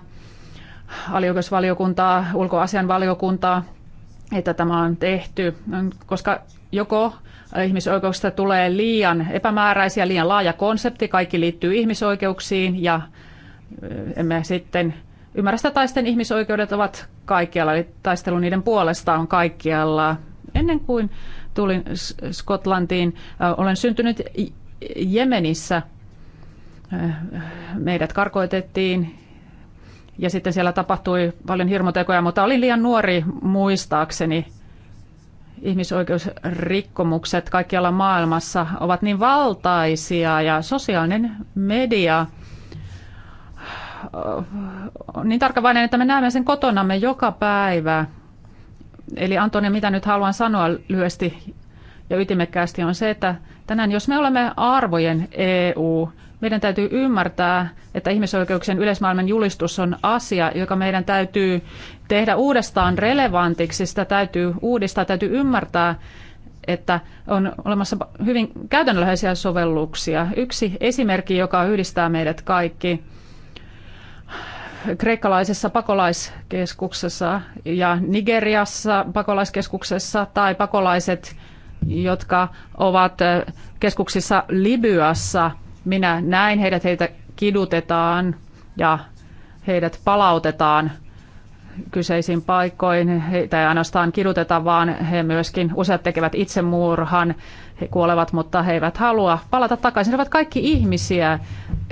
alioikeusvaliokuntaa, ulkoasianvaliokuntaa, että tämä on tehty, koska joko ihmisoikeuksista tulee liian epämääräisiä, liian laaja konsepti, kaikki liittyy ihmisoikeuksiin ja emme sitten ymmärrä sitä, taisten ihmisoikeudet ovat kaikkialla, eli taistelu niiden puolesta on kaikkialla. Ennen kuin tulin Skotlantiin, olen syntynyt Jemenissä – meidät karkoitettiin ja sitten siellä tapahtui paljon hirmutekoja, mutta olin liian nuori muistaakseni. Ihmisoikeusrikkomukset kaikkialla maailmassa ovat niin valtaisia ja sosiaalinen media on äh, niin tarkkavainen, että me näemme sen kotonamme joka päivä. Eli Antoni, mitä nyt haluan sanoa lyhyesti ja ytimekkäästi on se, että tänään jos me olemme arvojen EU, meidän täytyy ymmärtää, että ihmisoikeuksien yleismaailman julistus on asia, joka meidän täytyy tehdä uudestaan relevantiksi. Sitä täytyy uudistaa, täytyy ymmärtää, että on olemassa hyvin käytännönläheisiä sovelluksia. Yksi esimerkki, joka yhdistää meidät kaikki, kreikkalaisessa pakolaiskeskuksessa ja Nigeriassa pakolaiskeskuksessa tai pakolaiset, jotka ovat keskuksissa Libyassa – minä näin heidät, heitä kidutetaan ja heidät palautetaan kyseisiin paikkoihin. Heitä ei ainoastaan kiduteta, vaan he myöskin useat tekevät itsemurhan, he kuolevat, mutta he eivät halua palata takaisin. He ovat kaikki ihmisiä.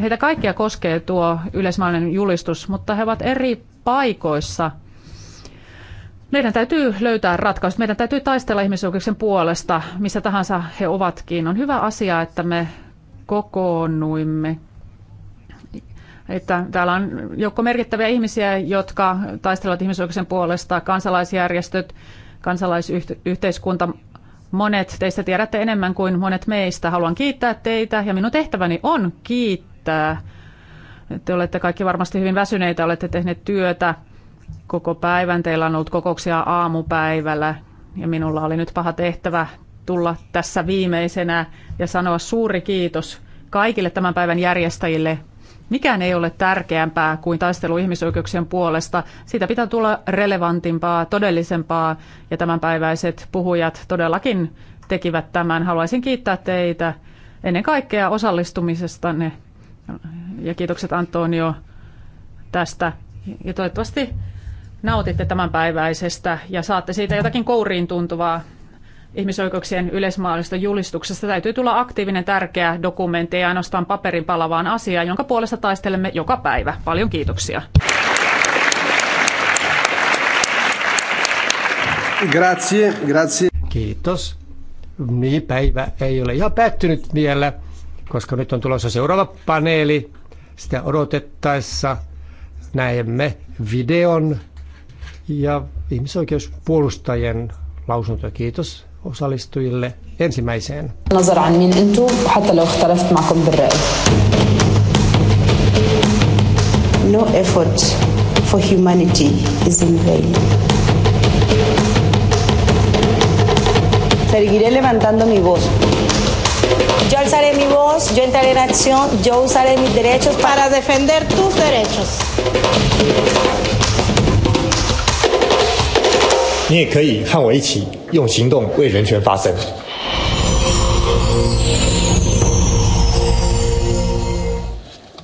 Heitä kaikkia koskee tuo yleismaailman julistus, mutta he ovat eri paikoissa. Meidän täytyy löytää ratkaisut. Meidän täytyy taistella ihmisoikeuksien puolesta, missä tahansa he ovatkin. On hyvä asia, että me kokoonnuimme. Että täällä on joukko merkittäviä ihmisiä, jotka taistelevat ihmisoikeuksien puolesta, kansalaisjärjestöt, kansalaisyhteiskunta, monet teistä tiedätte enemmän kuin monet meistä. Haluan kiittää teitä ja minun tehtäväni on kiittää. Te olette kaikki varmasti hyvin väsyneitä, olette tehneet työtä koko päivän. Teillä on ollut kokouksia aamupäivällä ja minulla oli nyt paha tehtävä tulla tässä viimeisenä ja sanoa suuri kiitos kaikille tämän päivän järjestäjille. Mikään ei ole tärkeämpää kuin taistelu ihmisoikeuksien puolesta. Siitä pitää tulla relevantimpaa, todellisempaa ja tämänpäiväiset puhujat todellakin tekivät tämän. Haluaisin kiittää teitä ennen kaikkea osallistumisestanne ja kiitokset Antonio tästä. Ja toivottavasti nautitte tämänpäiväisestä ja saatte siitä jotakin kouriin tuntuvaa ihmisoikeuksien yleismaailmasta julistuksesta täytyy tulla aktiivinen tärkeä dokumentti, ei ainoastaan paperin palavaan asiaan, jonka puolesta taistelemme joka päivä. Paljon kiitoksia. Grazie, grazie. Kiitos. Niin, päivä ei ole ihan päättynyt vielä, koska nyt on tulossa seuraava paneeli. Sitä odotettaessa näemme videon ja ihmisoikeuspuolustajien lausunto. Kiitos osallistujille ensimmäiseen. Nazar min entu, No effort for humanity is in vain. Seguiré levantando mi voz. Yo alzaré mi voz, yo entraré en acción, yo usaré mis derechos para defender tus derechos. 你也可以和我一起用行动为人权发声。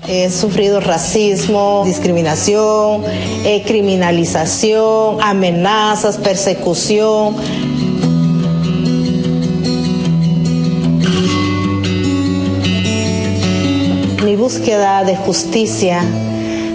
He sufrido racismo, discriminación, eh, criminalización, amenazas, persecución. Mi búsqueda de justicia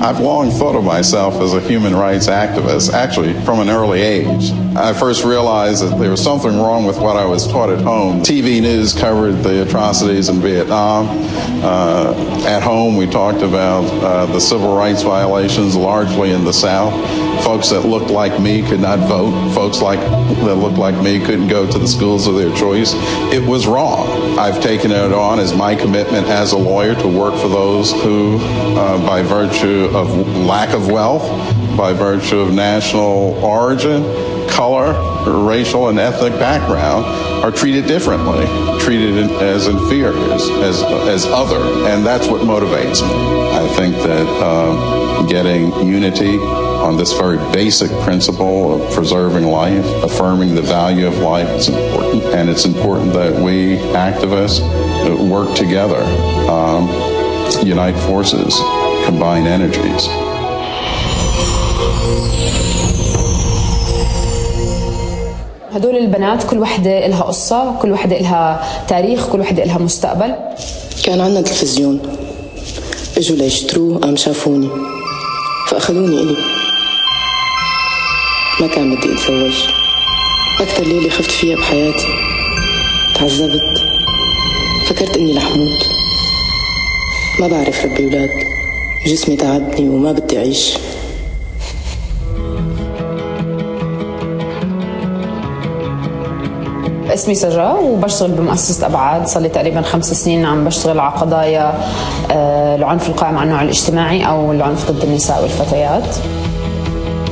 I've long thought of myself as a human rights activist, actually from an early age. I first realized that there was something wrong with what I was taught at home. TV news covered the atrocities in Vietnam. Uh, at home, we talked about uh, the civil rights violations largely in the South. Folks that looked like me could not vote. Folks like that looked like me couldn't go to the schools of their choice. It was wrong. I've taken it on as my commitment as a lawyer to work for those who, uh, by virtue of lack of wealth, by virtue of national origin, color, racial, and ethnic background, are treated differently, treated as inferiors, as, as other. And that's what motivates me. I think that uh, getting unity on this very basic principle of preserving life, affirming the value of life It's important. And it's important that we activists work together, um, unite forces, combine energies. هدول البنات كل وحدة إلها قصة كل وحدة إلها تاريخ كل وحدة إلها مستقبل كان عندنا تلفزيون إجوا ليشتروه قام شافوني فأخذوني إلي ما كان بدي اتزوج اكثر ليلة خفت فيها بحياتي تعذبت فكرت اني رح موت ما بعرف ربي أولاد جسمي تعبني وما بدي أعيش اسمي سجا وبشتغل بمؤسسة أبعاد صار لي تقريبا خمس سنين عم بشتغل على قضايا العنف القائم على النوع الاجتماعي أو العنف ضد النساء والفتيات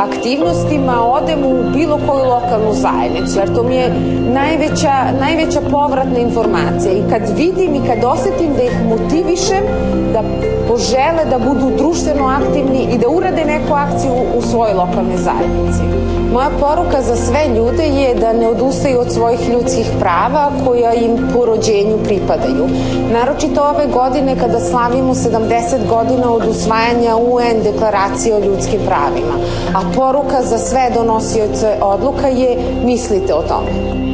aktivnostima odem u bilo koju lokalnu zajednicu, jer to mi je najveća, najveća povratna informacija. I kad vidim i kad osetim da ih motivišem, da požele da budu društveno aktivni i da urade neku akciju u svojoj lokalnoj zajednici. Moja poruka za sve ljude je da ne odustaju od svojih ljudskih prava koja im po rođenju pripadaju. Naročito ove godine kada slavimo 70 godina od usvajanja UN deklaracije o ljudskim pravima. A poruka za sve donosioce odluka je mislite o tome.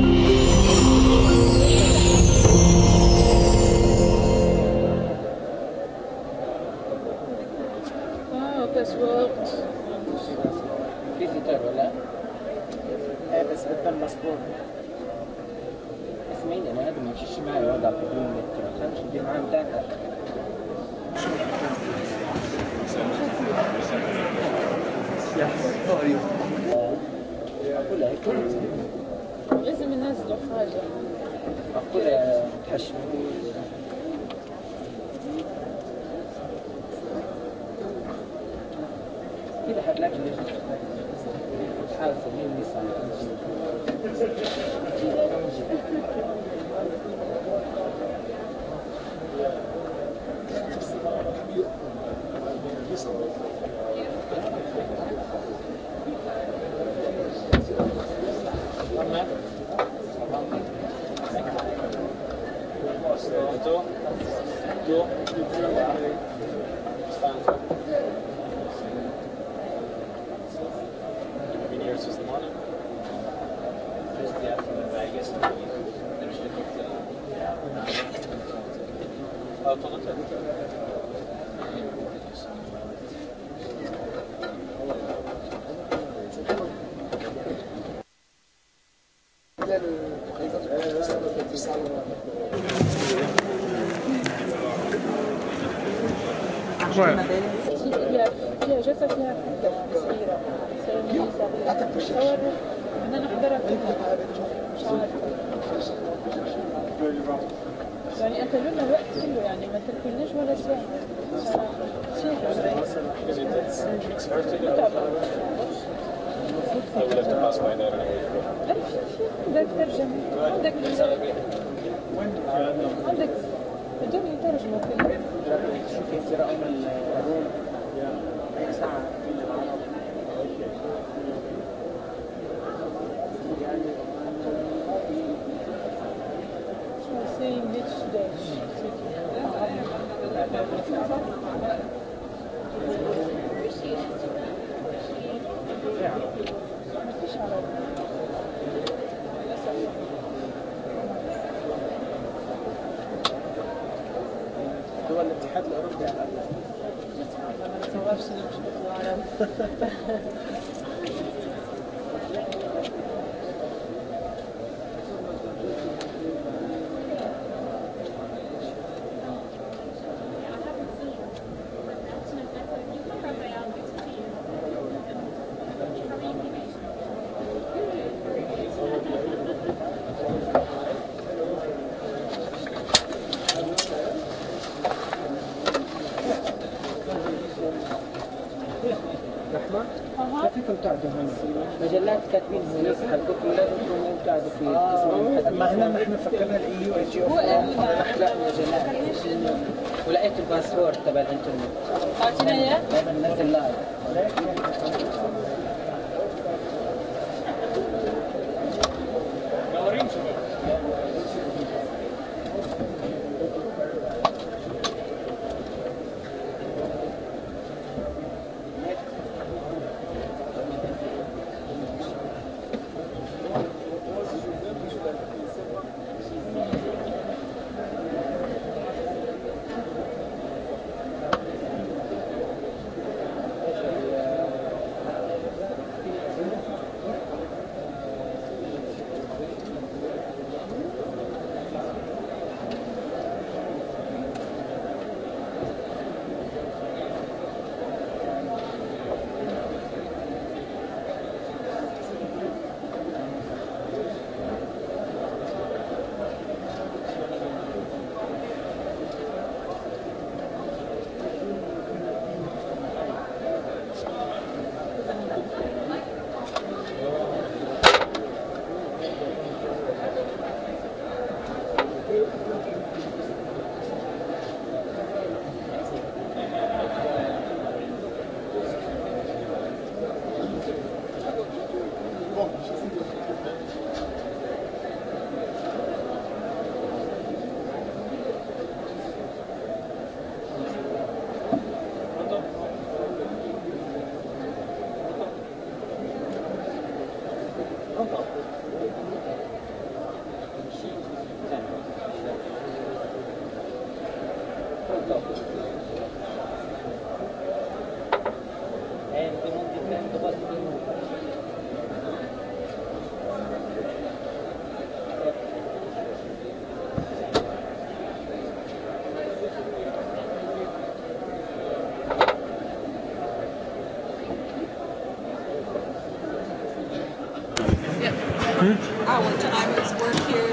كنت أعجب منه مجلات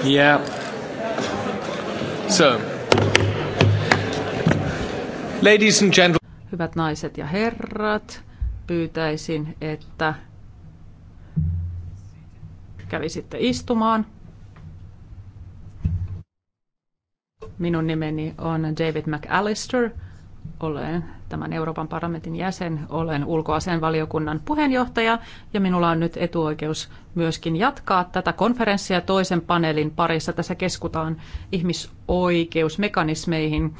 Yeah. So. Ladies and gentlemen. Hyvät naiset ja herrat, pyytäisin, että kävisitte istumaan. Minun nimeni on David McAllister. Olen Euroopan parlamentin jäsen, olen ulkoasianvaliokunnan puheenjohtaja ja minulla on nyt etuoikeus myöskin jatkaa tätä konferenssia toisen paneelin parissa. Tässä keskutaan ihmisoikeusmekanismeihin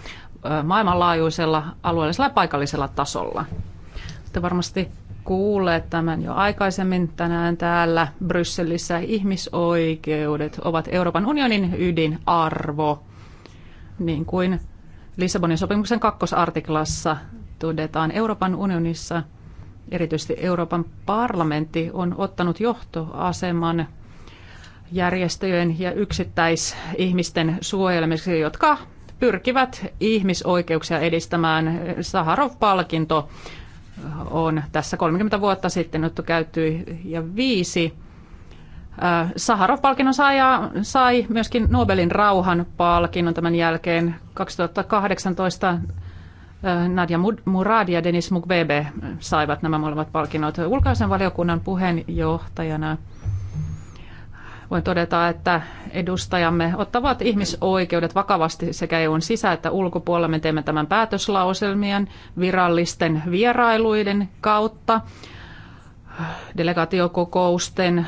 maailmanlaajuisella, alueellisella ja paikallisella tasolla. Te varmasti kuulleet tämän jo aikaisemmin tänään täällä Brysselissä. Ihmisoikeudet ovat Euroopan unionin ydinarvo, niin kuin Lissabonin sopimuksen kakkosartiklassa todetaan. Euroopan unionissa, erityisesti Euroopan parlamentti, on ottanut johtoaseman järjestöjen ja yksittäisihmisten suojelemiseksi, jotka pyrkivät ihmisoikeuksia edistämään. Saharov-palkinto on tässä 30 vuotta sitten otettu käyttöön ja viisi Saharov-palkinnon saaja sai myöskin Nobelin rauhan palkinnon tämän jälkeen 2018 Nadia Muradi ja Denis Mukwebe saivat nämä molemmat palkinnot. Ulkoisen valiokunnan puheenjohtajana voin todeta, että edustajamme ottavat ihmisoikeudet vakavasti sekä EUn sisä- että ulkopuolella. Me teemme tämän päätöslauselmien virallisten vierailuiden kautta, delegaatiokokousten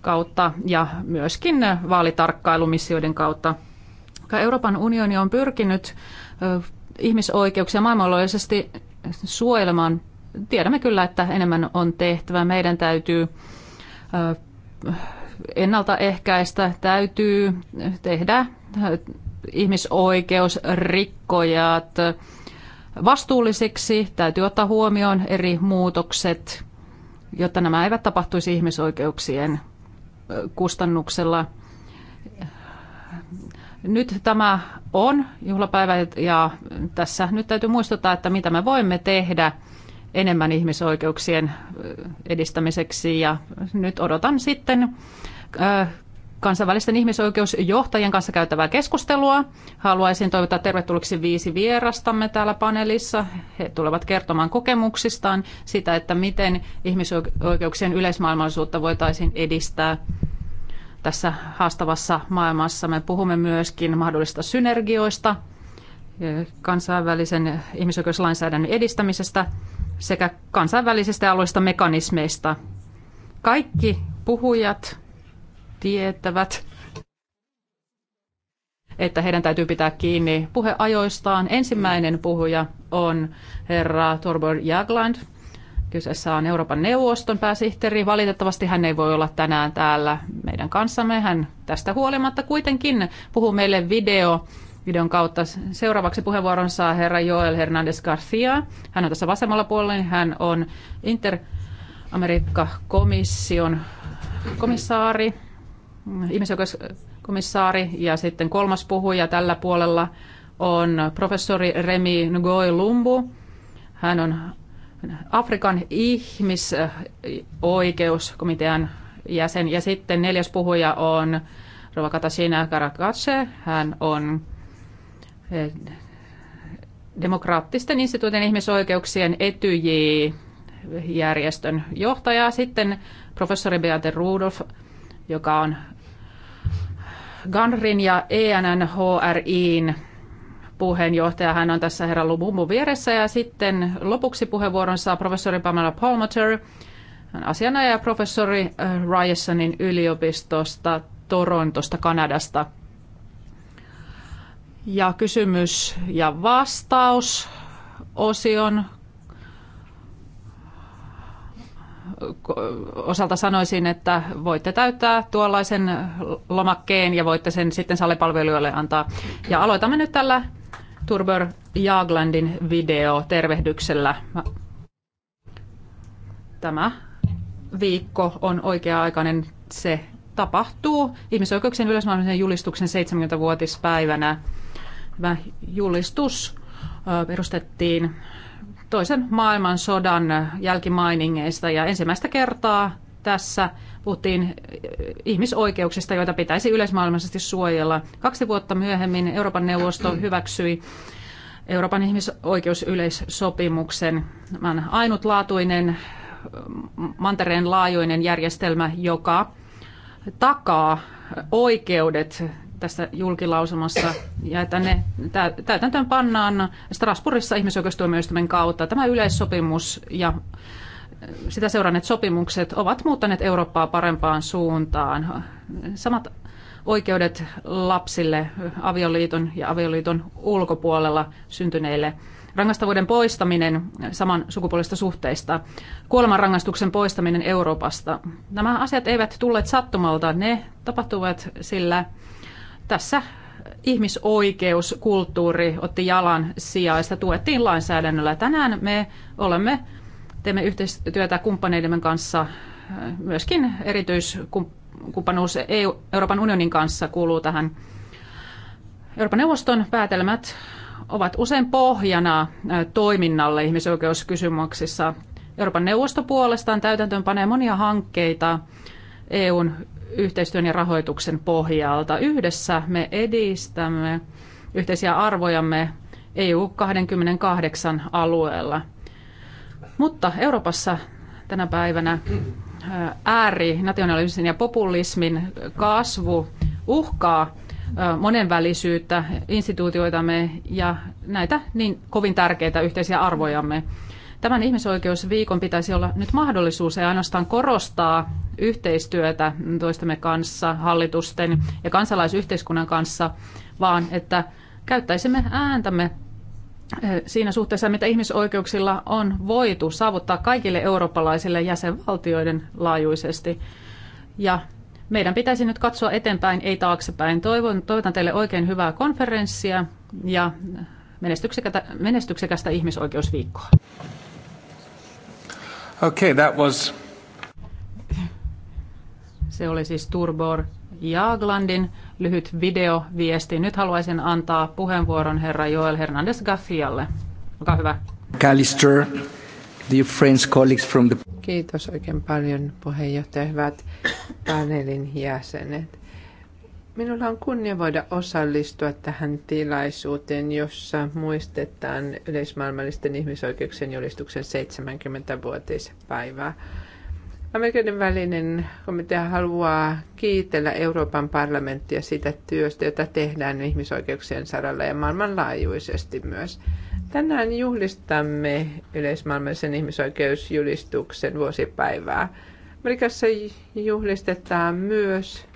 kautta ja myöskin vaalitarkkailumissioiden kautta. Euroopan unioni on pyrkinyt ihmisoikeuksia maailmanlaajuisesti suojelemaan. Tiedämme kyllä, että enemmän on tehtävä. Meidän täytyy ennaltaehkäistä, täytyy tehdä ihmisoikeusrikkojat vastuullisiksi, täytyy ottaa huomioon eri muutokset, jotta nämä eivät tapahtuisi ihmisoikeuksien kustannuksella – nyt tämä on juhlapäivä ja tässä nyt täytyy muistuttaa, että mitä me voimme tehdä enemmän ihmisoikeuksien edistämiseksi ja nyt odotan sitten kansainvälisten ihmisoikeusjohtajien kanssa käytävää keskustelua. Haluaisin toivottaa tervetulleeksi viisi vierastamme täällä paneelissa. He tulevat kertomaan kokemuksistaan sitä, että miten ihmisoikeuksien yleismaailmallisuutta voitaisiin edistää tässä haastavassa maailmassa. Me puhumme myöskin mahdollisista synergioista, e, kansainvälisen ihmisoikeuslainsäädännön edistämisestä sekä kansainvälisistä alueista mekanismeista. Kaikki puhujat tietävät, että heidän täytyy pitää kiinni puheajoistaan. Ensimmäinen puhuja on herra Torbjörn Jagland, Kyseessä on Euroopan neuvoston pääsihteeri. Valitettavasti hän ei voi olla tänään täällä meidän kanssamme. Hän tästä huolimatta kuitenkin puhuu meille video, videon kautta. Seuraavaksi puheenvuoron saa herra Joel Hernandez Garcia. Hän on tässä vasemmalla puolella. Hän on Inter-Amerikka-komission komissaari, ihmisoikeuskomissaari. Ja sitten kolmas puhuja tällä puolella on professori Remi Ngoi Lumbu. Hän on Afrikan ihmisoikeuskomitean jäsen. Ja sitten neljäs puhuja on Rova Katasina Karakatse. Hän on eh, demokraattisten instituutin ihmisoikeuksien etyji järjestön johtaja. Sitten professori Beate Rudolf, joka on GANRin ja ENNHRIin puheenjohtaja. Hän on tässä herra Lubumbu vieressä ja sitten lopuksi puheenvuoron saa professori Pamela Palmater, asianajaja professori äh, Ryersonin yliopistosta Torontosta, Kanadasta. Ja kysymys ja vastaus osion osalta sanoisin, että voitte täyttää tuollaisen lomakkeen ja voitte sen sitten salipalvelijoille antaa. Ja aloitamme nyt tällä Turber Jaglandin video tervehdyksellä. Tämä viikko on oikea-aikainen. Se tapahtuu ihmisoikeuksien yleismaailmallisen julistuksen 70-vuotispäivänä. Tämä julistus perustettiin toisen maailmansodan jälkimainingeista ja ensimmäistä kertaa tässä puhuttiin äh, ihmisoikeuksista, joita pitäisi yleismaailmallisesti suojella. Kaksi vuotta myöhemmin Euroopan neuvosto hyväksyi Euroopan ihmisoikeusyleissopimuksen. Tämä on ainutlaatuinen mantereen laajuinen järjestelmä, joka takaa oikeudet tässä julkilausumassa ja että ne täytäntöön pannaan Strasbourgissa ihmisoikeustuomioistuimen kautta. Tämä yleissopimus ja sitä seuranneet sopimukset ovat muuttaneet Eurooppaa parempaan suuntaan. Samat oikeudet lapsille avioliiton ja avioliiton ulkopuolella syntyneille. Rangaistavuuden poistaminen saman sukupuolista suhteista, kuolemanrangaistuksen poistaminen Euroopasta. Nämä asiat eivät tulleet sattumalta, ne tapahtuvat sillä tässä ihmisoikeuskulttuuri otti jalan sijaista, tuettiin lainsäädännöllä. Tänään me olemme Teemme yhteistyötä kumppaneidemme kanssa, myöskin erityiskumppanuus EU, Euroopan unionin kanssa kuuluu tähän. Euroopan neuvoston päätelmät ovat usein pohjana toiminnalle ihmisoikeuskysymyksissä. Euroopan neuvosto puolestaan täytäntöön panee monia hankkeita EUn yhteistyön ja rahoituksen pohjalta. Yhdessä me edistämme yhteisiä arvojamme EU 28 alueella. Mutta Euroopassa tänä päivänä ääri, nationalismin ja populismin kasvu uhkaa monenvälisyyttä, instituutioitamme ja näitä niin kovin tärkeitä yhteisiä arvojamme. Tämän ihmisoikeusviikon pitäisi olla nyt mahdollisuus ja ainoastaan korostaa yhteistyötä toistemme kanssa, hallitusten ja kansalaisyhteiskunnan kanssa, vaan että käyttäisimme ääntämme siinä suhteessa, mitä ihmisoikeuksilla on voitu saavuttaa kaikille eurooppalaisille jäsenvaltioiden laajuisesti. Ja meidän pitäisi nyt katsoa eteenpäin, ei taaksepäin. Toivon, toivotan teille oikein hyvää konferenssia ja menestyksekästä, menestyksekästä ihmisoikeusviikkoa. Okay, that was... Se oli siis Turbor Jaglandin lyhyt videoviesti. Nyt haluaisin antaa puheenvuoron herra Joel Hernandez Garcialle. Olkaa hyvä. Callister, the friends, colleagues from the... Kiitos oikein paljon puheenjohtaja, hyvät paneelin jäsenet. Minulla on kunnia voida osallistua tähän tilaisuuteen, jossa muistetaan yleismaailmallisten ihmisoikeuksien julistuksen 70-vuotispäivää. Amerikan välinen komitea haluaa kiitellä Euroopan parlamenttia sitä työstä, jota tehdään ihmisoikeuksien saralla ja maailmanlaajuisesti myös. Tänään juhlistamme yleismaailmallisen ihmisoikeusjulistuksen vuosipäivää. Amerikassa juhlistetaan myös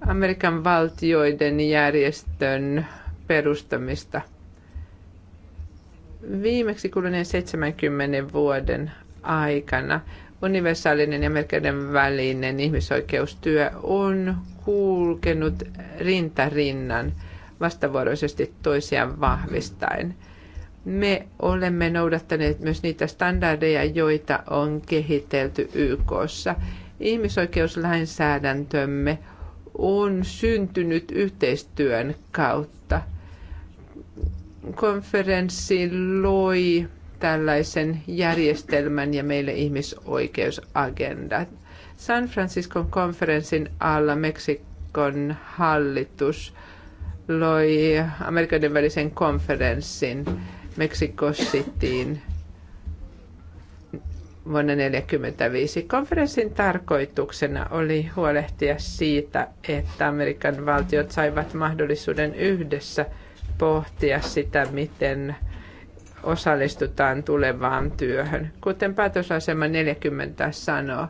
Amerikan valtioiden järjestön perustamista. Viimeksi kuluneen 70 vuoden aikana universaalinen ja merkeiden välinen ihmisoikeustyö on kulkenut rinta rinnan vastavuoroisesti toisiaan vahvistaen. Me olemme noudattaneet myös niitä standardeja, joita on kehitelty YKssa. Ihmisoikeuslainsäädäntömme on syntynyt yhteistyön kautta. Konferenssi loi tällaisen järjestelmän ja meille ihmisoikeusagendat. San Franciscon konferenssin alla Meksikon hallitus loi Amerikan välisen konferenssin Mexico Cityin vuonna 1945. Konferenssin tarkoituksena oli huolehtia siitä, että Amerikan valtiot saivat mahdollisuuden yhdessä pohtia sitä, miten – osallistutaan tulevaan työhön. Kuten päätösasema 40 sanoo,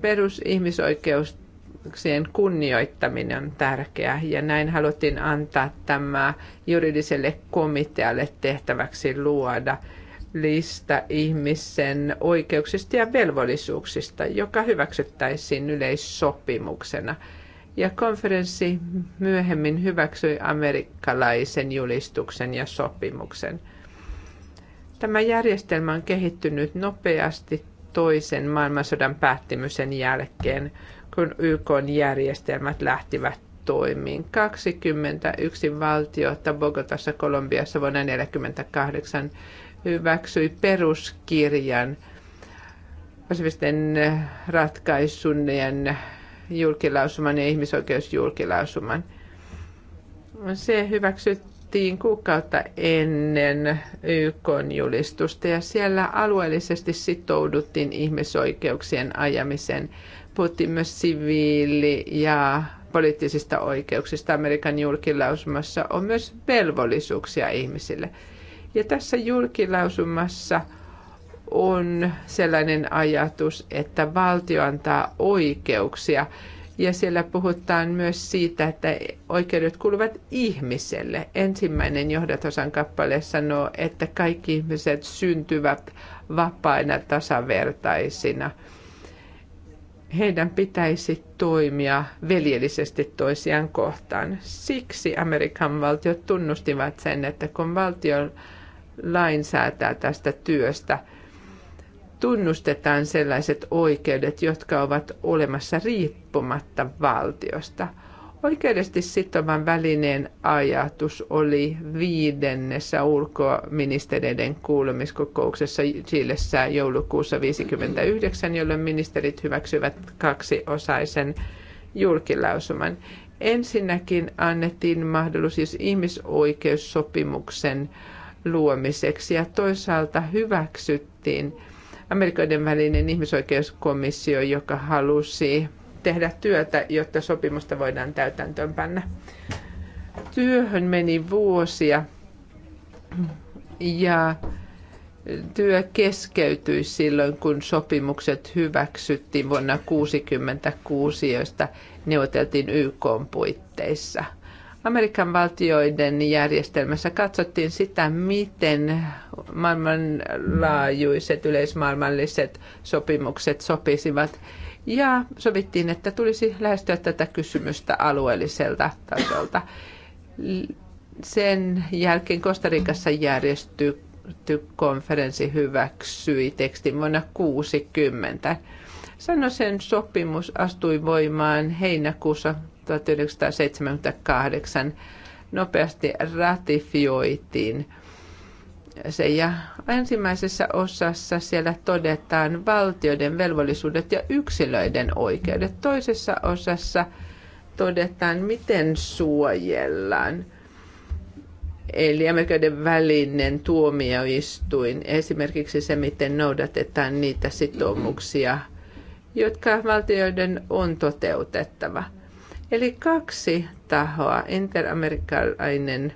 perusihmisoikeuksien kunnioittaminen on tärkeää ja näin haluttiin antaa tämä juridiselle komitealle tehtäväksi luoda lista ihmisen oikeuksista ja velvollisuuksista, joka hyväksyttäisiin yleissopimuksena. Ja konferenssi myöhemmin hyväksyi amerikkalaisen julistuksen ja sopimuksen – Tämä järjestelmä on kehittynyt nopeasti toisen maailmansodan päättymisen jälkeen, kun YK järjestelmät lähtivät toimiin. 21 valtiota Bogotassa Kolumbiassa vuonna 1948 hyväksyi peruskirjan pasifisten ratkaisunnien julkilausuman ja ihmisoikeusjulkilausuman. Se hyväksyttiin tehtiin kuukautta ennen YK-julistusta ja siellä alueellisesti sitouduttiin ihmisoikeuksien ajamisen. Puhuttiin myös siviili- ja poliittisista oikeuksista. Amerikan julkilausumassa on myös velvollisuuksia ihmisille. Ja tässä julkilausumassa on sellainen ajatus, että valtio antaa oikeuksia – ja siellä puhutaan myös siitä, että oikeudet kuuluvat ihmiselle. Ensimmäinen johdatosan kappale sanoo, että kaikki ihmiset syntyvät vapaina tasavertaisina. Heidän pitäisi toimia veljellisesti toisiaan kohtaan. Siksi Amerikan valtiot tunnustivat sen, että kun valtio lainsäätää tästä työstä – tunnustetaan sellaiset oikeudet, jotka ovat olemassa riippumatta valtiosta. Oikeudesti sitovan välineen ajatus oli viidennessä ulkoministeriöiden kuulemiskokouksessa Chilessä joulukuussa 1959, jolloin ministerit hyväksyvät kaksiosaisen julkilausuman. Ensinnäkin annettiin mahdollisuus siis ihmisoikeussopimuksen luomiseksi ja toisaalta hyväksyttiin Amerikoiden välinen ihmisoikeuskomissio, joka halusi tehdä työtä, jotta sopimusta voidaan täytäntöönpanna. Työhön meni vuosia ja työ keskeytyi silloin, kun sopimukset hyväksyttiin vuonna 1966, joista neuvoteltiin YK puitteissa – Amerikan valtioiden järjestelmässä katsottiin sitä, miten maailmanlaajuiset yleismaailmalliset sopimukset sopisivat. Ja sovittiin, että tulisi lähestyä tätä kysymystä alueelliselta tasolta. Sen jälkeen Ricassa järjestetty konferenssi hyväksyi tekstin vuonna Sano, sen sopimus astui voimaan heinäkuussa 1978 nopeasti ratifioitiin se. Ja ensimmäisessä osassa siellä todetaan valtioiden velvollisuudet ja yksilöiden oikeudet. Toisessa osassa todetaan, miten suojellaan. Eli Amerikan välinen tuomioistuin, esimerkiksi se, miten noudatetaan niitä sitoumuksia, jotka valtioiden on toteutettava – Eli kaksi tahoa, interamerikkalainen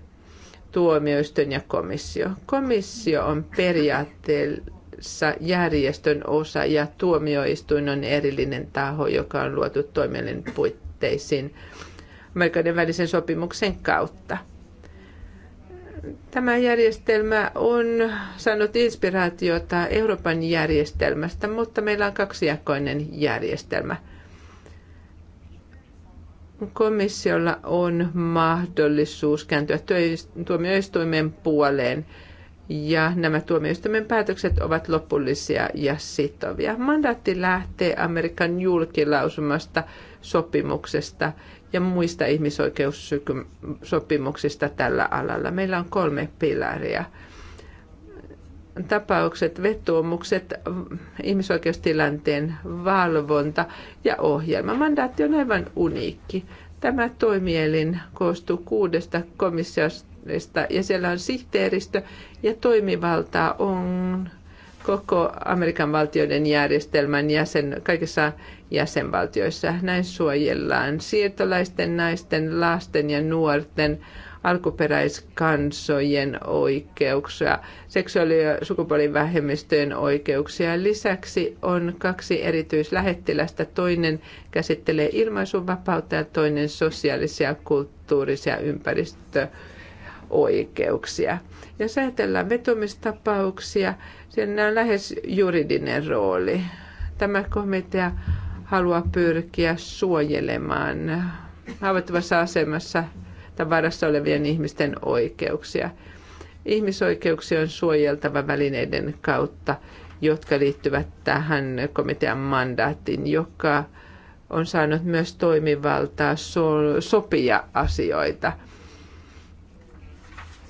tuomioistuin ja komissio. Komissio on periaatteessa järjestön osa ja tuomioistuin on erillinen taho, joka on luotu toimielin puitteisiin Amerikan välisen sopimuksen kautta. Tämä järjestelmä on saanut inspiraatiota Euroopan järjestelmästä, mutta meillä on kaksijakoinen järjestelmä – komissiolla on mahdollisuus kääntyä tuomioistuimen puoleen ja nämä tuomioistuimen päätökset ovat lopullisia ja sitovia. Mandaatti lähtee Amerikan julkilausumasta sopimuksesta ja muista ihmisoikeussopimuksista tällä alalla. Meillä on kolme pilaria tapaukset, vetoomukset, ihmisoikeustilanteen valvonta ja ohjelma. Mandaatti on aivan uniikki. Tämä toimielin koostuu kuudesta komissiosta ja siellä on sihteeristö ja toimivaltaa on koko Amerikan valtioiden järjestelmän jäsen, kaikissa jäsenvaltioissa. Näin suojellaan siirtolaisten naisten, lasten ja nuorten alkuperäiskansojen oikeuksia, seksuaali- ja sukupuolivähemmistöjen oikeuksia. Lisäksi on kaksi erityislähettilästä. Toinen käsittelee ilmaisunvapautta ja toinen sosiaalisia, kulttuurisia, ympäristöoikeuksia. Jos ajatellaan vetomistapauksia, siinä on lähes juridinen rooli. Tämä komitea haluaa pyrkiä suojelemaan haavoittuvassa asemassa tai varassa olevien ihmisten oikeuksia. Ihmisoikeuksia on suojeltava välineiden kautta, jotka liittyvät tähän komitean mandaattiin, joka on saanut myös toimivaltaa so- sopia asioita.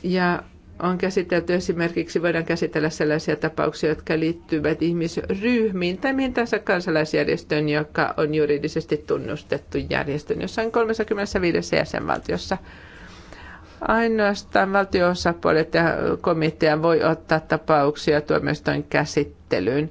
Ja on käsitelty esimerkiksi, voidaan käsitellä sellaisia tapauksia, jotka liittyvät ihmisryhmiin tai mihin tahansa kansalaisjärjestön, joka on juridisesti tunnustettu järjestön jossain 35 jäsenvaltiossa. Ainoastaan valtio-osapuolet ja komitea voi ottaa tapauksia tuomioistuin käsittelyyn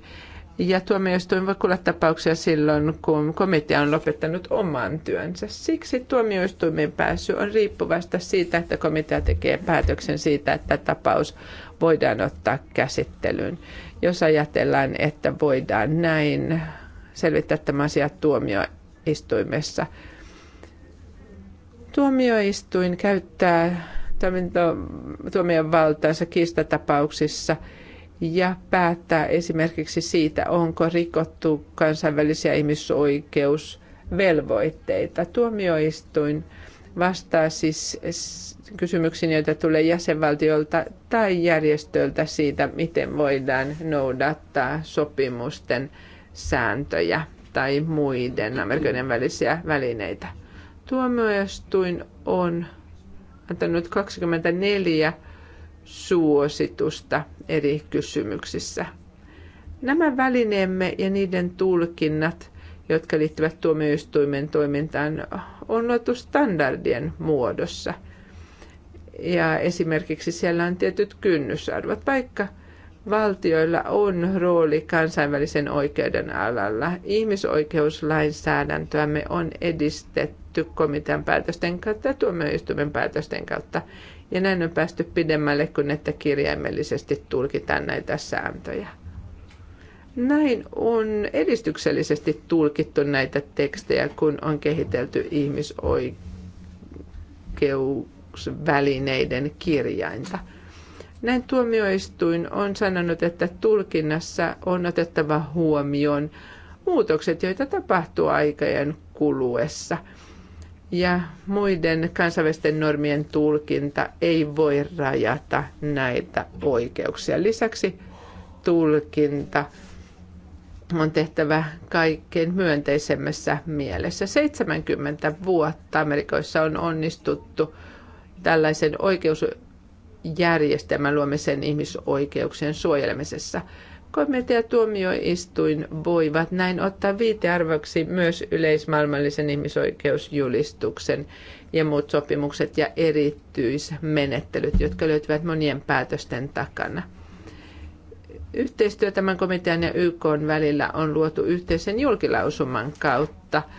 ja tuomioistuin voi kuulla tapauksia silloin, kun komitea on lopettanut oman työnsä. Siksi tuomioistuimen pääsy on riippuvasta siitä, että komitea tekee päätöksen siitä, että tapaus voidaan ottaa käsittelyyn. Jos ajatellaan, että voidaan näin selvittää tämä asia tuomioistuimessa. Tuomioistuin käyttää tuomion valtaansa kiistatapauksissa – ja päättää esimerkiksi siitä, onko rikottu kansainvälisiä ihmisoikeusvelvoitteita. Tuomioistuin vastaa siis kysymyksiin, joita tulee jäsenvaltiolta tai järjestöltä siitä, miten voidaan noudattaa sopimusten sääntöjä tai muiden Amerikan välisiä välineitä. Tuomioistuin on antanut 24 suositusta eri kysymyksissä. Nämä välineemme ja niiden tulkinnat, jotka liittyvät tuomioistuimen toimintaan, on luotu standardien muodossa. Ja esimerkiksi siellä on tietyt kynnysarvot, vaikka valtioilla on rooli kansainvälisen oikeuden alalla. Ihmisoikeuslainsäädäntöämme on edistetty komitean päätösten kautta ja tuomioistuimen päätösten kautta. Ja näin on päästy pidemmälle kuin että kirjaimellisesti tulkitaan näitä sääntöjä. Näin on edistyksellisesti tulkittu näitä tekstejä, kun on kehitelty ihmisoikeusvälineiden kirjainta. Näin tuomioistuin on sanonut, että tulkinnassa on otettava huomioon muutokset, joita tapahtuu aikajan kuluessa – ja muiden kansainvälisten normien tulkinta ei voi rajata näitä oikeuksia. Lisäksi tulkinta on tehtävä kaikkein myönteisemmässä mielessä. 70 vuotta Amerikoissa on onnistuttu tällaisen oikeusjärjestelmän luomisen ihmisoikeuksien suojelemisessa. Komitea ja tuomioistuin voivat näin ottaa viitearvoksi myös yleismaailmallisen ihmisoikeusjulistuksen ja muut sopimukset ja erityismenettelyt, jotka löytyvät monien päätösten takana. Yhteistyö tämän komitean ja YK välillä on luotu yhteisen julkilausuman kautta –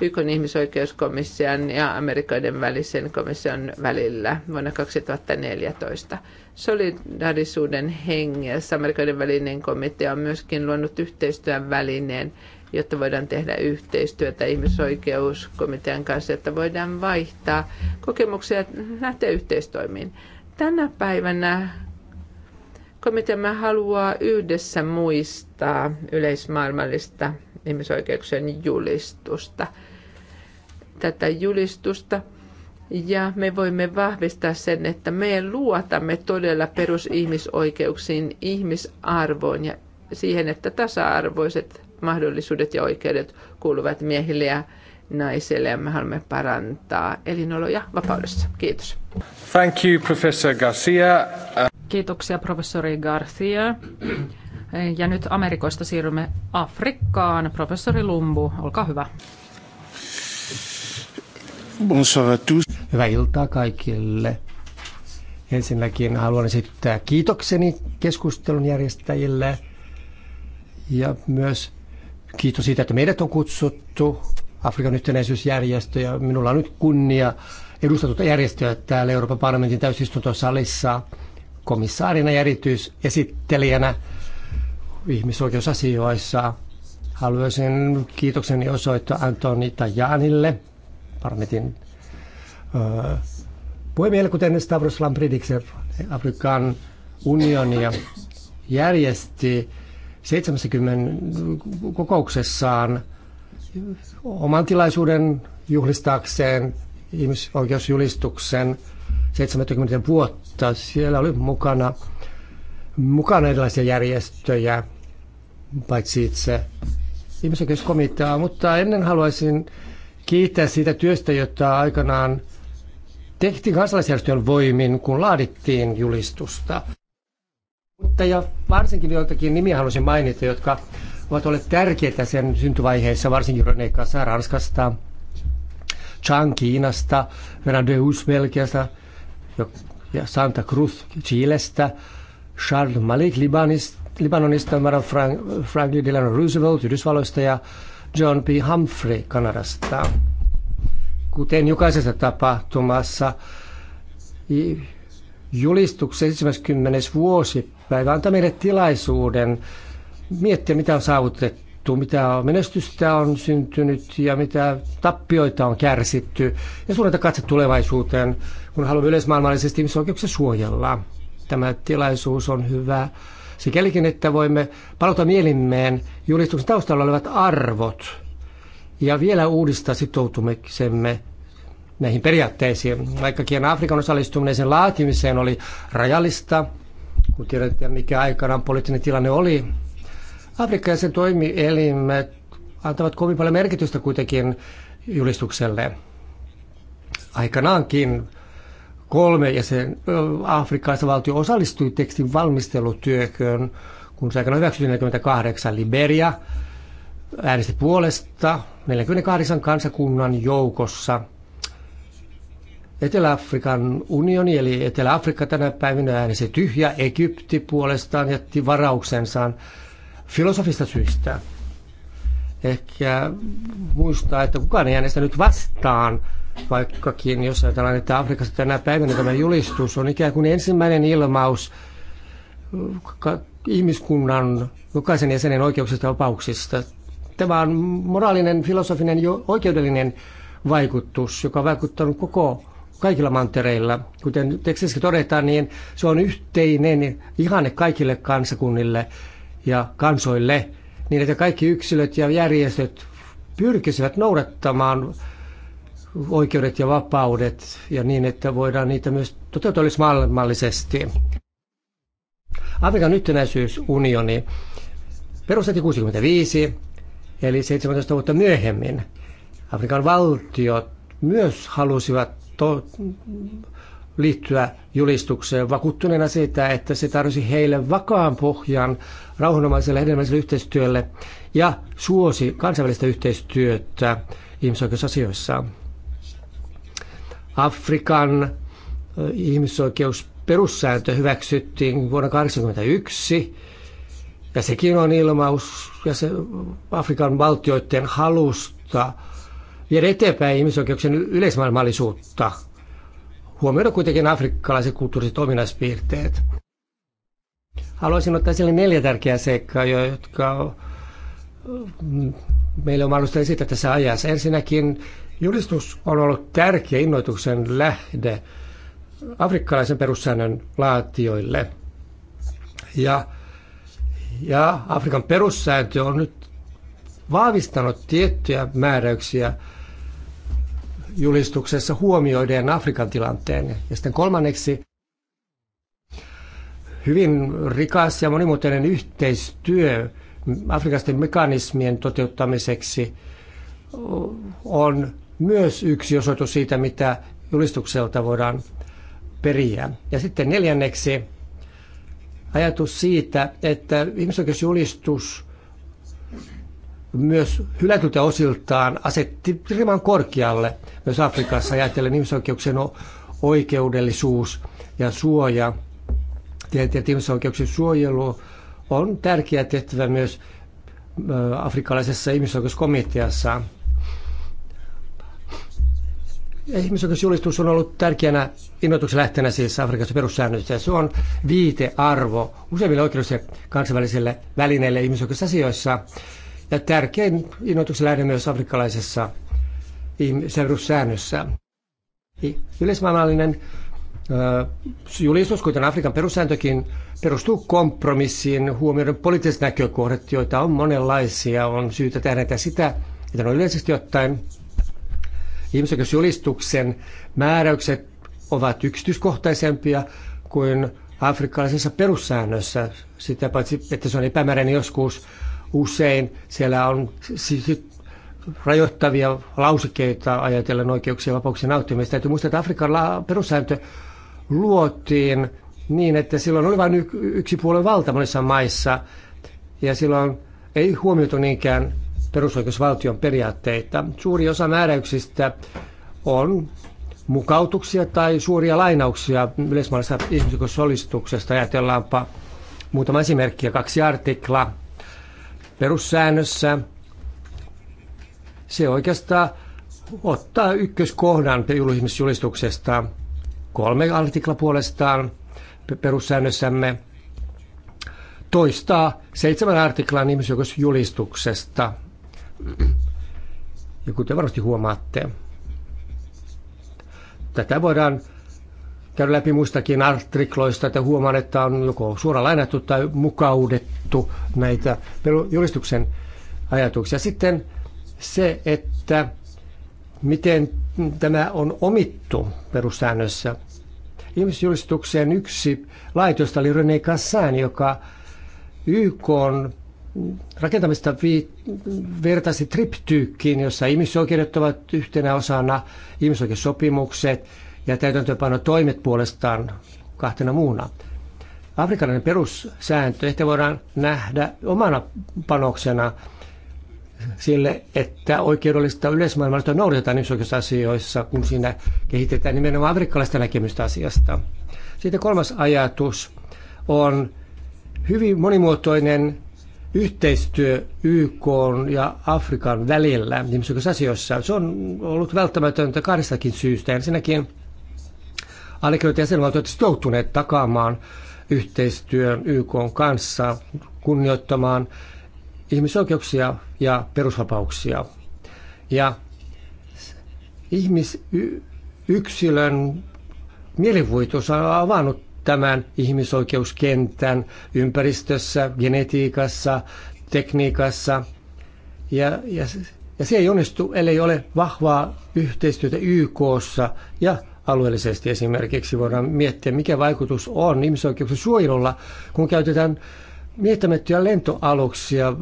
YK ihmisoikeuskomission ja Amerikoiden välisen komission välillä vuonna 2014. Solidarisuuden hengessä Amerikoiden välinen komitea on myöskin luonut yhteistyön välineen, jotta voidaan tehdä yhteistyötä ihmisoikeuskomitean kanssa, että voidaan vaihtaa kokemuksia ja lähteä yhteistoimiin. Tänä päivänä komitea haluaa yhdessä muistaa yleismaailmallista ihmisoikeuksien julistusta. Tätä julistusta ja me voimme vahvistaa sen, että me luotamme todella perusihmisoikeuksiin, ihmisarvoon ja siihen, että tasa-arvoiset mahdollisuudet ja oikeudet kuuluvat miehille ja naisille ja me haluamme parantaa elinoloja vapaudessa. Kiitos. Thank you, Professor Garcia. Kiitoksia, professori Garcia. Ja nyt Amerikoista siirrymme Afrikkaan. Professori Lumbu, olkaa hyvä. Bonsoir à tous. Hyvää iltaa kaikille. Ensinnäkin haluan esittää kiitokseni keskustelun järjestäjille ja myös kiitos siitä, että meidät on kutsuttu Afrikan yhtenäisyysjärjestö ja minulla on nyt kunnia edustatut järjestöä täällä Euroopan parlamentin täysistuntosalissa komissaarina ja erityisesittelijänä – ihmisoikeusasioissa. Haluaisin kiitokseni osoittaa Antoni Tajanille, Parmetin öö, puhemiehelle, kuten Stavros Lampridiksen Afrikan unionia järjesti 70 kokouksessaan oman tilaisuuden juhlistaakseen ihmisoikeusjulistuksen 70 vuotta. Siellä oli mukana, mukana erilaisia järjestöjä, paitsi itse ihmisoikeuskomiteaa, mutta ennen haluaisin kiittää siitä työstä, jota aikanaan tehtiin kansalaisjärjestöjen voimin, kun laadittiin julistusta. Mutta ja varsinkin joitakin nimiä haluaisin mainita, jotka ovat olleet tärkeitä sen syntyvaiheessa, varsinkin René Kasa Ranskasta, Chang Kiinasta, Venadeus Belgiasta ja Santa Cruz Chilestä, Charles Malik Libanista, Libanonista, Mara Franklin Delano Roosevelt Yhdysvalloista ja John P. Humphrey Kanadasta. Kuten jokaisessa tapahtumassa, julistuksen 70. vuosipäivä antaa meille tilaisuuden miettiä, mitä on saavutettu, mitä menestystä on syntynyt ja mitä tappioita on kärsitty ja suunnata katse tulevaisuuteen, kun haluamme yleismaailmallisesti ihmisoikeuksia suojella. Tämä tilaisuus on hyvä sikälikin, että voimme palata mielimmeen julistuksen taustalla olevat arvot ja vielä uudistaa sitoutumisemme näihin periaatteisiin. Vaikkakin Afrikan osallistuminen sen laatimiseen oli rajallista, kun tiedetään mikä aikanaan poliittinen tilanne oli. Afrikka ja sen toimielimet antavat kovin paljon merkitystä kuitenkin julistukselle aikanaankin Kolme ja sen afrikkalaisen valtio osallistui tekstin valmistelutyöhön, kun se aikana hyväksyi 48 Liberia, äänesti puolesta 48 kansakunnan joukossa. Etelä-Afrikan unioni eli Etelä-Afrikka tänä päivänä äänesi tyhjä, Egypti puolestaan jätti varauksensaan filosofista syistä. Ehkä muistaa, että kukaan ei äänestänyt vastaan Vaikkakin, jos ajatellaan, että Afrikassa tänä päivänä tämä julistus on ikään kuin ensimmäinen ilmaus ihmiskunnan jokaisen jäsenen oikeuksista ja vapauksista. Tämä on moraalinen, filosofinen ja oikeudellinen vaikutus, joka on vaikuttanut koko kaikilla mantereilla. Kuten tekstissä todetaan, niin se on yhteinen ihanne kaikille kansakunnille ja kansoille, niin että kaikki yksilöt ja järjestöt pyrkisivät noudattamaan oikeudet ja vapaudet ja niin, että voidaan niitä myös toteuttaa olisi maailmallisesti. Afrikan yhtenäisyysunioni perustettiin 65, eli 17 vuotta myöhemmin. Afrikan valtiot myös halusivat to- liittyä julistukseen vakuuttuneena siitä, että se tarjosi heille vakaan pohjan rauhanomaiselle hedelmälliselle yhteistyölle ja suosi kansainvälistä yhteistyötä ihmisoikeusasioissaan. Afrikan ihmisoikeusperussääntö hyväksyttiin vuonna 1981. Ja sekin on ilmaus ja se Afrikan valtioiden halusta viedä eteenpäin ihmisoikeuksien yleismaailmallisuutta. Huomioida kuitenkin afrikkalaiset kulttuuriset ominaispiirteet. Haluaisin ottaa siellä neljä tärkeää seikkaa, jotka meillä on mahdollista esittää tässä ajassa. Ensinnäkin Julistus on ollut tärkeä innoituksen lähde afrikkalaisen perussäännön laatioille. Ja, ja Afrikan perussääntö on nyt vahvistanut tiettyjä määräyksiä julistuksessa huomioiden Afrikan tilanteen. Ja sitten kolmanneksi hyvin rikas ja monimuotoinen yhteistyö afrikasten mekanismien toteuttamiseksi on myös yksi osoitus siitä, mitä julistukselta voidaan periä. Ja sitten neljänneksi ajatus siitä, että ihmisoikeusjulistus myös hylätyltä osiltaan asetti riman korkealle myös Afrikassa ajatellen ihmisoikeuksien oikeudellisuus ja suoja. Tietenkin ihmisoikeuksien suojelu on tärkeä tehtävä myös afrikkalaisessa ihmisoikeuskomiteassa – ihmisoikeusjulistus on ollut tärkeänä innoituksen lähteenä siis Afrikassa perussäännöissä. Se on viitearvo useimmille oikeus- ja kansainvälisille välineille ihmisoikeusasioissa. Ja tärkein innoituksen lähde myös afrikkalaisessa perussäännössä. Yleismaailmallinen julistus, kuten Afrikan perussääntökin, perustuu kompromissiin huomioiden poliittiset näkökohdat, joita on monenlaisia. On syytä tähdentää sitä, että on yleisesti ottaen Ihmisoikeusjulistuksen määräykset ovat yksityiskohtaisempia kuin afrikkalaisessa perussäännössä. Sitä paitsi, että se on epämääräinen joskus usein. Siellä on rajoittavia lausikeita ajatellen oikeuksia ja vapauksien nauttimista. Täytyy muistaa, että Afrikan perussääntö luotiin niin, että silloin oli vain yksi puolue valta monissa maissa. Ja silloin ei huomioitu niinkään perusoikeusvaltion periaatteita. Suuri osa määräyksistä on mukautuksia tai suuria lainauksia yleismaailmasta ihmisoikeussolistuksesta. Ajatellaanpa muutama ja Kaksi artikla perussäännössä. Se oikeastaan ottaa ykköskohdan ihmisjulistuksesta. Kolme artikla puolestaan perussäännössämme toistaa seitsemän artiklan ihmisoikeusjulistuksesta – ja kuten varmasti huomaatte, tätä voidaan käydä läpi muistakin artikloista, että huomaan, että on joko suora lainattu tai mukaudettu näitä julistuksen ajatuksia. Sitten se, että miten tämä on omittu perussäännössä. Ihmisjulistukseen yksi laitosta oli René Cassin, joka YK on rakentamista vi- vertaisi triptyykkiin, jossa ihmisoikeudet ovat yhtenä osana, ihmisoikeussopimukset ja täytäntöpano toimet puolestaan kahtena muuna. Afrikkalainen perussääntö ehkä voidaan nähdä omana panoksena sille, että oikeudellista yleismaailmallista noudatetaan ihmisoikeusasioissa, kun siinä kehitetään nimenomaan afrikkalaista näkemystä asiasta. Sitten kolmas ajatus on hyvin monimuotoinen yhteistyö YK ja Afrikan välillä ihmisoikeusasioissa. Se on ollut välttämätöntä kahdestakin syystä. Ensinnäkin allekirjoittajat jäsenvaltiot joutuneet takaamaan yhteistyön YK kanssa, kunnioittamaan ihmisoikeuksia ja perusvapauksia. Ja ihmisyksilön mielivuitus on avannut tämän ihmisoikeuskentän ympäristössä, genetiikassa, tekniikassa. Ja, ja, ja se ei onnistu, ellei ole vahvaa yhteistyötä YKssa ja alueellisesti esimerkiksi voidaan miettiä, mikä vaikutus on ihmisoikeuksien suojelulla, kun käytetään miettämättyjä lentoaluksia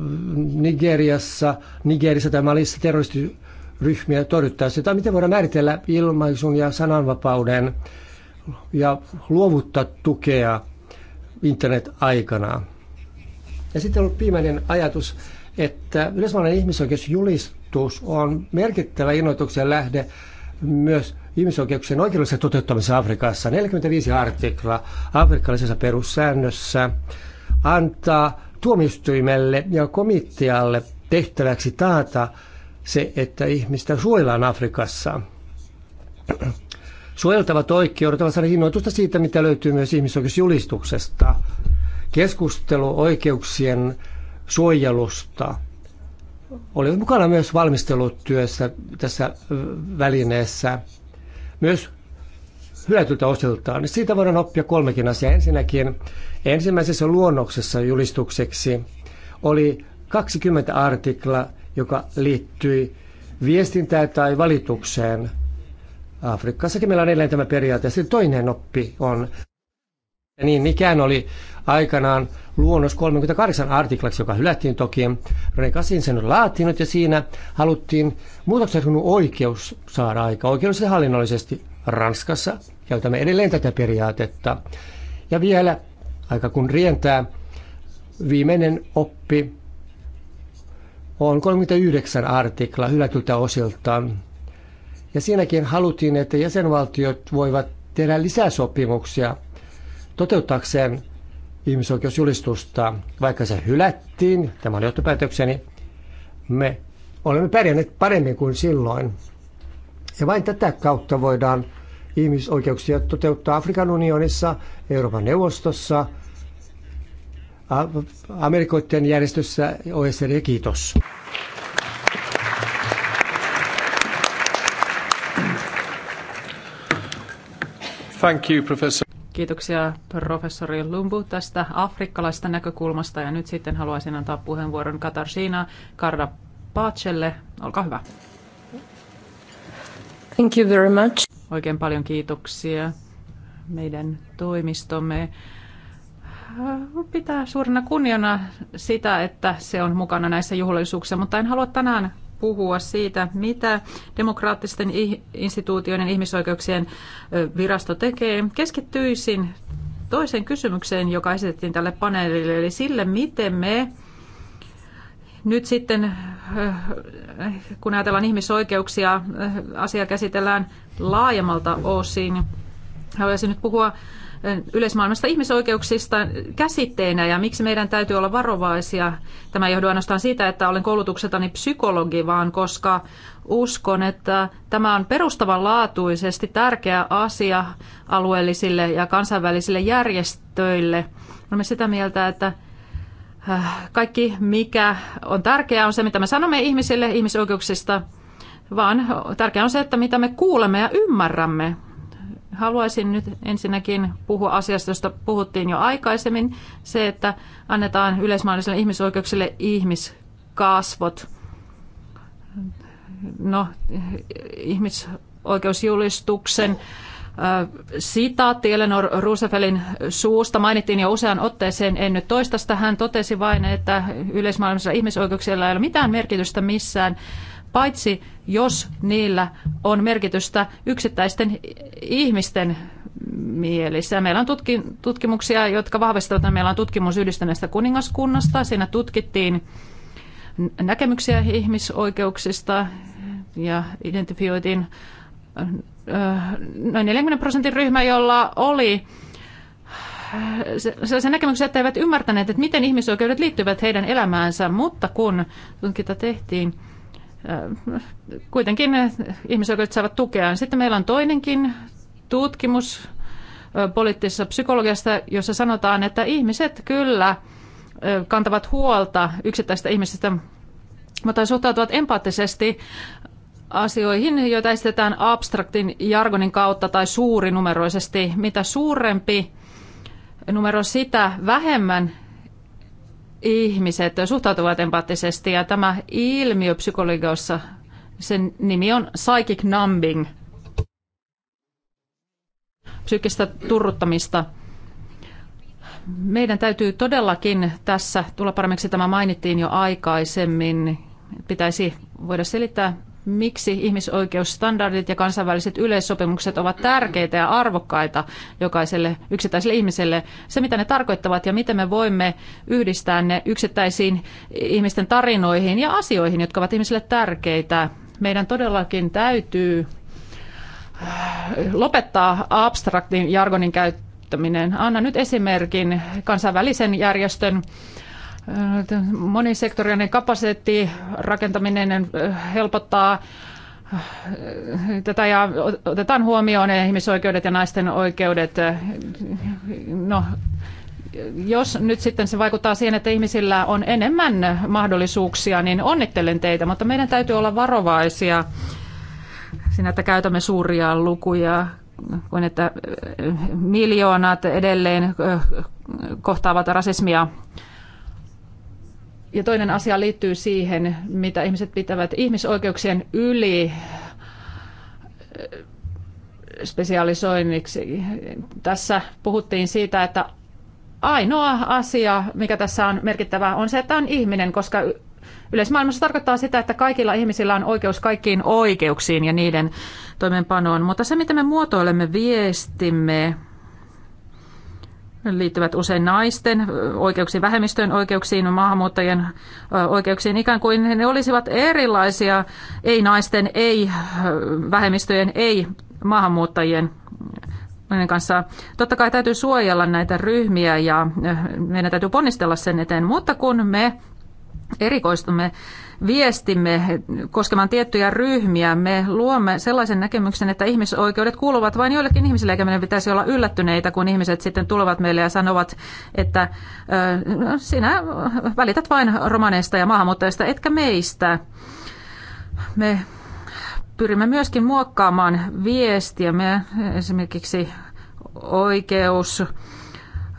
Nigeriassa, Nigerissä tai Malissa terroristiryhmiä torjuttaessa, tai miten voidaan määritellä ilmaisun ja sananvapauden ja luovuttaa tukea internet-aikana. Ja sitten on viimeinen ajatus, että yleismaailman ihmisoikeusjulistus on merkittävä innoituksen lähde myös ihmisoikeuksien oikeudellisessa toteuttamisessa Afrikassa. 45 artikla afrikkalaisessa perussäännössä antaa tuomioistuimelle ja komitealle tehtäväksi taata se, että ihmistä suojellaan Afrikassa. Suojeltavat oikeudet ovat saada innoitusta siitä, mitä löytyy myös ihmisoikeusjulistuksesta. Keskustelu oikeuksien suojelusta oli mukana myös valmistelutyössä tässä välineessä. Myös hyötyltä osiltaan, niin siitä voidaan oppia kolmekin asiaa. Ensinnäkin ensimmäisessä luonnoksessa julistukseksi oli 20 artikla, joka liittyi viestintään tai valitukseen. Afrikassakin meillä on edelleen tämä periaate. Sitten toinen oppi on, niin ikään oli aikanaan luonnos 38 artiklaksi, joka hylättiin toki. Kassin sen on laatinut ja siinä haluttiin muutoksen oikeus saada aika oikeudellisesti hallinnollisesti Ranskassa. Käytämme edelleen tätä periaatetta. Ja vielä, aika kun rientää, viimeinen oppi on 39 artikla hylätyltä osiltaan ja siinäkin haluttiin, että jäsenvaltiot voivat tehdä lisää sopimuksia toteuttaakseen ihmisoikeusjulistusta. Vaikka se hylättiin, tämä oli johtopäätökseni, me olemme pärjänneet paremmin kuin silloin. Ja vain tätä kautta voidaan ihmisoikeuksia toteuttaa Afrikan unionissa, Euroopan neuvostossa, Amerikoiden järjestössä OECD. Kiitos. Thank you, professor. Kiitoksia professori Lumbu tästä afrikkalaista näkökulmasta ja nyt sitten haluaisin antaa puheenvuoron Katarsiina Karda Paacelle. Olkaa hyvä. Thank you very much. Oikein paljon kiitoksia meidän toimistomme äh, pitää suurena kunniana sitä, että se on mukana näissä juhlallisuuksissa, mutta en halua tänään puhua siitä, mitä demokraattisten instituutioiden ihmisoikeuksien virasto tekee. Keskittyisin toiseen kysymykseen, joka esitettiin tälle paneelille, eli sille, miten me nyt sitten, kun ajatellaan ihmisoikeuksia, asia käsitellään laajemmalta osin. Haluaisin nyt puhua yleismaailmasta ihmisoikeuksista käsitteenä ja miksi meidän täytyy olla varovaisia. Tämä johdu ainoastaan siitä, että olen koulutukseltani psykologi, vaan koska uskon, että tämä on perustavanlaatuisesti tärkeä asia alueellisille ja kansainvälisille järjestöille. Olemme sitä mieltä, että äh, kaikki mikä on tärkeää on se, mitä me sanomme ihmisille ihmisoikeuksista, vaan tärkeää on se, että mitä me kuulemme ja ymmärrämme Haluaisin nyt ensinnäkin puhua asiasta, josta puhuttiin jo aikaisemmin, se, että annetaan yleismaailmalliselle ihmisoikeuksille ihmiskasvot. No, ihmisoikeusjulistuksen sitaatti Eleanor Rooseveltin suusta mainittiin jo usean otteeseen, en nyt toista sitä. Hän totesi vain, että yleismaailmallisella ihmisoikeuksilla ei ole mitään merkitystä missään paitsi jos niillä on merkitystä yksittäisten ihmisten mielissä. Meillä on tutki- tutkimuksia, jotka vahvistavat, että meillä on tutkimus yhdistyneestä kuningaskunnasta. Siinä tutkittiin näkemyksiä ihmisoikeuksista ja identifioitiin noin 40 prosentin ryhmä, jolla oli sellaisia näkemyksiä, että eivät ymmärtäneet, että miten ihmisoikeudet liittyvät heidän elämäänsä, mutta kun tutkinta tehtiin, kuitenkin ihmisoikeudet saavat tukea. Sitten meillä on toinenkin tutkimus poliittisessa psykologiasta, jossa sanotaan, että ihmiset kyllä kantavat huolta yksittäisistä ihmisistä, mutta suhtautuvat empaattisesti asioihin, joita esitetään abstraktin jargonin kautta tai suurinumeroisesti. Mitä suurempi numero sitä vähemmän ihmiset suhtautuvat empaattisesti ja tämä ilmiö psykologiossa, sen nimi on psychic numbing, psyykkistä turruttamista. Meidän täytyy todellakin tässä tulla paremmiksi, tämä mainittiin jo aikaisemmin, pitäisi voida selittää miksi ihmisoikeusstandardit ja kansainväliset yleissopimukset ovat tärkeitä ja arvokkaita jokaiselle yksittäiselle ihmiselle. Se, mitä ne tarkoittavat ja miten me voimme yhdistää ne yksittäisiin ihmisten tarinoihin ja asioihin, jotka ovat ihmisille tärkeitä. Meidän todellakin täytyy äh, lopettaa abstraktin jargonin käyttäminen. Anna nyt esimerkin kansainvälisen järjestön monisektorinen kapasiteetti rakentaminen äh, helpottaa äh, tätä ja otetaan huomioon ihmisoikeudet ja naisten oikeudet. No, jos nyt sitten se vaikuttaa siihen, että ihmisillä on enemmän mahdollisuuksia, niin onnittelen teitä, mutta meidän täytyy olla varovaisia siinä, että käytämme suuria lukuja kuin että äh, miljoonat edelleen kohtaavat rasismia ja toinen asia liittyy siihen, mitä ihmiset pitävät ihmisoikeuksien yli eh, spesialisoinniksi. Tässä puhuttiin siitä, että ainoa asia, mikä tässä on merkittävää, on se, että on ihminen, koska yleismaailmassa tarkoittaa sitä, että kaikilla ihmisillä on oikeus kaikkiin oikeuksiin ja niiden toimeenpanoon. Mutta se, miten me muotoilemme viestimme, liittyvät usein naisten oikeuksiin, vähemmistöjen oikeuksiin, maahanmuuttajien oikeuksiin, ikään kuin ne olisivat erilaisia, ei naisten, ei vähemmistöjen, ei maahanmuuttajien äh, kanssa. Totta kai täytyy suojella näitä ryhmiä ja meidän täytyy ponnistella sen eteen, mutta kun me erikoistumme viestimme koskemaan tiettyjä ryhmiä, me luomme sellaisen näkemyksen, että ihmisoikeudet kuuluvat vain joillekin ihmisille, eikä meidän pitäisi olla yllättyneitä, kun ihmiset sitten tulevat meille ja sanovat, että no, sinä välität vain romaneista ja maahanmuuttajista, etkä meistä. Me pyrimme myöskin muokkaamaan viestiä. Me esimerkiksi oikeus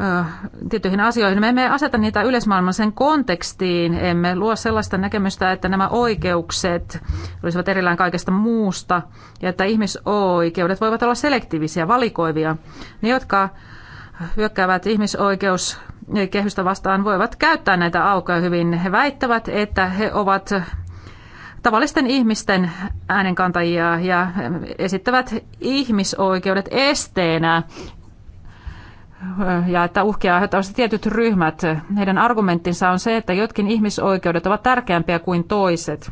Äh, tiettyihin asioihin. Me emme aseta niitä sen kontekstiin, emme luo sellaista näkemystä, että nämä oikeukset olisivat erillään kaikesta muusta ja että ihmisoikeudet voivat olla selektiivisiä, valikoivia. Ne, jotka hyökkäävät ihmisoikeuskehystä vastaan, voivat käyttää näitä aukoja hyvin. He väittävät, että he ovat tavallisten ihmisten äänenkantajia ja esittävät ihmisoikeudet esteenä Äh, ja että uhkia aiheuttavat tietyt ryhmät. Heidän argumenttinsa on se, että jotkin ihmisoikeudet ovat tärkeämpiä kuin toiset.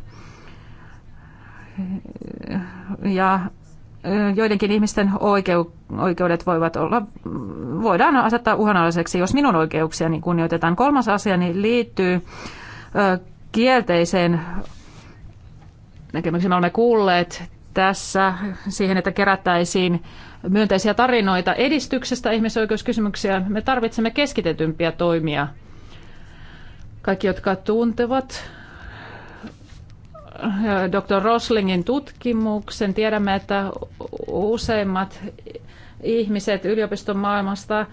Ja äh, joidenkin ihmisten oikeudet voivat olla, voidaan asettaa uhanalaiseksi, jos minun oikeuksiani kunnioitetaan. Kolmas niin liittyy äh, kielteiseen näkemykseen. Me olemme kuulleet tässä siihen, että kerättäisiin myönteisiä tarinoita edistyksestä ihmisoikeuskysymyksiä. Me tarvitsemme keskitetympiä toimia. Kaikki, jotka tuntevat Dr. Roslingin tutkimuksen, tiedämme, että useimmat ihmiset yliopiston maailmasta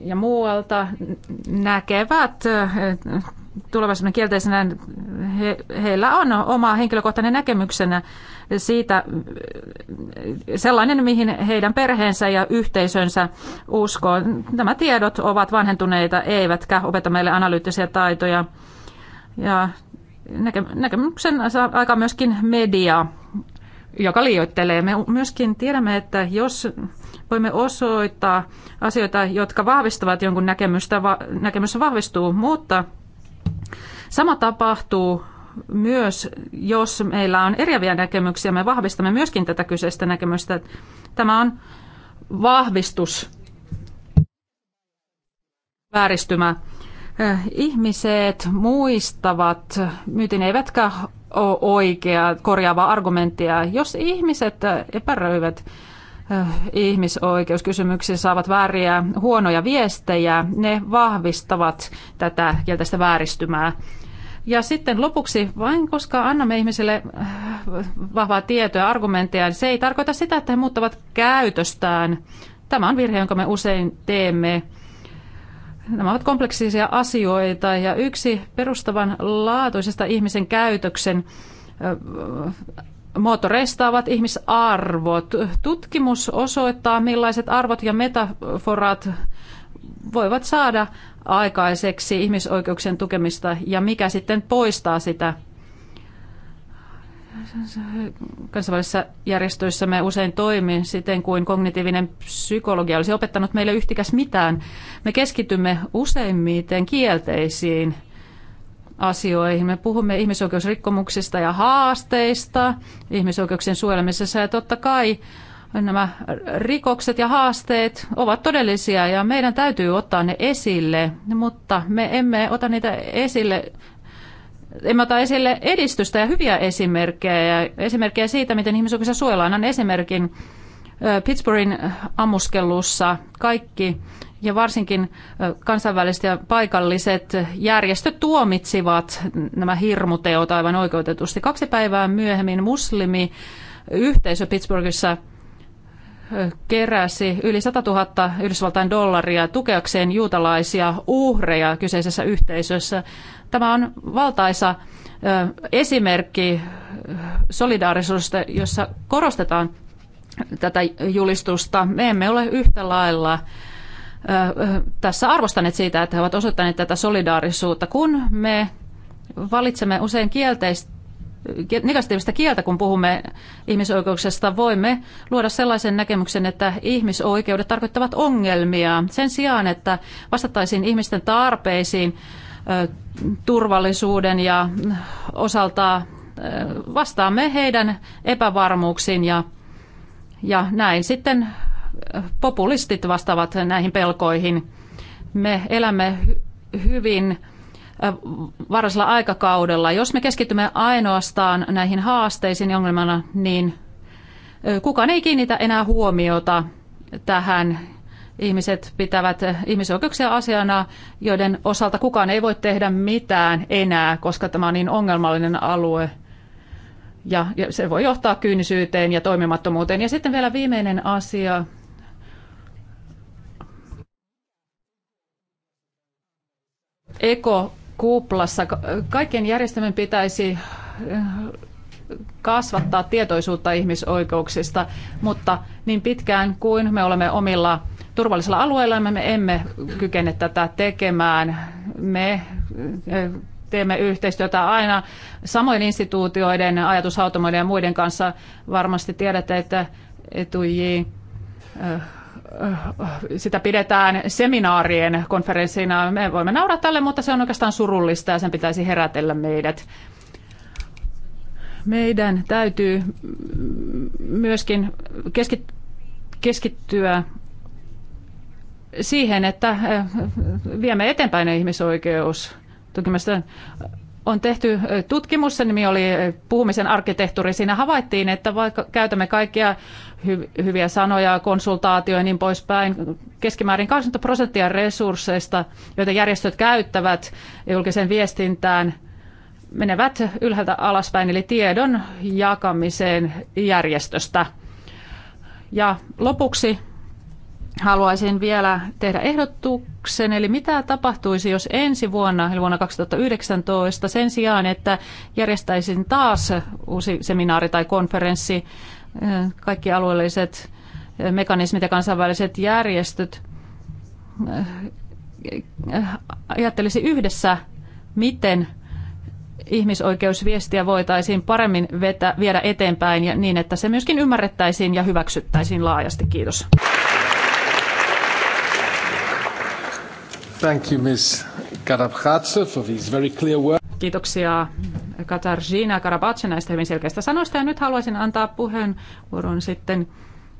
ja muualta näkevät tulevaisuuden kielteisenä, he, heillä on oma henkilökohtainen näkemyksenä siitä sellainen, mihin heidän perheensä ja yhteisönsä uskoo. Nämä tiedot ovat vanhentuneita, eivätkä opeta meille analyyttisiä taitoja. Ja näke, näkemyksen saa aika myöskin media, joka liioittelee. Me myöskin tiedämme, että jos voimme osoittaa asioita, jotka vahvistavat jonkun näkemystä, va, näkemys vahvistuu, mutta sama tapahtuu myös, jos meillä on eriäviä näkemyksiä, me vahvistamme myöskin tätä kyseistä näkemystä. Tämä on vahvistus, vääristymä. Ihmiset muistavat, myytin eivätkä ole oikea korjaava argumenttia. Jos ihmiset epäröivät, Äh, ihmisoikeuskysymyksiin saavat vääriä huonoja viestejä, ne vahvistavat tätä kieltäistä vääristymää. Ja sitten lopuksi, vain koska annamme ihmisille äh, vahvaa tietoa ja argumentteja, niin se ei tarkoita sitä, että he muuttavat käytöstään. Tämä on virhe, jonka me usein teemme. Nämä ovat kompleksisia asioita ja yksi perustavanlaatuisesta ihmisen käytöksen äh, motoreista ovat ihmisarvot. Tutkimus osoittaa, millaiset arvot ja metaforat voivat saada aikaiseksi ihmisoikeuksien tukemista ja mikä sitten poistaa sitä. Kansainvälisissä järjestöissä me usein toimin siten kuin kognitiivinen psykologia olisi opettanut meille yhtikäs mitään. Me keskitymme useimmiten kielteisiin asioihin. Me puhumme ihmisoikeusrikkomuksista ja haasteista ihmisoikeuksien suojelemisessa ja totta kai nämä rikokset ja haasteet ovat todellisia ja meidän täytyy ottaa ne esille, mutta me emme ota niitä esille emme ota esille edistystä ja hyviä esimerkkejä, esimerkkejä siitä, miten ihmisoikeuksia suojellaan. Annan esimerkin Pittsburghin ammuskelussa kaikki ja varsinkin kansainväliset ja paikalliset järjestöt tuomitsivat nämä hirmuteot aivan oikeutetusti. Kaksi päivää myöhemmin muslimi yhteisö Pittsburghissa keräsi yli 100 000 Yhdysvaltain dollaria tukeakseen juutalaisia uhreja kyseisessä yhteisössä. Tämä on valtaisa esimerkki solidaarisuudesta, jossa korostetaan tätä julistusta. Me emme ole yhtä lailla tässä arvostaneet siitä, että he ovat osoittaneet tätä solidaarisuutta. Kun me valitsemme usein kielteistä, negatiivista kieltä, kun puhumme ihmisoikeuksista, voimme luoda sellaisen näkemyksen, että ihmisoikeudet tarkoittavat ongelmia. Sen sijaan, että vastattaisiin ihmisten tarpeisiin turvallisuuden ja osalta vastaamme heidän epävarmuuksiin ja, ja näin sitten populistit vastaavat näihin pelkoihin. Me elämme hyvin äh, varhaisella aikakaudella. Jos me keskitymme ainoastaan näihin haasteisiin ongelmana, niin äh, kukaan ei kiinnitä enää huomiota tähän. Ihmiset pitävät äh, ihmisoikeuksia asiana, joiden osalta kukaan ei voi tehdä mitään enää, koska tämä on niin ongelmallinen alue. Ja, ja se voi johtaa kyynisyyteen ja toimimattomuuteen. Ja sitten vielä viimeinen asia – ekokuplassa kaikkien järjestelmien pitäisi eh, kasvattaa tietoisuutta ihmisoikeuksista, mutta niin pitkään kuin me olemme omilla turvallisilla alueillamme, me emme kykene tätä tekemään. Me eh, teemme yhteistyötä aina samojen instituutioiden, ajatushautomoiden ja muiden kanssa. Varmasti tiedätte, että etuji eh, sitä pidetään seminaarien konferenssina. Me voimme nauraa tälle, mutta se on oikeastaan surullista ja sen pitäisi herätellä meidät. Meidän täytyy myöskin keskittyä siihen, että viemme eteenpäin ihmisoikeus. Tukimasta on tehty tutkimus, sen nimi oli Puhumisen arkkitehtuuri. Siinä havaittiin, että vaikka käytämme kaikkia hy- hyviä sanoja, konsultaatioja ja niin poispäin, keskimäärin 20 prosenttia resursseista, joita järjestöt käyttävät julkisen viestintään, menevät ylhäältä alaspäin, eli tiedon jakamiseen järjestöstä. Ja lopuksi haluaisin vielä tehdä ehdotuksen, eli mitä tapahtuisi, jos ensi vuonna, eli vuonna 2019, sen sijaan, että järjestäisin taas uusi seminaari tai konferenssi, eh, kaikki alueelliset eh, mekanismit ja kansainväliset järjestöt, eh, ajattelisi yhdessä, miten ihmisoikeusviestiä voitaisiin paremmin vetä, viedä eteenpäin ja niin, että se myöskin ymmärrettäisiin ja hyväksyttäisiin laajasti. Kiitos. Thank you, Ms. for these very clear words. Kiitoksia Katarzyna Karabatse näistä hyvin selkeistä sanoista. Ja nyt haluaisin antaa puheenvuoron sitten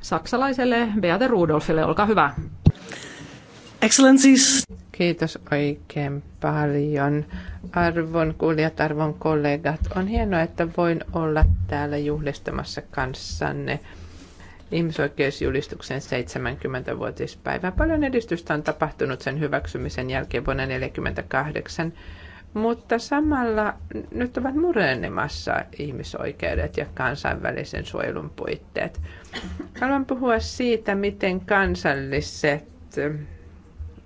saksalaiselle Beate Rudolfille. Olkaa hyvä. Excellencies. Kiitos oikein paljon. Arvon kuulijat, arvon kollegat, on hienoa, että voin olla täällä juhlistamassa kanssanne – ihmisoikeusjulistuksen 70-vuotispäivää. Paljon edistystä on tapahtunut sen hyväksymisen jälkeen vuonna 1948, mutta samalla nyt ovat murenemassa ihmisoikeudet ja kansainvälisen suojelun puitteet. Haluan puhua siitä, miten kansalliset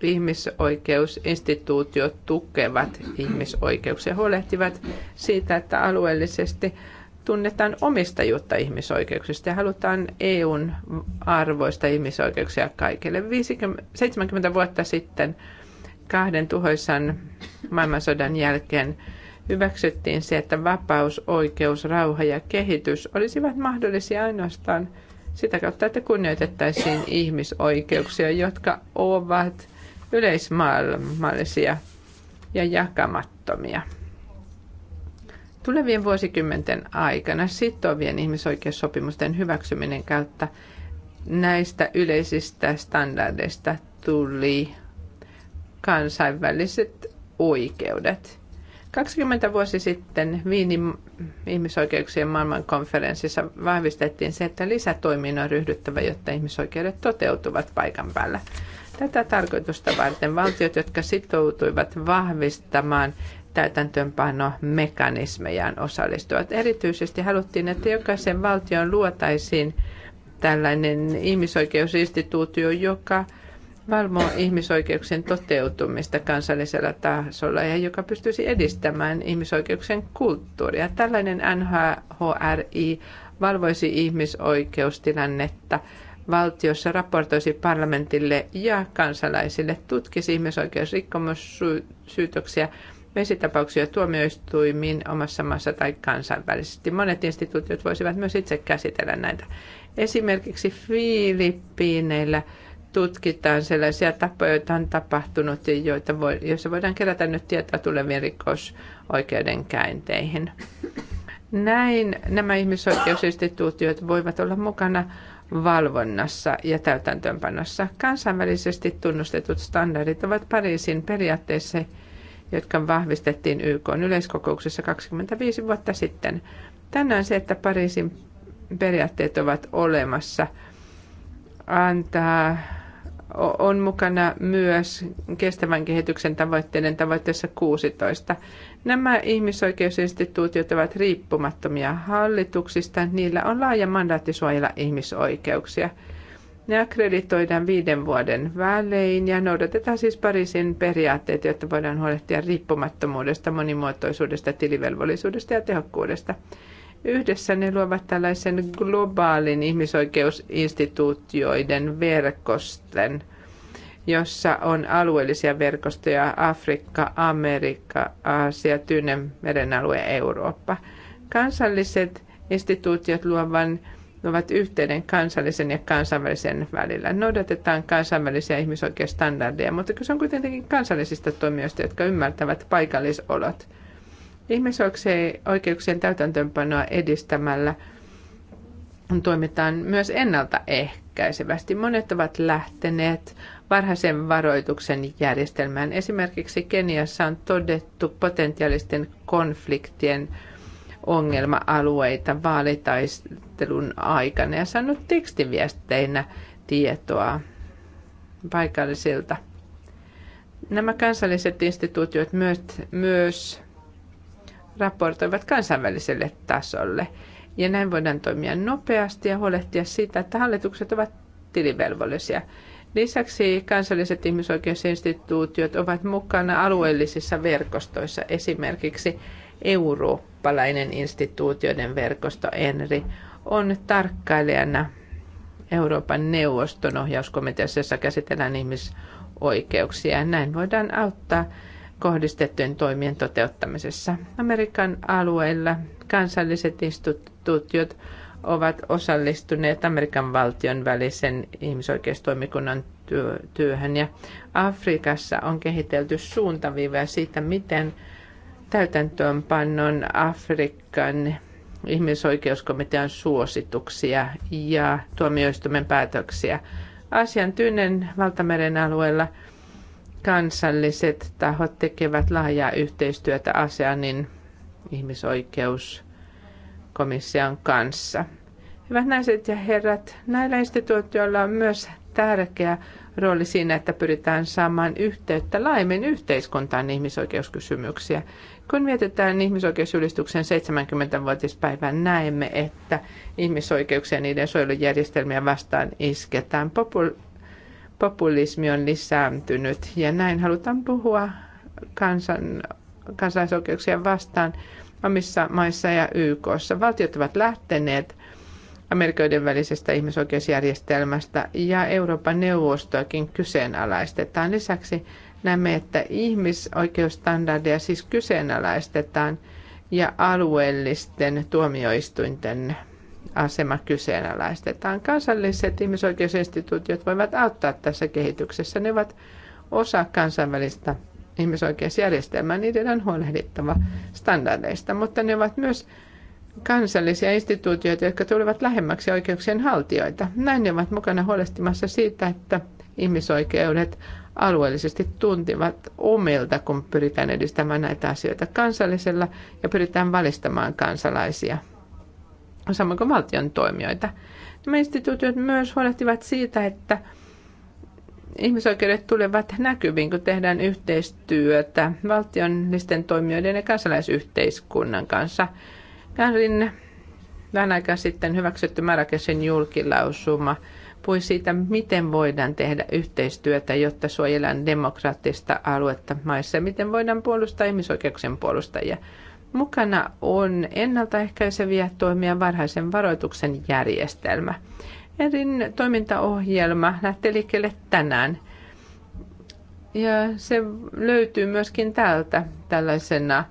ihmisoikeusinstituutiot tukevat ihmisoikeuksia, huolehtivat siitä, että alueellisesti tunnetaan omistajuutta ihmisoikeuksista ja halutaan EUn arvoista ihmisoikeuksia kaikille. 50, 70 vuotta sitten kahden tuhoisan maailmansodan jälkeen hyväksyttiin se, että vapaus, oikeus, rauha ja kehitys olisivat mahdollisia ainoastaan sitä kautta, että kunnioitettaisiin ihmisoikeuksia, jotka ovat yleismaailmallisia ja jakamattomia. Tulevien vuosikymmenten aikana sitovien ihmisoikeussopimusten hyväksyminen kautta näistä yleisistä standardeista tuli kansainväliset oikeudet. 20 vuosi sitten Viinin ihmisoikeuksien maailmankonferenssissa vahvistettiin se, että lisätoimiin on ryhdyttävä, jotta ihmisoikeudet toteutuvat paikan päällä. Tätä tarkoitusta varten valtiot, jotka sitoutuivat vahvistamaan täytäntöönpanomekanismejaan osallistuvat. Erityisesti haluttiin, että jokaisen valtion luotaisiin tällainen ihmisoikeusinstituutio, joka valvoo ihmisoikeuksien toteutumista kansallisella tasolla ja joka pystyisi edistämään ihmisoikeuksien kulttuuria. Tällainen NHRI valvoisi ihmisoikeustilannetta valtiossa, raportoisi parlamentille ja kansalaisille, tutkisi ihmisoikeusrikkomussyytöksiä vesitapauksia tuomioistuimiin omassa maassa tai kansainvälisesti. Monet instituutiot voisivat myös itse käsitellä näitä. Esimerkiksi Filippiineillä tutkitaan sellaisia tapoja, joita on tapahtunut, joita voi, joissa voidaan kerätä nyt tietoa tuleviin rikosoikeudenkäynteihin. Näin nämä ihmisoikeusinstituutiot voivat olla mukana valvonnassa ja täytäntöönpanossa. Kansainvälisesti tunnustetut standardit ovat Pariisin periaatteessa jotka vahvistettiin YK yleiskokouksessa 25 vuotta sitten. Tänään se, että Pariisin periaatteet ovat olemassa, antaa, on mukana myös kestävän kehityksen tavoitteiden tavoitteessa 16. Nämä ihmisoikeusinstituutiot ovat riippumattomia hallituksista, niillä on laaja mandaatti suojella ihmisoikeuksia – ne akkreditoidaan viiden vuoden välein ja noudatetaan siis Pariisin periaatteet, jotta voidaan huolehtia riippumattomuudesta, monimuotoisuudesta, tilivelvollisuudesta ja tehokkuudesta. Yhdessä ne luovat tällaisen globaalin ihmisoikeusinstituutioiden verkosten, jossa on alueellisia verkostoja Afrikka, Amerikka, Aasia, Tyynenmeren alue, Eurooppa. Kansalliset instituutiot luovan ne ovat yhteyden kansallisen ja kansainvälisen välillä. Noudatetaan kansainvälisiä ihmisoikeusstandardeja, mutta kyse on kuitenkin kansallisista toimijoista, jotka ymmärtävät paikallisolot. Ihmisoikeuksien täytäntöönpanoa edistämällä toimitaan myös ennaltaehkäisevästi. Monet ovat lähteneet varhaisen varoituksen järjestelmään. Esimerkiksi Keniassa on todettu potentiaalisten konfliktien ongelma-alueita, vaalitaistelua keskustelun aikana ja saanut tekstiviesteinä tietoa paikallisilta. Nämä kansalliset instituutiot myös, myös raportoivat kansainväliselle tasolle. Ja näin voidaan toimia nopeasti ja huolehtia siitä, että hallitukset ovat tilivelvollisia. Lisäksi kansalliset ihmisoikeusinstituutiot ovat mukana alueellisissa verkostoissa, esimerkiksi eurooppalainen instituutioiden verkosto ENRI on tarkkailijana Euroopan neuvoston ohjauskomiteassa, jossa käsitellään ihmisoikeuksia. Näin voidaan auttaa kohdistettujen toimien toteuttamisessa. Amerikan alueilla kansalliset instituutiot ovat osallistuneet Amerikan valtion välisen ihmisoikeustoimikunnan työhön ja Afrikassa on kehitelty suuntaviivoja siitä, miten täytäntöönpannon Afrikan ihmisoikeuskomitean suosituksia ja tuomioistuimen päätöksiä. Asian tyynen valtameren alueella kansalliset tahot tekevät laajaa yhteistyötä ASEANin ihmisoikeuskomission kanssa. Hyvät naiset ja herrat, näillä instituutioilla on myös tärkeä rooli siinä, että pyritään saamaan yhteyttä laimen yhteiskuntaan ihmisoikeuskysymyksiä. Kun mietitään ihmisoikeusjulistuksen 70-vuotispäivää, näemme, että ihmisoikeuksia ja niiden suojelujärjestelmiä vastaan isketään. Popul- populismi on lisääntynyt ja näin halutaan puhua kansan, kansalaisoikeuksia vastaan omissa maissa ja YKssa. Valtiot ovat lähteneet Amerikoiden välisestä ihmisoikeusjärjestelmästä ja Euroopan neuvostoakin kyseenalaistetaan. Lisäksi näemme, että ihmisoikeusstandardeja siis kyseenalaistetaan ja alueellisten tuomioistuinten asema kyseenalaistetaan. Kansalliset ihmisoikeusinstituutiot voivat auttaa tässä kehityksessä. Ne ovat osa kansainvälistä ihmisoikeusjärjestelmää. Niiden on huolehdittava standardeista, mutta ne ovat myös kansallisia instituutioita, jotka tulevat lähemmäksi oikeuksien haltijoita. Näin ne ovat mukana huolestimassa siitä, että ihmisoikeudet alueellisesti tuntivat omilta, kun pyritään edistämään näitä asioita kansallisella ja pyritään valistamaan kansalaisia, samoin kuin valtion toimijoita. Nämä instituutiot myös huolehtivat siitä, että ihmisoikeudet tulevat näkyviin, kun tehdään yhteistyötä valtionlisten toimijoiden ja kansalaisyhteiskunnan kanssa. Karin vähän aikaa sitten hyväksytty Marrakesin julkilausuma – puhui siitä, miten voidaan tehdä yhteistyötä, jotta suojellaan demokraattista aluetta maissa, miten voidaan puolustaa ihmisoikeuksien puolustajia. Mukana on ennaltaehkäiseviä toimia varhaisen varoituksen järjestelmä. Erin toimintaohjelma lähtee liikkeelle tänään. Ja se löytyy myöskin täältä tällaisena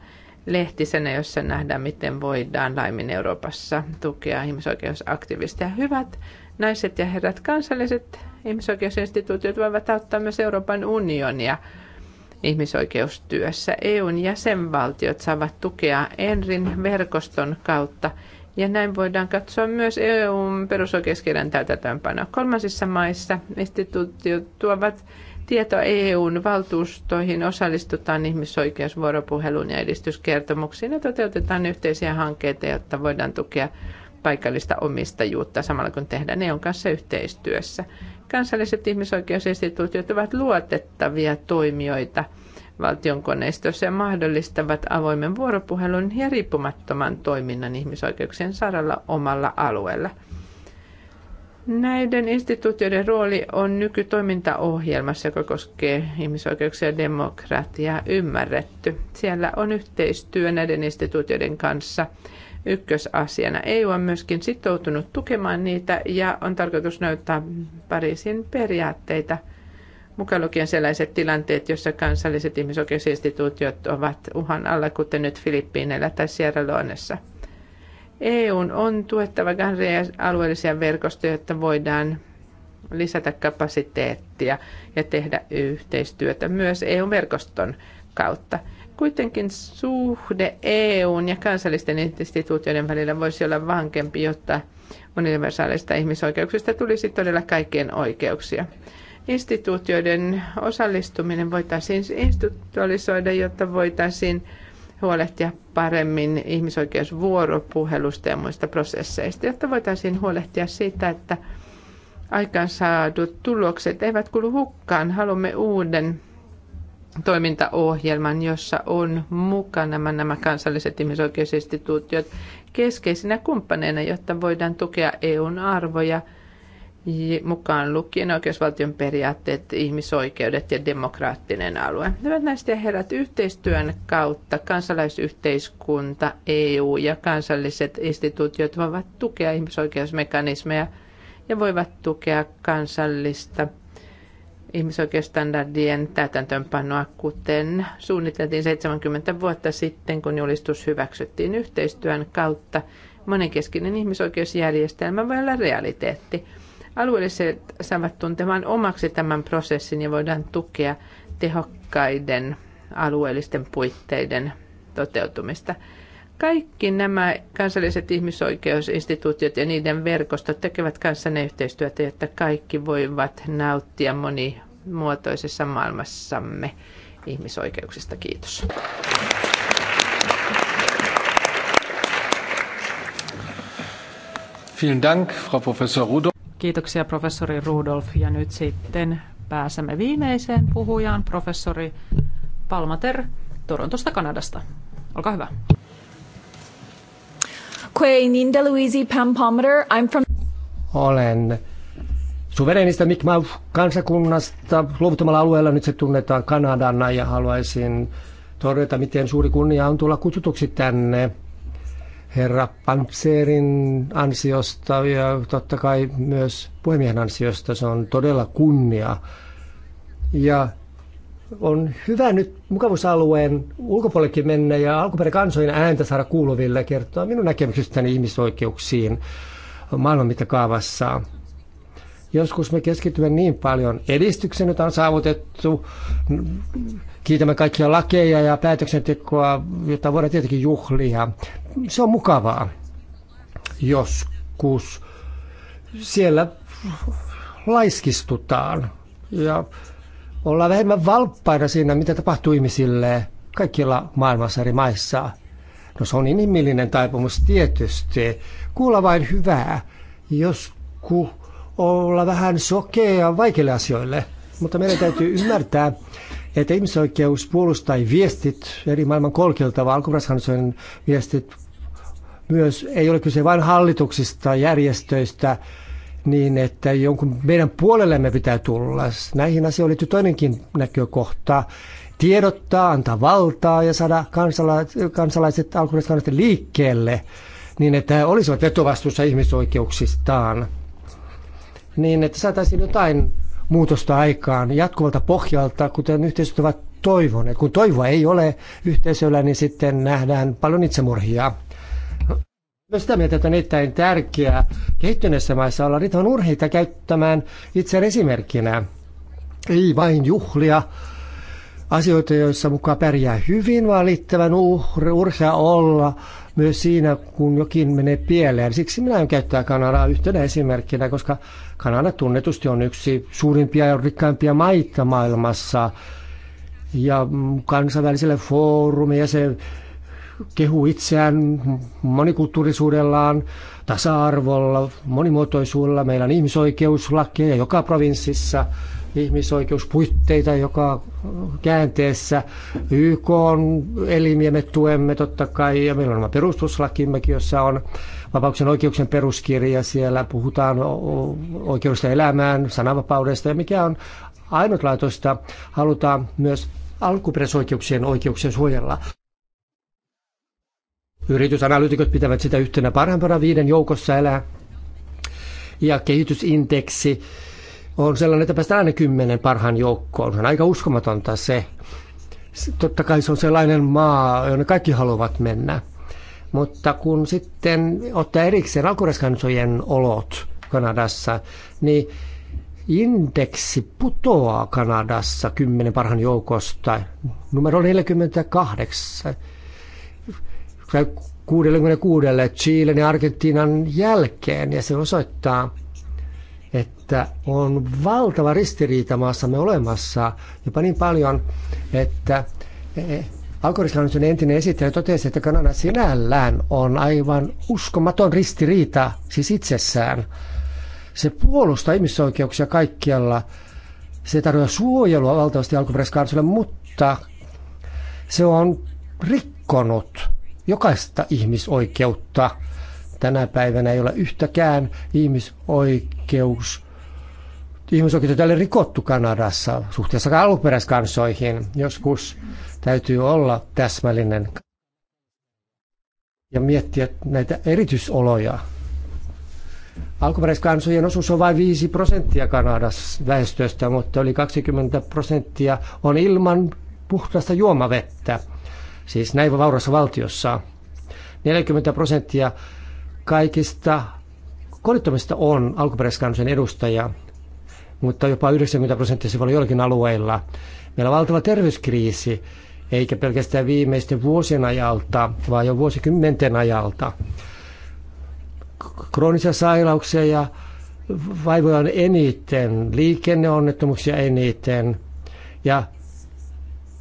lehtisenä, jossa nähdään, miten voidaan laimin Euroopassa tukea ihmisoikeusaktivisteja. Hyvät naiset ja herrat, kansalliset ihmisoikeusinstituutiot voivat auttaa myös Euroopan unionia ihmisoikeustyössä. EUn jäsenvaltiot saavat tukea ENRin verkoston kautta ja näin voidaan katsoa myös EUn perusoikeuskirjan täytäntöönpanoa. Kolmansissa maissa instituutiot tuovat tieto EUn valtuustoihin osallistutaan ihmisoikeusvuoropuheluun ja edistyskertomuksiin ja toteutetaan yhteisiä hankkeita, jotta voidaan tukea paikallista omistajuutta samalla kun tehdään EUn kanssa yhteistyössä. Kansalliset ihmisoikeusinstituutiot ovat luotettavia toimijoita valtion koneistossa ja mahdollistavat avoimen vuoropuhelun ja riippumattoman toiminnan ihmisoikeuksien saralla omalla alueella. Näiden instituutioiden rooli on nykytoimintaohjelmassa, joka koskee ihmisoikeuksia ja demokratiaa, ymmärretty. Siellä on yhteistyö näiden instituutioiden kanssa ykkösasiana. EU on myöskin sitoutunut tukemaan niitä ja on tarkoitus näyttää Pariisin periaatteita mukaan lukien sellaiset tilanteet, joissa kansalliset ihmisoikeusinstituutiot ovat uhan alla, kuten nyt Filippiineillä tai Sierra Leonessa. EU on tuettava kansallisia alueellisia verkostoja, jotta voidaan lisätä kapasiteettia ja tehdä yhteistyötä myös EU-verkoston kautta. Kuitenkin suhde EUn ja kansallisten instituutioiden välillä voisi olla vankempi, jotta universaalista ihmisoikeuksista tulisi todella kaikkien oikeuksia. Instituutioiden osallistuminen voitaisiin institutionalisoida, jotta voitaisiin huolehtia paremmin ihmisoikeusvuoropuhelusta ja muista prosesseista, jotta voitaisiin huolehtia siitä, että aikaansaadut tulokset eivät kulu hukkaan. Haluamme uuden toimintaohjelman, jossa on mukana nämä, nämä kansalliset ihmisoikeusinstituutiot keskeisinä kumppaneina, jotta voidaan tukea EUn arvoja mukaan lukien oikeusvaltion periaatteet, ihmisoikeudet ja demokraattinen alue. Hyvät naiset ja herrat, yhteistyön kautta kansalaisyhteiskunta, EU ja kansalliset instituutiot voivat tukea ihmisoikeusmekanismeja ja voivat tukea kansallista ihmisoikeusstandardien täytäntöönpanoa, kuten suunniteltiin 70 vuotta sitten, kun julistus hyväksyttiin yhteistyön kautta. Monenkeskinen ihmisoikeusjärjestelmä voi olla realiteetti. Alueelliset saavat tuntemaan omaksi tämän prosessin ja voidaan tukea tehokkaiden alueellisten puitteiden toteutumista. Kaikki nämä kansalliset ihmisoikeusinstituutiot ja niiden verkostot tekevät kanssanne yhteistyötä, jotta kaikki voivat nauttia monimuotoisessa maailmassamme ihmisoikeuksista. Kiitos. Vielen Dank, Frau Professor Rudolf. Kiitoksia professori Rudolf. Ja nyt sitten pääsemme viimeiseen puhujaan, professori Palmater Torontosta, Kanadasta. Olkaa hyvä. Ninda Luisi Pampometer. I'm from... Olen suverenista mikmau kansakunnasta luovuttamalla alueella. Nyt se tunnetaan Kanadana ja haluaisin todeta, miten suuri kunnia on tulla kutsutuksi tänne herra Pantseerin ansiosta ja totta kai myös puhemiehen ansiosta. Se on todella kunnia. Ja on hyvä nyt mukavuusalueen ulkopuolellekin mennä ja alkuperäkansojen ääntä saada kuuluville kertoa minun näkemyksestäni ihmisoikeuksiin maailman mittakaavassa. Joskus me keskitymme niin paljon edistyksen, jota on saavutettu. Kiitämme kaikkia lakeja ja päätöksentekoa, jota voidaan tietenkin juhlia. Se on mukavaa. Joskus siellä laiskistutaan ja olla vähemmän valppaina siinä, mitä tapahtuu ihmisille kaikilla maailmassa eri maissa. No se on inhimillinen taipumus tietysti. Kuulla vain hyvää, jos ku olla vähän sokea vaikeille asioille. Mutta meidän täytyy ymmärtää, että ihmisoikeuspuolustus tai viestit eri maailman kolkilta, vaan alkuperäiskansojen viestit myös ei ole kyse vain hallituksista, järjestöistä, niin, että jonkun meidän puolellemme pitää tulla. Näihin asioihin liittyy toinenkin näkökohta. Tiedottaa, antaa valtaa ja saada kansalaiset kansalaiset liikkeelle niin, että he olisivat vetovastuussa ihmisoikeuksistaan. Niin, että saataisiin jotain muutosta aikaan jatkuvalta pohjalta, kuten yhteisöt ovat toivoneet. Kun toivoa ei ole yhteisöllä, niin sitten nähdään paljon itsemurhia. Myös sitä mieltä, että on erittäin tärkeää kehittyneissä maissa olla riton urheita käyttämään itse esimerkkinä. Ei vain juhlia asioita, joissa mukaan pärjää hyvin, vaan liittävän urhea olla myös siinä, kun jokin menee pieleen. Siksi minä en käyttää Kanadaa yhtenä esimerkkinä, koska Kanada tunnetusti on yksi suurimpia ja rikkaimpia maita maailmassa. Ja kansainväliselle foorumille ja se kehuu itseään monikulttuurisuudellaan, tasa-arvolla, monimuotoisuudella. Meillä on ihmisoikeuslakeja joka provinssissa, ihmisoikeuspuitteita joka käänteessä. YK on elimiä me tuemme totta kai, ja meillä on oma perustuslakimmekin, jossa on vapauksen oikeuksien peruskirja. Siellä puhutaan oikeudesta elämään, sananvapaudesta ja mikä on ainutlaatuista, halutaan myös alkuperäisoikeuksien oikeuksia suojella. Yritysanalyytikot pitävät sitä yhtenä parhaimpana viiden joukossa elää. Ja kehitysindeksi on sellainen, että päästään aina kymmenen parhaan joukkoon. Se on aika uskomatonta se. Totta kai se on sellainen maa, jonne kaikki haluavat mennä. Mutta kun sitten ottaa erikseen alkuperäiskansojen olot Kanadassa, niin indeksi putoaa Kanadassa kymmenen parhaan joukosta numero 48. 66 Chilen ja Argentiinan jälkeen. Ja se osoittaa, että on valtava ristiriita maassamme olemassa jopa niin paljon, että e, e, Alkoholikansallinen entinen esittäjä totesi, että Kanada sinällään on aivan uskomaton ristiriita siis itsessään. Se puolustaa ihmisoikeuksia kaikkialla. Se tarjoaa suojelua valtavasti alkuperäiskansalle, mutta se on rikkonut jokaista ihmisoikeutta. Tänä päivänä ei ole yhtäkään ihmisoikeus, ihmisoikeutta tälle rikottu Kanadassa suhteessa alkuperäiskansoihin. Joskus täytyy olla täsmällinen ja miettiä näitä erityisoloja. Alkuperäiskansojen osuus on vain 5 prosenttia Kanadassa väestöstä, mutta yli 20 prosenttia on ilman puhdasta juomavettä siis näin vaurassa valtiossa. 40 prosenttia kaikista kodittomista on alkuperäiskansojen edustajia, mutta jopa 90 prosenttia se voi olla jollakin alueilla. Meillä on valtava terveyskriisi, eikä pelkästään viimeisten vuosien ajalta, vaan jo vuosikymmenten ajalta. Kroonisia sairauksia ja vaivoja on eniten, liikenneonnettomuuksia eniten ja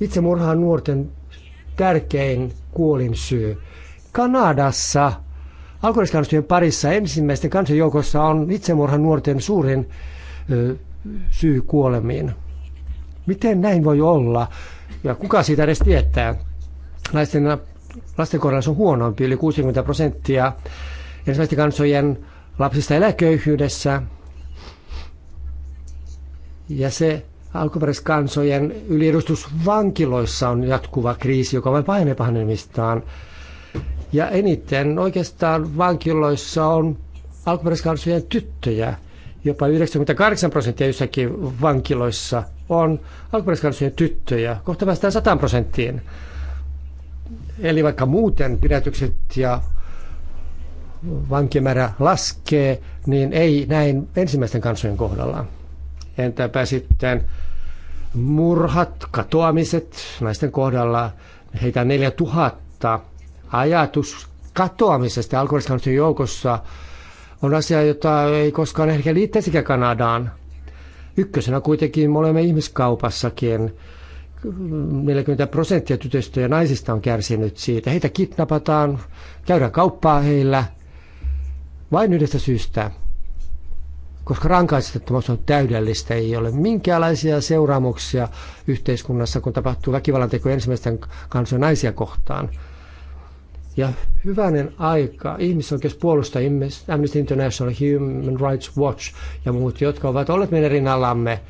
itsemurhaa nuorten tärkein kuolinsyy. Kanadassa alkoholiskannustujen parissa ensimmäisten kansanjoukossa on itsemurhan nuorten suurin ö, syy kuolemiin. Miten näin voi olla? Ja kuka siitä edes tietää? Naisten, lasten kohdalla se on huonompi, yli 60 prosenttia ensimmäisten kansojen lapsista elää köyhyydessä. Ja se alkuperäiskansojen yliedustus vankiloissa on jatkuva kriisi, joka vain pahenee pahenemistaan. Ja eniten oikeastaan vankiloissa on alkuperäiskansojen tyttöjä. Jopa 98 prosenttia jossakin vankiloissa on alkuperäiskansojen tyttöjä. Kohta päästään 100 prosenttiin. Eli vaikka muuten pidätykset ja vankimäärä laskee, niin ei näin ensimmäisten kansojen kohdalla. Entäpä sitten murhat, katoamiset naisten kohdalla, heitä 4000. Ajatus katoamisesta alkoholisten joukossa on asia, jota ei koskaan ehkä liittäisikään Kanadaan. Ykkösenä kuitenkin me olemme ihmiskaupassakin. 40 prosenttia tytöistä ja naisista on kärsinyt siitä. Heitä kidnapataan, käydään kauppaa heillä vain yhdestä syystä, koska rankaisettomuus on täydellistä, ei ole minkäänlaisia seuraamuksia yhteiskunnassa, kun tapahtuu väkivallan teko ensimmäisten kanssa naisia kohtaan. Ja hyvänen aika, ihmisoikeuspuolustaja, Amnesty International, Human Rights Watch ja muut, jotka ovat olleet meidän rinnallamme,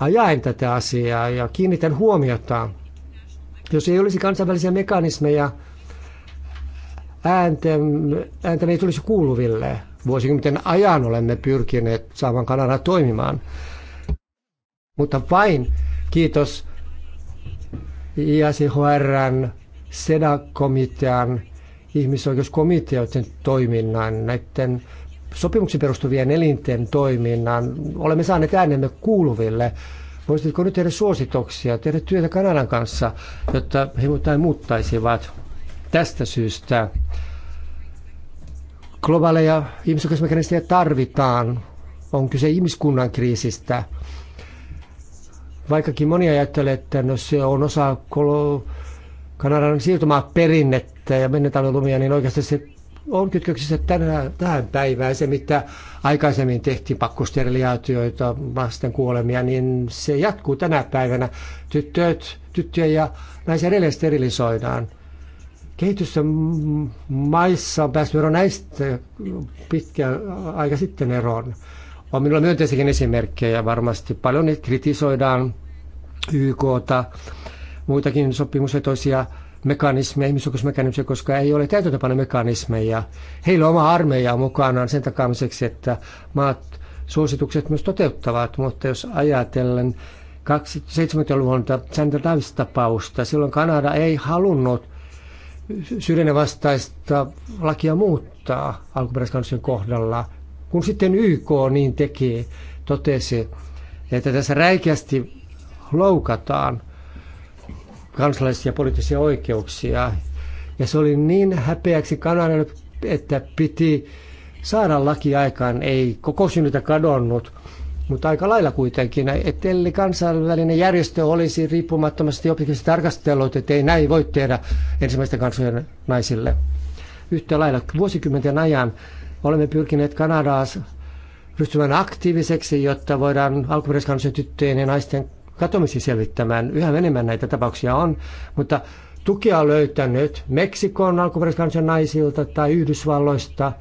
ajaen tätä asiaa ja kiinnitän huomiota. Jos ei olisi kansainvälisiä mekanismeja, ääntä ääntä ei tulisi kuuluville. Vuosikymmenten ajan olemme pyrkineet saamaan Kanada toimimaan. Mutta vain kiitos IACHRn, SEDA-komitean, ihmisoikeuskomiteoiden toiminnan, näiden sopimuksen perustuvien elinten toiminnan. Olemme saaneet äänemme kuuluville. Voisitko nyt tehdä suosituksia, tehdä työtä Kanadan kanssa, jotta he muuttaisivat tästä syystä? globaaleja ihmisoikeusmekanismeja tarvitaan. On kyse ihmiskunnan kriisistä. Vaikkakin moni ajattelee, että no se on osa Kanadan siirtomaa perinnettä ja mennetalolumia, niin oikeasti se on kytköksissä tänä, tähän päivään. Se, mitä aikaisemmin tehtiin pakkosteriliaatioita, lasten kuolemia, niin se jatkuu tänä päivänä. Tyttöt, tyttöjä ja naisia edelleen sterilisoidaan. Kehityssä maissa on päässyt eroon näistä pitkä, aika sitten eroon. On minulla myönteisiäkin esimerkkejä varmasti. Paljon niitä kritisoidaan YKta, muitakin sopimusvetoisia mekanismeja, ihmisoikeusmekanismeja, koska ei ole täytäntöpanomekanismeja. Heillä on oma armeija mukanaan sen takaamiseksi, että maat suositukset myös toteuttavat, mutta jos ajatellen 70-luvun Sandra Davis-tapausta, silloin Kanada ei halunnut syrjinnän vastaista lakia muuttaa alkuperäiskansojen kohdalla. Kun sitten YK niin teki, totesi, että tässä räikeästi loukataan kansalaisia poliittisia oikeuksia. Ja se oli niin häpeäksi Kanadalle, että piti saada laki aikaan, ei koko synnytä kadonnut mutta aika lailla kuitenkin, että ellei kansainvälinen järjestö olisi riippumattomasti objektiivisesti tarkastellut, että ei näin voi tehdä ensimmäisten kansojen naisille. Yhtä lailla vuosikymmenten ajan olemme pyrkineet Kanadaan ryhtymään aktiiviseksi, jotta voidaan alkuperäiskansojen tyttöjen ja naisten katomisia selvittämään. Yhä enemmän näitä tapauksia on, mutta tukea on löytänyt Meksikon alkuperäiskansojen naisilta tai Yhdysvalloista,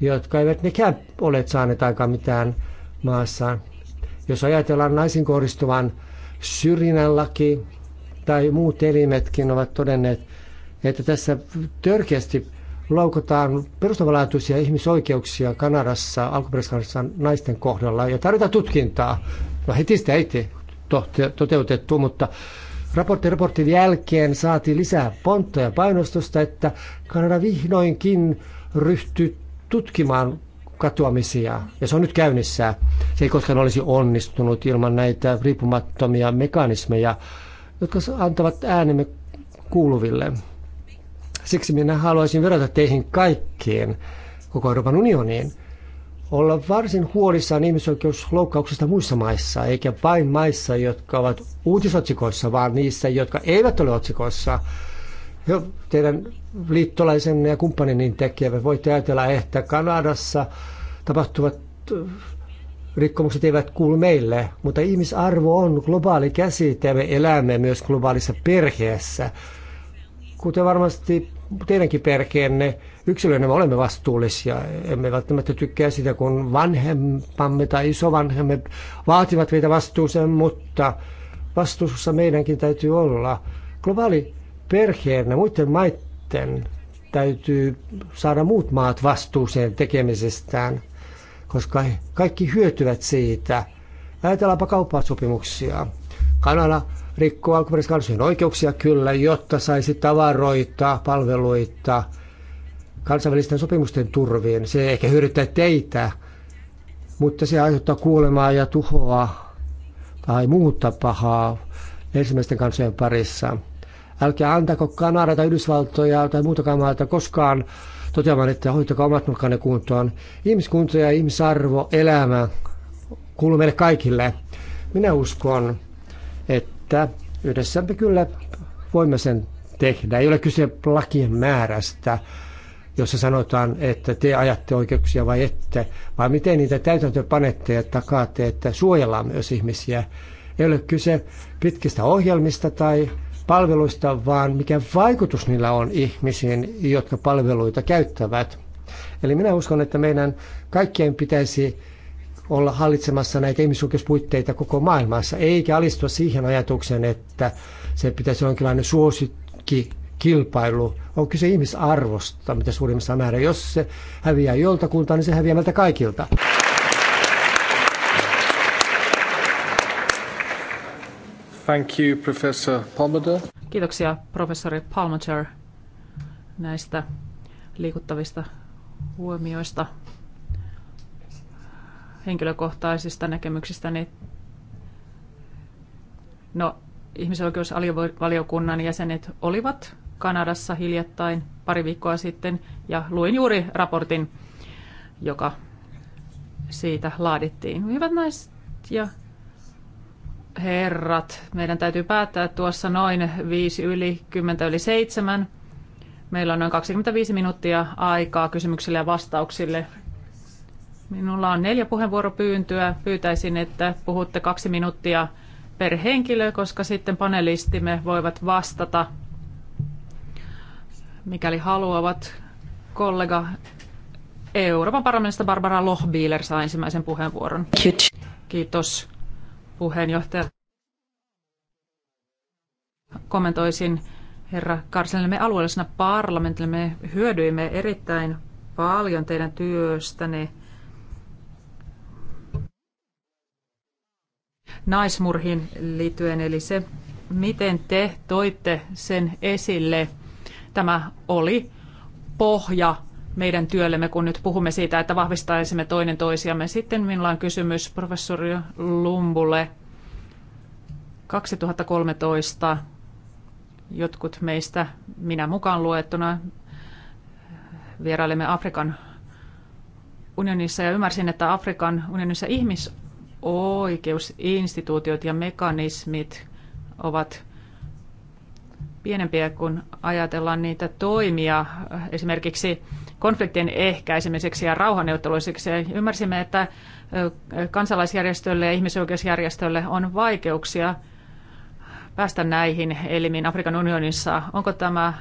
jotka eivät nekään ole saaneet aikaan mitään maassa. Jos ajatellaan naisin kohdistuvan syrjinnän laki tai muut elimetkin ovat todenneet, että tässä törkeästi loukataan perustavanlaatuisia ihmisoikeuksia Kanadassa alkuperäiskanadassa naisten kohdalla ja tarvitaan tutkintaa. No heti sitä ei toteutettu, mutta raportti raportin jälkeen saatiin lisää pontta ja painostusta, että Kanada vihdoinkin ryhtyi tutkimaan katoamisia, ja se on nyt käynnissä. Se ei koskaan olisi onnistunut ilman näitä riippumattomia mekanismeja, jotka antavat äänemme kuuluville. Siksi minä haluaisin verrata teihin kaikkiin, koko Euroopan unioniin, olla varsin huolissaan ihmisoikeusloukkauksista muissa maissa, eikä vain maissa, jotka ovat uutisotsikoissa, vaan niissä, jotka eivät ole otsikoissa, teidän liittolaisenne ja niin tekevät. Voitte ajatella, että Kanadassa tapahtuvat äh, rikkomukset eivät kuulu meille, mutta ihmisarvo on globaali käsite ja me elämme myös globaalissa perheessä. Kuten varmasti teidänkin perkeenne, yksilöinä me olemme vastuullisia. Emme välttämättä tykkää sitä, kun vanhempamme tai isovanhemme vaativat meitä vastuuseen, mutta vastuussa meidänkin täytyy olla. Globaali perheen ja muiden maiden täytyy saada muut maat vastuuseen tekemisestään, koska kaikki hyötyvät siitä. Ajatellaanpa kauppasopimuksia. Kanada rikkoo alkuperäiskansojen oikeuksia kyllä, jotta saisi tavaroita, palveluita kansainvälisten sopimusten turviin. Se ei ehkä hyödyttää teitä, mutta se aiheuttaa kuolemaa ja tuhoa tai muuta pahaa ensimmäisten kansojen parissa. Älkää antako Kanada tai Yhdysvaltoja tai muutakaan maata koskaan toteamaan, että hoitakaa omat nurkanne kuntoon. Ihmiskunta ja ihmisarvo, elämä kuuluu meille kaikille. Minä uskon, että yhdessä me kyllä voimme sen tehdä. Ei ole kyse lakien määrästä, jossa sanotaan, että te ajatte oikeuksia vai ette, vaan miten niitä täytäntö panette ja takaatte, että suojellaan myös ihmisiä. Ei ole kyse pitkistä ohjelmista tai palveluista, vaan mikä vaikutus niillä on ihmisiin, jotka palveluita käyttävät. Eli minä uskon, että meidän kaikkien pitäisi olla hallitsemassa näitä ihmisoikeuspuitteita koko maailmassa, eikä alistua siihen ajatukseen, että se pitäisi olla jonkinlainen suosikki kilpailu. On kyse ihmisarvosta, mitä suurimmassa määrä, Jos se häviää joltakulta, niin se häviää meiltä kaikilta. Thank you, Professor Kiitoksia, professori Palmacher, näistä liikuttavista huomioista, henkilökohtaisista näkemyksistä. no, ihmisoikeusvaliokunnan jäsenet olivat Kanadassa hiljattain pari viikkoa sitten ja luin juuri raportin, joka siitä laadittiin. Hyvät naiset ja herrat, meidän täytyy päättää tuossa noin 5 yli 10 yli 7. Meillä on noin 25 minuuttia aikaa kysymyksille ja vastauksille. Minulla on neljä puheenvuoropyyntöä. Pyytäisin, että puhutte kaksi minuuttia per henkilö, koska sitten panelistimme voivat vastata, mikäli haluavat. Kollega Euroopan parlamentista Barbara Lohbieler saa ensimmäisen puheenvuoron. Kiitos puheenjohtaja. Kommentoisin herra Karselemme alueellisena parlamentille. Me hyödyimme erittäin paljon teidän työstäne. naismurhiin liittyen, eli se, miten te toitte sen esille, tämä oli pohja meidän työllemme, kun nyt puhumme siitä, että vahvistaisimme toinen toisiamme. Sitten minulla on kysymys professori Lumbulle. 2013 jotkut meistä, minä mukaan luettuna, vierailimme Afrikan unionissa ja ymmärsin, että Afrikan unionissa ihmisoikeusinstituutiot ja mekanismit ovat pienempiä, kun ajatellaan niitä toimia, esimerkiksi konfliktien ehkäisemiseksi ja rauhanneuvotteluiseksi. Ymmärsimme, että kansalaisjärjestöille ja ihmisoikeusjärjestöille on vaikeuksia päästä näihin elimiin Afrikan unionissa. Onko tämä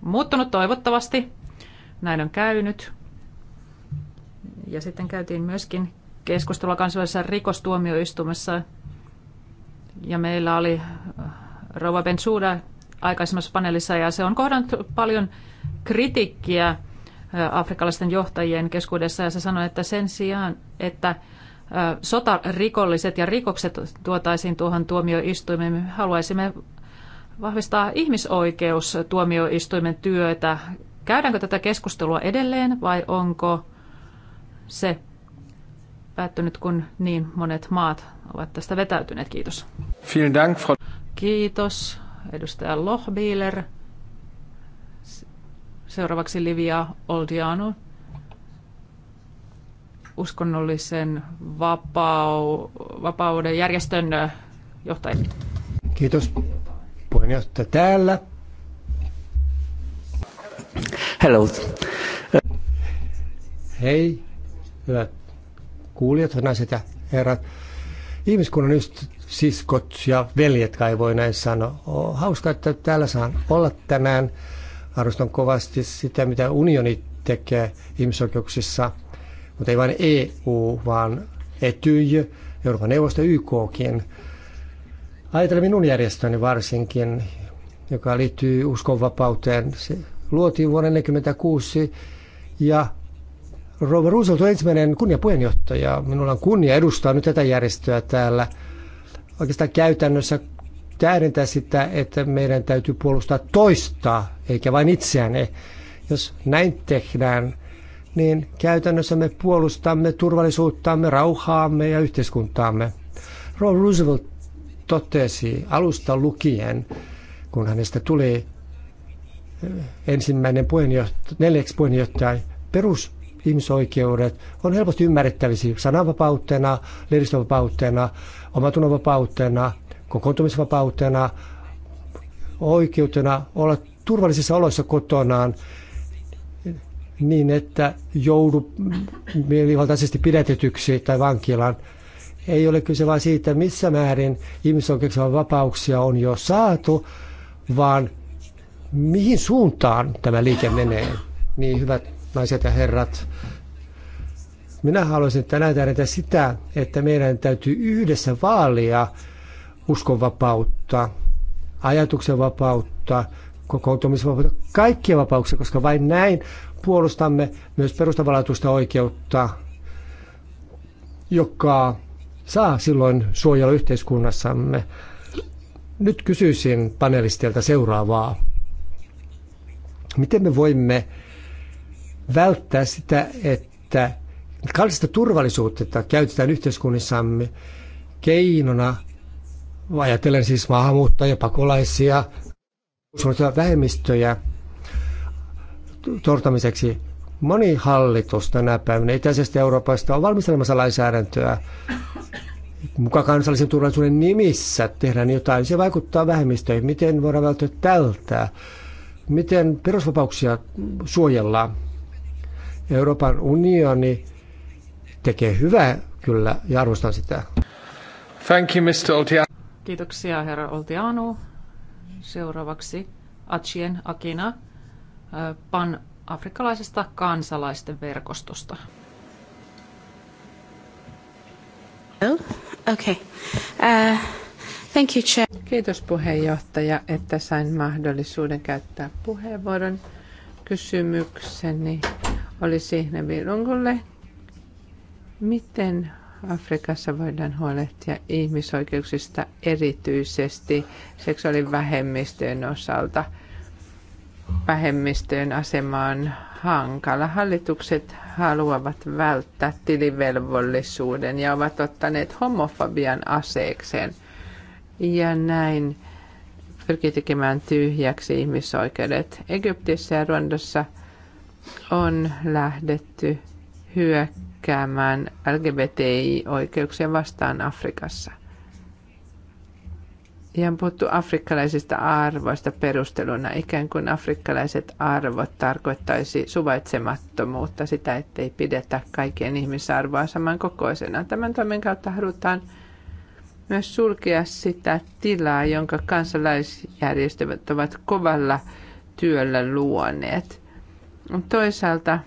muuttunut toivottavasti? Näin on käynyt. Ja sitten käytiin myöskin keskustelua kansallisessa rikostuomioistumassa. Ja meillä oli Rova Bensuda aikaisemmassa paneelissa ja se on kohdannut paljon kritiikkiä afrikkalaisten johtajien keskuudessa ja se sanoi, että sen sijaan, että sotarikolliset ja rikokset tuotaisiin tuohon tuomioistuimeen, me haluaisimme vahvistaa ihmisoikeus tuomioistuimen työtä. Käydäänkö tätä keskustelua edelleen vai onko se päättynyt, kun niin monet maat ovat tästä vetäytyneet? Kiitos. Vielen Dank, Frau... Kiitos, edustaja Lohbiiler. Seuraavaksi Livia Oldiano uskonnollisen vapau- vapauden järjestön äh, johtaja. Kiitos puheenjohtaja täällä. Hello. Hei, hyvät kuulijat, naiset ja herrat. Ihmiskunnan ystävät, siskot ja veljet kai voi näin sanoa. On hauska, että täällä saan olla tänään. Arvostan kovasti sitä, mitä unioni tekee ihmisoikeuksissa, mutta ei vain EU, vaan Etyj, Euroopan neuvosto YKkin. Ajatellen minun järjestöni varsinkin, joka liittyy uskonvapauteen, se luotiin vuonna 1946 ja Rova Roosevelt on ensimmäinen kunniapuheenjohtaja. Minulla on kunnia edustaa nyt tätä järjestöä täällä. Oikeastaan käytännössä tähdentää sitä, että meidän täytyy puolustaa toista, eikä vain itseään. Jos näin tehdään, niin käytännössä me puolustamme turvallisuuttamme, rauhaamme ja yhteiskuntaamme. Roosevelt totesi alusta lukien, kun hänestä tuli eh, ensimmäinen puheenjohtaja, neljäksi puheenjohtaja, ihmisoikeudet on helposti ymmärrettävissä sananvapautena, lehdistönvapautena, omatunnonvapautena, kokoontumisvapautena, oikeutena olla turvallisissa oloissa kotonaan niin, että joudu mielivaltaisesti pidätetyksi tai vankilaan. Ei ole kyse vain siitä, missä määrin ihmisoikeuksia vapauksia on jo saatu, vaan mihin suuntaan tämä liike menee. Niin hyvät naiset ja herrat, minä haluaisin tänään tärjätä sitä, että meidän täytyy yhdessä vaalia uskonvapautta, ajatuksenvapautta, kokoontumisvapautta, kaikkia vapauksia, koska vain näin puolustamme myös perustavanlaatuista oikeutta, joka saa silloin suojella yhteiskunnassamme. Nyt kysyisin panelistilta seuraavaa. Miten me voimme välttää sitä, että kansallista turvallisuutta käytetään yhteiskunnissamme keinona ajatellen siis maahanmuuttajia, pakolaisia, suunnitella vähemmistöjä tortamiseksi. Moni hallitus tänä päivänä itäisestä Euroopasta on valmistelemassa lainsäädäntöä, muka kansallisen turvallisuuden nimissä tehdään jotain. Se vaikuttaa vähemmistöihin. Miten voidaan välttää tältä? Miten perusvapauksia suojellaan? Euroopan unioni tekee hyvää kyllä ja arvostan sitä. Thank you, Mr. Oltiano. Kiitoksia herra Oltianu. Seuraavaksi Achien Akina äh, pan-afrikkalaisesta kansalaisten verkostosta. Oh, okay. Uh, thank you, Chair. Kiitos puheenjohtaja, että sain mahdollisuuden käyttää puheenvuoron. Kysymykseni oli siihen Virungulle. Miten Afrikassa voidaan huolehtia ihmisoikeuksista erityisesti seksuaalivähemmistöjen osalta. Vähemmistöjen asema on hankala. Hallitukset haluavat välttää tilivelvollisuuden ja ovat ottaneet homofobian aseekseen. Ja näin pyrkii tekemään tyhjäksi ihmisoikeudet. Egyptissä ja Ruandassa on lähdetty hyökkäämään hyökkäämään LGBTI-oikeuksia vastaan Afrikassa. Ja on puhuttu afrikkalaisista arvoista perusteluna, ikään kuin afrikkalaiset arvot tarkoittaisi suvaitsemattomuutta, sitä ettei pidetä kaikkien ihmisarvoa samankokoisena. Tämän toimen kautta halutaan myös sulkea sitä tilaa, jonka kansalaisjärjestöt ovat kovalla työllä luoneet. Toisaalta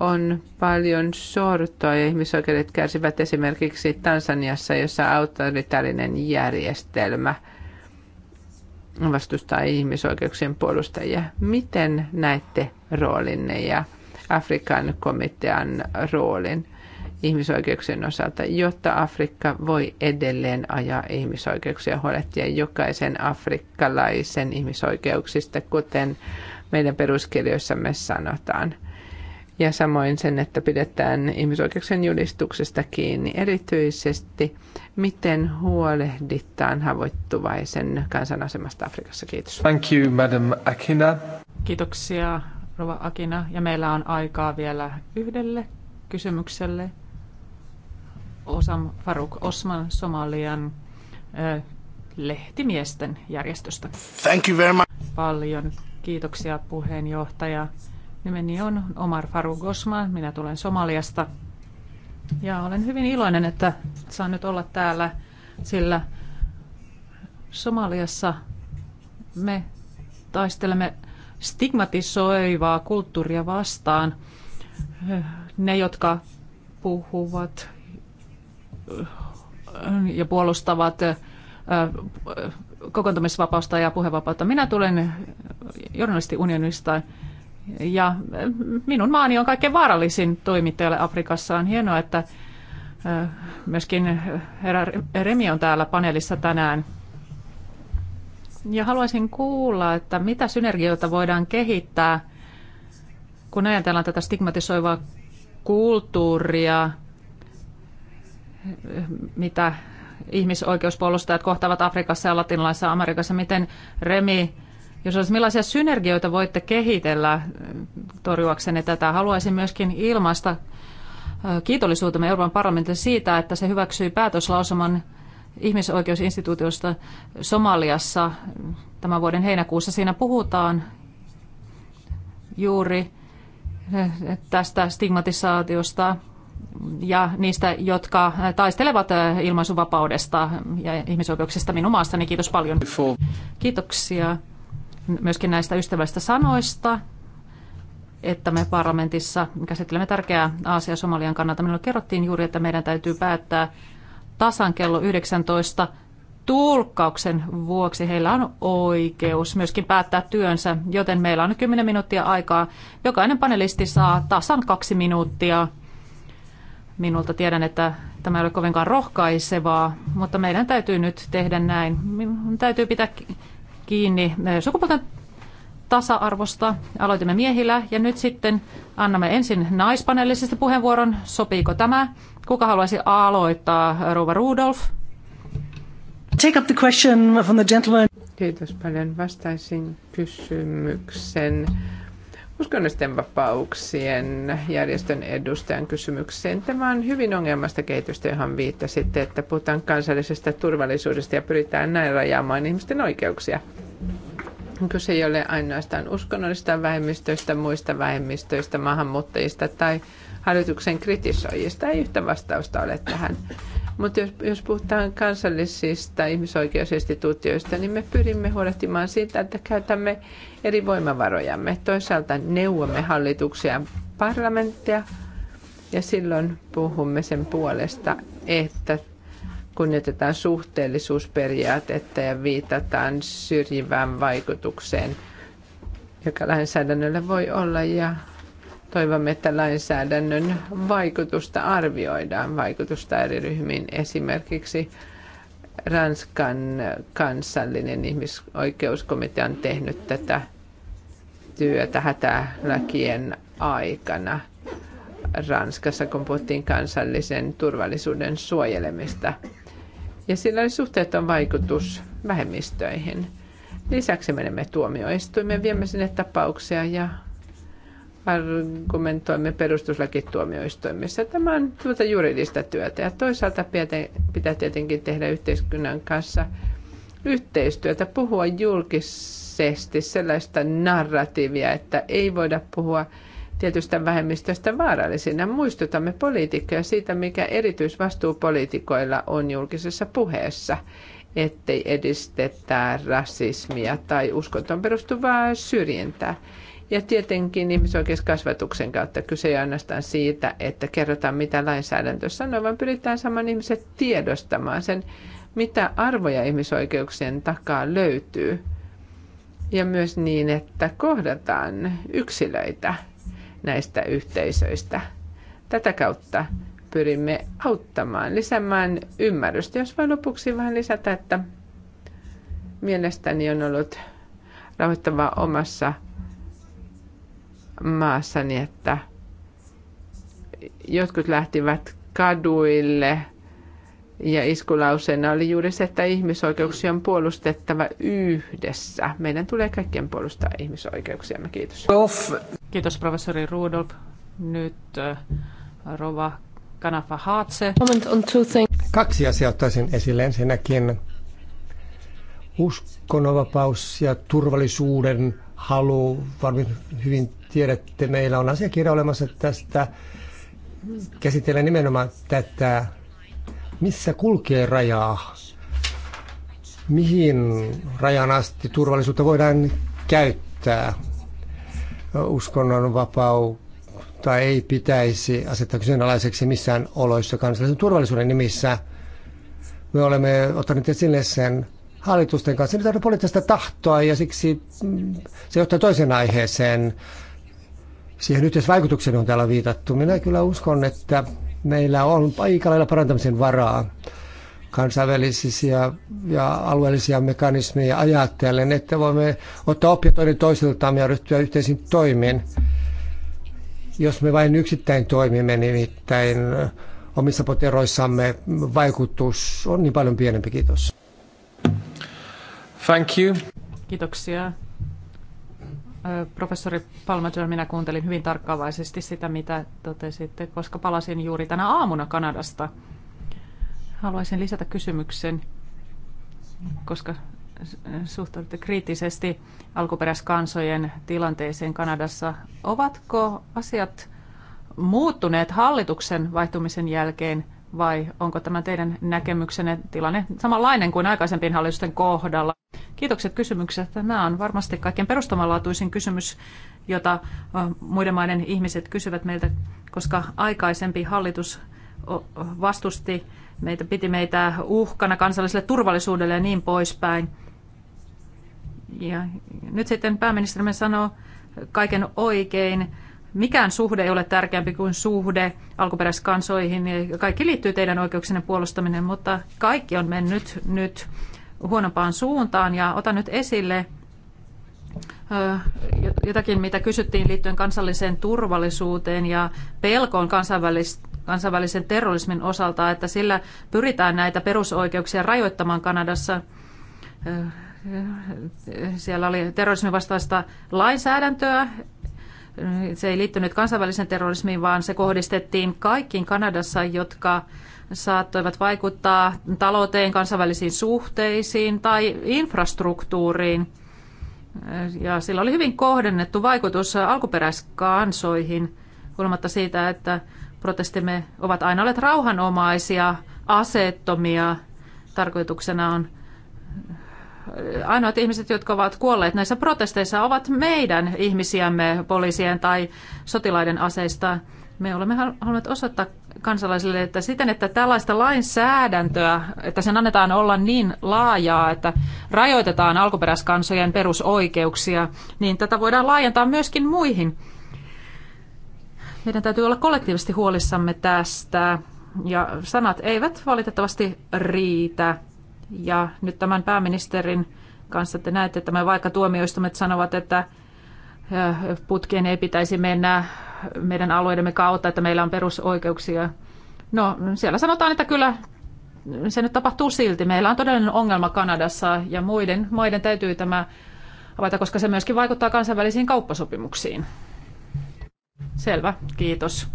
on paljon sortoa ja ihmisoikeudet kärsivät esimerkiksi Tansaniassa, jossa autoritaarinen järjestelmä vastustaa ihmisoikeuksien puolustajia. Miten näette roolinne ja Afrikan komitean roolin ihmisoikeuksien osalta, jotta Afrikka voi edelleen ajaa ihmisoikeuksia huolehtia jokaisen afrikkalaisen ihmisoikeuksista, kuten meidän peruskirjoissamme sanotaan – ja samoin sen, että pidetään ihmisoikeuksien julistuksesta kiinni. Erityisesti, miten huolehditaan havoittuvaisen kansan asemasta Afrikassa. Kiitos. Thank you, Madam Akina. Kiitoksia, Rova Akina. Ja meillä on aikaa vielä yhdelle kysymykselle. Osam Faruk Osman Somalian lehtimiesten järjestöstä. Thank you very much. Paljon kiitoksia puheenjohtaja. Nimeni on Omar Faru Gosma, minä tulen Somaliasta. Ja olen hyvin iloinen, että saan nyt olla täällä, sillä Somaliassa me taistelemme stigmatisoivaa kulttuuria vastaan. Ne, jotka puhuvat ja puolustavat kokoontumisvapausta ja puhevapautta. Minä tulen journalistiunionista ja äh, minun maani on kaikkein vaarallisin toimittajalle Afrikassa. On hienoa, että äh, myöskin herra Remi on täällä paneelissa tänään. Ja haluaisin kuulla, että mitä synergioita voidaan kehittää, kun ajatellaan tätä stigmatisoivaa kulttuuria, mitä ihmisoikeuspuolustajat kohtaavat Afrikassa ja latinalaisessa Amerikassa, miten Remi jos olisi millaisia synergioita voitte kehitellä äh, torjuaksenne tätä, haluaisin myöskin ilmaista äh, kiitollisuutemme Euroopan parlamentille siitä, että se hyväksyi päätöslausuman ihmisoikeusinstituutiosta Somaliassa tämän vuoden heinäkuussa. Siinä puhutaan juuri äh, tästä stigmatisaatiosta ja niistä, jotka taistelevat ilmaisuvapaudesta ja ihmisoikeuksista minun maassani. Kiitos paljon. Kiitoksia myöskin näistä ystävällisistä sanoista, että me parlamentissa käsittelemme tärkeää Aasia Somalian kannalta. Minulle kerrottiin juuri, että meidän täytyy päättää tasan kello 19 tulkkauksen vuoksi heillä on oikeus myöskin päättää työnsä, joten meillä on 10 minuuttia aikaa. Jokainen panelisti saa tasan kaksi minuuttia. Minulta tiedän, että tämä ei ole kovinkaan rohkaisevaa, mutta meidän täytyy nyt tehdä näin. Minun täytyy pitää kiinni sukupuolten tasa-arvosta. Aloitimme miehillä ja nyt sitten annamme ensin naispaneelisesti puheenvuoron. Sopiiko tämä? Kuka haluaisi aloittaa? Rouva Rudolf? Take up the question from the gentleman. Kiitos paljon. Vastaisin kysymyksen uskonnollisten vapauksien järjestön edustajan kysymykseen. Tämä on hyvin ongelmasta kehitystä, johon viittasitte, että puhutaan kansallisesta turvallisuudesta ja pyritään näin rajaamaan ihmisten oikeuksia. Kyse ei ole ainoastaan uskonnollisista vähemmistöistä, muista vähemmistöistä, maahanmuuttajista tai hallituksen kritisoijista. Ei yhtä vastausta ole tähän. Mutta jos, jos puhutaan kansallisista ihmisoikeusinstituutioista, niin me pyrimme huolehtimaan siitä, että käytämme eri voimavarojamme. Toisaalta neuvomme hallituksia parlamenttia ja silloin puhumme sen puolesta, että kunnioitetaan suhteellisuusperiaatetta ja viitataan syrjivään vaikutukseen, joka lainsäädännöllä voi olla ja Toivomme, että lainsäädännön vaikutusta arvioidaan, vaikutusta eri ryhmiin, esimerkiksi Ranskan kansallinen ihmisoikeuskomitea on tehnyt tätä työtä hätälakien aikana Ranskassa, kun puhuttiin kansallisen turvallisuuden suojelemista. Ja sillä oli suhteeton vaikutus vähemmistöihin. Lisäksi menemme tuomioistuimeen, viemme sinne tapauksia ja argumentoimme perustuslakituomioistuimessa. Tämä on tuota juridista työtä ja toisaalta pitää tietenkin tehdä yhteiskunnan kanssa yhteistyötä, puhua julkisesti sellaista narratiivia, että ei voida puhua tietystä vähemmistöstä vaarallisina. Muistutamme poliitikkoja siitä, mikä erityisvastuu poliitikoilla on julkisessa puheessa, ettei edistetä rasismia tai uskontoon perustuvaa syrjintää. Ja tietenkin ihmisoikeuskasvatuksen kautta kyse ei ainoastaan siitä, että kerrotaan mitä lainsäädäntö sanoo, vaan pyritään saman ihmiset tiedostamaan sen, mitä arvoja ihmisoikeuksien takaa löytyy. Ja myös niin, että kohdataan yksilöitä näistä yhteisöistä. Tätä kautta pyrimme auttamaan, lisäämään ymmärrystä. Jos voi lopuksi vähän lisätä, että mielestäni on ollut rauhoittavaa omassa maassani, että jotkut lähtivät kaduille ja iskulauseena oli juuri se, että ihmisoikeuksia on puolustettava yhdessä. Meidän tulee kaikkien puolustaa ihmisoikeuksia. Kiitos. Kiitos professori Rudolf. Nyt äh, Rova Kanafa Haatse. Kaksi asiaa ottaisin esille. Ensinnäkin uskonnonvapaus ja turvallisuuden halu varmasti hyvin tiedätte, meillä on asiakirja olemassa tästä. Käsitellään nimenomaan tätä, missä kulkee rajaa, mihin rajan asti turvallisuutta voidaan käyttää. Uskonnon vapau tai ei pitäisi asettaa kyseenalaiseksi missään oloissa kansallisen turvallisuuden nimissä. Me olemme ottaneet esille sen hallitusten kanssa. Nyt on poliittista tahtoa ja siksi se johtaa toisen aiheeseen siihen yhteisvaikutukseen on täällä viitattu. Minä kyllä uskon, että meillä on aika lailla parantamisen varaa kansainvälisiä ja alueellisia mekanismeja ajatellen, että voimme ottaa oppia toinen toisiltaan ja ryhtyä yhteisiin toimiin. Jos me vain yksittäin toimimme, nimittäin omissa poteroissamme vaikutus on niin paljon pienempi. Kiitos. Thank you. Kiitoksia. Professori Palmager, minä kuuntelin hyvin tarkkaavaisesti sitä, mitä totesitte, koska palasin juuri tänä aamuna Kanadasta. Haluaisin lisätä kysymyksen, koska suhtaudutte kriittisesti alkuperäiskansojen tilanteeseen Kanadassa. Ovatko asiat muuttuneet hallituksen vaihtumisen jälkeen? vai onko tämä teidän näkemyksenne tilanne samanlainen kuin aikaisempien hallitusten kohdalla? Kiitokset kysymyksestä. Tämä on varmasti kaikkein perustavanlaatuisin kysymys, jota muiden maiden ihmiset kysyvät meiltä, koska aikaisempi hallitus vastusti meitä, piti meitä uhkana kansalliselle turvallisuudelle ja niin poispäin. Ja nyt sitten pääministerimme sanoo kaiken oikein mikään suhde ei ole tärkeämpi kuin suhde alkuperäiskansoihin. Kaikki liittyy teidän oikeuksien puolustaminen, mutta kaikki on mennyt nyt huonompaan suuntaan. Ja otan nyt esille jotakin, mitä kysyttiin liittyen kansalliseen turvallisuuteen ja pelkoon kansainvälisen terrorismin osalta, että sillä pyritään näitä perusoikeuksia rajoittamaan Kanadassa siellä oli terrorismin vastaista lainsäädäntöä se ei liittynyt kansainväliseen terrorismiin, vaan se kohdistettiin kaikkiin Kanadassa, jotka saattoivat vaikuttaa talouteen, kansainvälisiin suhteisiin tai infrastruktuuriin. Ja sillä oli hyvin kohdennettu vaikutus alkuperäiskansoihin, huolimatta siitä, että protestimme ovat aina olleet rauhanomaisia, aseettomia. Tarkoituksena on ainoat ihmiset, jotka ovat kuolleet näissä protesteissa, ovat meidän ihmisiämme poliisien tai sotilaiden aseista. Me olemme halunneet osoittaa kansalaisille, että siten, että tällaista lainsäädäntöä, että sen annetaan olla niin laajaa, että rajoitetaan alkuperäiskansojen perusoikeuksia, niin tätä voidaan laajentaa myöskin muihin. Meidän täytyy olla kollektiivisesti huolissamme tästä, ja sanat eivät valitettavasti riitä ja nyt tämän pääministerin kanssa te näette, että me vaikka tuomioistumet sanovat, että putkien ei pitäisi mennä meidän alueidemme kautta, että meillä on perusoikeuksia. No siellä sanotaan, että kyllä se nyt tapahtuu silti. Meillä on todellinen ongelma Kanadassa ja muiden maiden täytyy tämä avata, koska se myöskin vaikuttaa kansainvälisiin kauppasopimuksiin. Selvä, kiitos.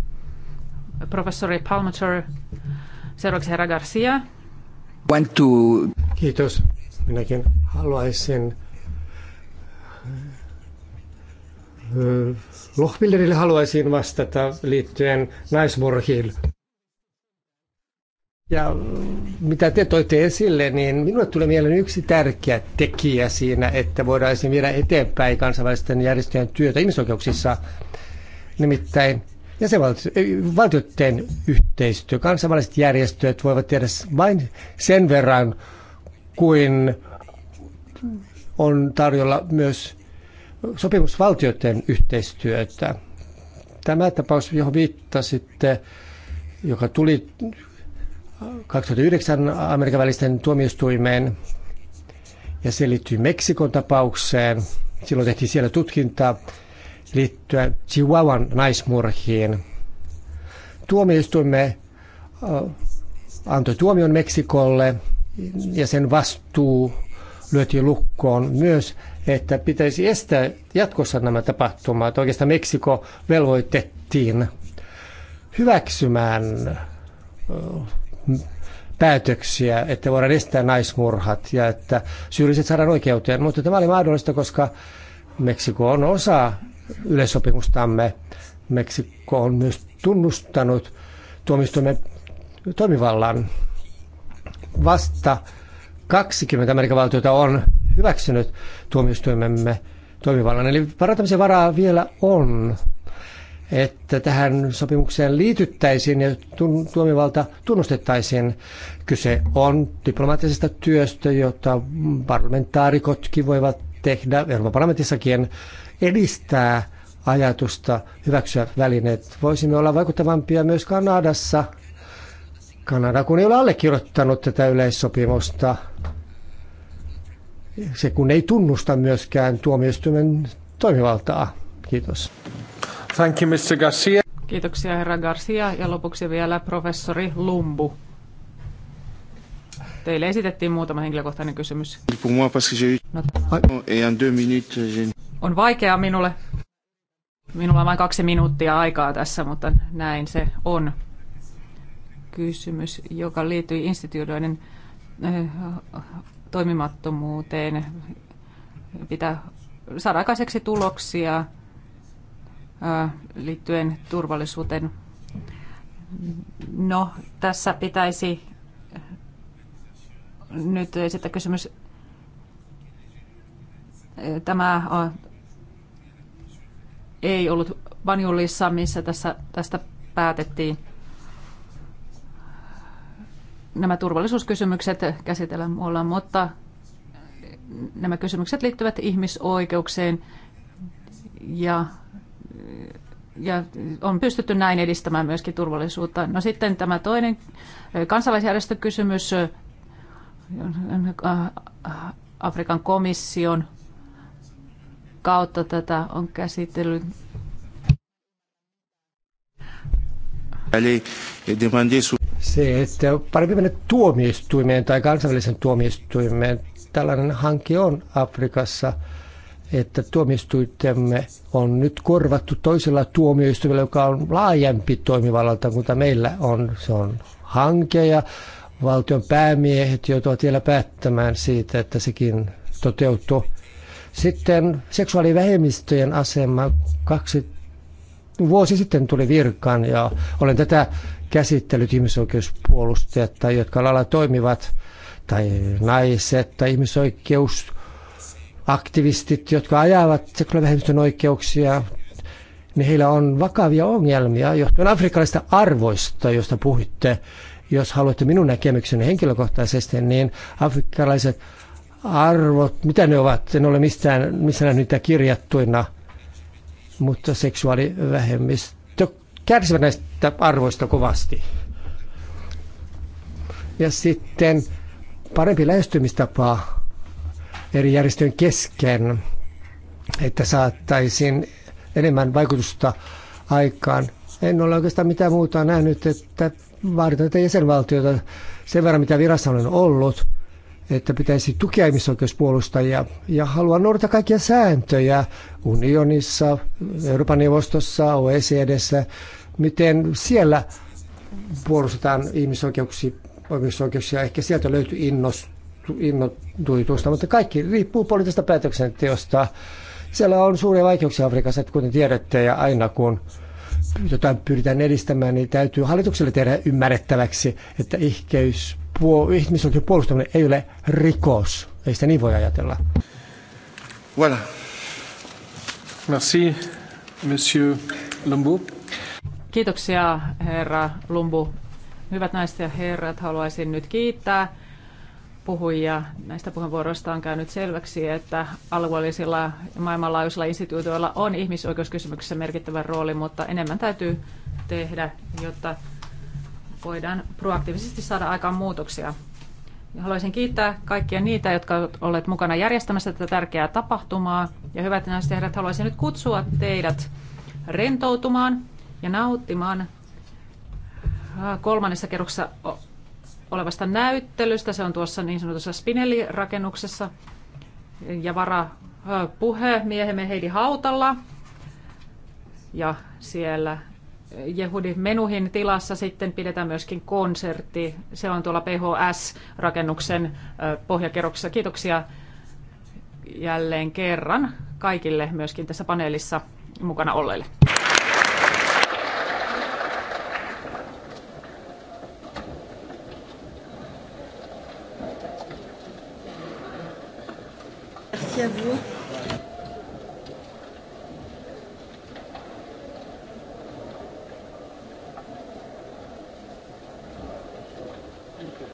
Professori Palmature, seuraavaksi herra Garcia want to... Kiitos. Minäkin haluaisin eh, Lohpillerille haluaisin vastata liittyen naismurhiin. Ja mitä te toitte esille, niin minulle tulee mieleen yksi tärkeä tekijä siinä, että voidaan viedä eteenpäin kansainvälisten järjestöjen työtä ihmisoikeuksissa. Nimittäin jäsenvaltioiden yhteistyö. Kansainväliset järjestöt voivat tehdä vain sen verran, kuin on tarjolla myös sopimusvaltioiden yhteistyötä. Tämä tapaus, johon viittasitte, joka tuli 2009 Amerikan välisten tuomioistuimeen ja se liittyy Meksikon tapaukseen. Silloin tehtiin siellä tutkintaa liittyä Chihuahuan naismurhiin. Tuomioistuimme antoi tuomion Meksikolle ja sen vastuu lyötiin lukkoon myös, että pitäisi estää jatkossa nämä tapahtumat. Oikeastaan Meksiko velvoitettiin hyväksymään päätöksiä, että voidaan estää naismurhat ja että syylliset saadaan oikeuteen. Mutta tämä oli mahdollista, koska Meksiko on osa yleissopimustamme. Meksikko on myös tunnustanut tuomistuimen toimivallan. Vasta 20 Amerikan valtiota on hyväksynyt tuomioistuimemme toimivallan. Eli parantamisen varaa vielä on, että tähän sopimukseen liityttäisiin ja tuomivalta tunnustettaisiin. Kyse on diplomaattisesta työstä, jota parlamentaarikotkin voivat tehdä. Euroopan parlamentissakin edistää ajatusta hyväksyä välineet. Voisimme olla vaikuttavampia myös Kanadassa. Kanada kun ei ole allekirjoittanut tätä yleissopimusta. Se kun ei tunnusta myöskään tuomioistuimen toimivaltaa. Kiitos. Thank you, Mr. Garcia. Kiitoksia herra Garcia ja lopuksi vielä professori Lumbu. Teille esitettiin muutama henkilökohtainen kysymys. No, on vaikeaa minulle. Minulla on vain kaksi minuuttia aikaa tässä, mutta näin se on. Kysymys, joka liittyy instituutioiden eh, toimimattomuuteen. Pitää saada aikaiseksi tuloksia eh, liittyen turvallisuuteen. No, tässä pitäisi nyt sitten kysymys. Tämä on, ei ollut Banjulissa, missä tässä, tästä päätettiin. Nämä turvallisuuskysymykset käsitellään muualla, mutta nämä kysymykset liittyvät ihmisoikeuksiin ja, ja on pystytty näin edistämään myöskin turvallisuutta. No sitten tämä toinen kansalaisjärjestökysymys, Afrikan komission kautta tätä on käsitellyt. Se, että parempi mennä tuomioistuimeen tai kansainvälisen tuomioistuimeen. Tällainen hanke on Afrikassa, että tuomioistuitemme on nyt korvattu toisella tuomioistuimella, joka on laajempi toimivallalta kuin meillä on. Se on hanke ja valtion päämiehet joutuvat vielä päättämään siitä, että sekin toteutuu. Sitten seksuaalivähemmistöjen asema kaksi vuosi sitten tuli virkaan ja olen tätä käsittelyt ihmisoikeuspuolustajat tai jotka lailla toimivat tai naiset tai ihmisoikeusaktivistit, jotka ajavat seksuaalivähemmistön oikeuksia, niin heillä on vakavia ongelmia johtuen afrikkalaisista arvoista, joista puhuitte, jos haluatte minun näkemykseni henkilökohtaisesti, niin afrikkalaiset arvot, mitä ne ovat, en ole mistään, missään niitä kirjattuina, mutta seksuaalivähemmistö kärsivät näistä arvoista kovasti. Ja sitten parempi lähestymistapa eri järjestöjen kesken, että saattaisin enemmän vaikutusta aikaan. En ole oikeastaan mitään muuta nähnyt, että vaaditaan tätä jäsenvaltiota sen verran, mitä virassa olen ollut, että pitäisi tukea ihmisoikeuspuolustajia. Ja haluan noudata kaikkia sääntöjä unionissa, Euroopan neuvostossa, OECDssä, miten siellä puolustetaan ihmisoikeuksia, ihmisoikeuksia. ehkä sieltä löytyy innostuituista, mutta kaikki riippuu poliittisesta päätöksenteosta. Siellä on suuria vaikeuksia Afrikassa, kuten tiedätte, ja aina kun jota pyritään edistämään, niin täytyy hallitukselle tehdä ymmärrettäväksi, että ihkeys, puol- ihmisoikeuksien puolustaminen ei ole rikos. Ei sitä niin voi ajatella. Voilà. Merci, monsieur Lumbu. Kiitoksia, herra Lumbu. Hyvät naiset ja herrat, haluaisin nyt kiittää ja näistä puheenvuoroista on käynyt selväksi, että alueellisilla ja maailmanlaajuisilla instituutioilla on ihmisoikeuskysymyksissä merkittävä rooli, mutta enemmän täytyy tehdä, jotta voidaan proaktiivisesti saada aikaan muutoksia. Haluaisin kiittää kaikkia niitä, jotka olet mukana järjestämässä tätä tärkeää tapahtumaa. Ja hyvät naiset ja herrat, haluaisin nyt kutsua teidät rentoutumaan ja nauttimaan kolmannessa kerroksessa olevasta näyttelystä. Se on tuossa niin sanotussa Spinelli-rakennuksessa ja vara puhemiehemme Heidi Hautalla. Ja siellä Jehudi Menuhin tilassa sitten pidetään myöskin konsertti. Se on tuolla PHS-rakennuksen pohjakerroksessa. Kiitoksia jälleen kerran kaikille myöskin tässä paneelissa mukana olleille. merci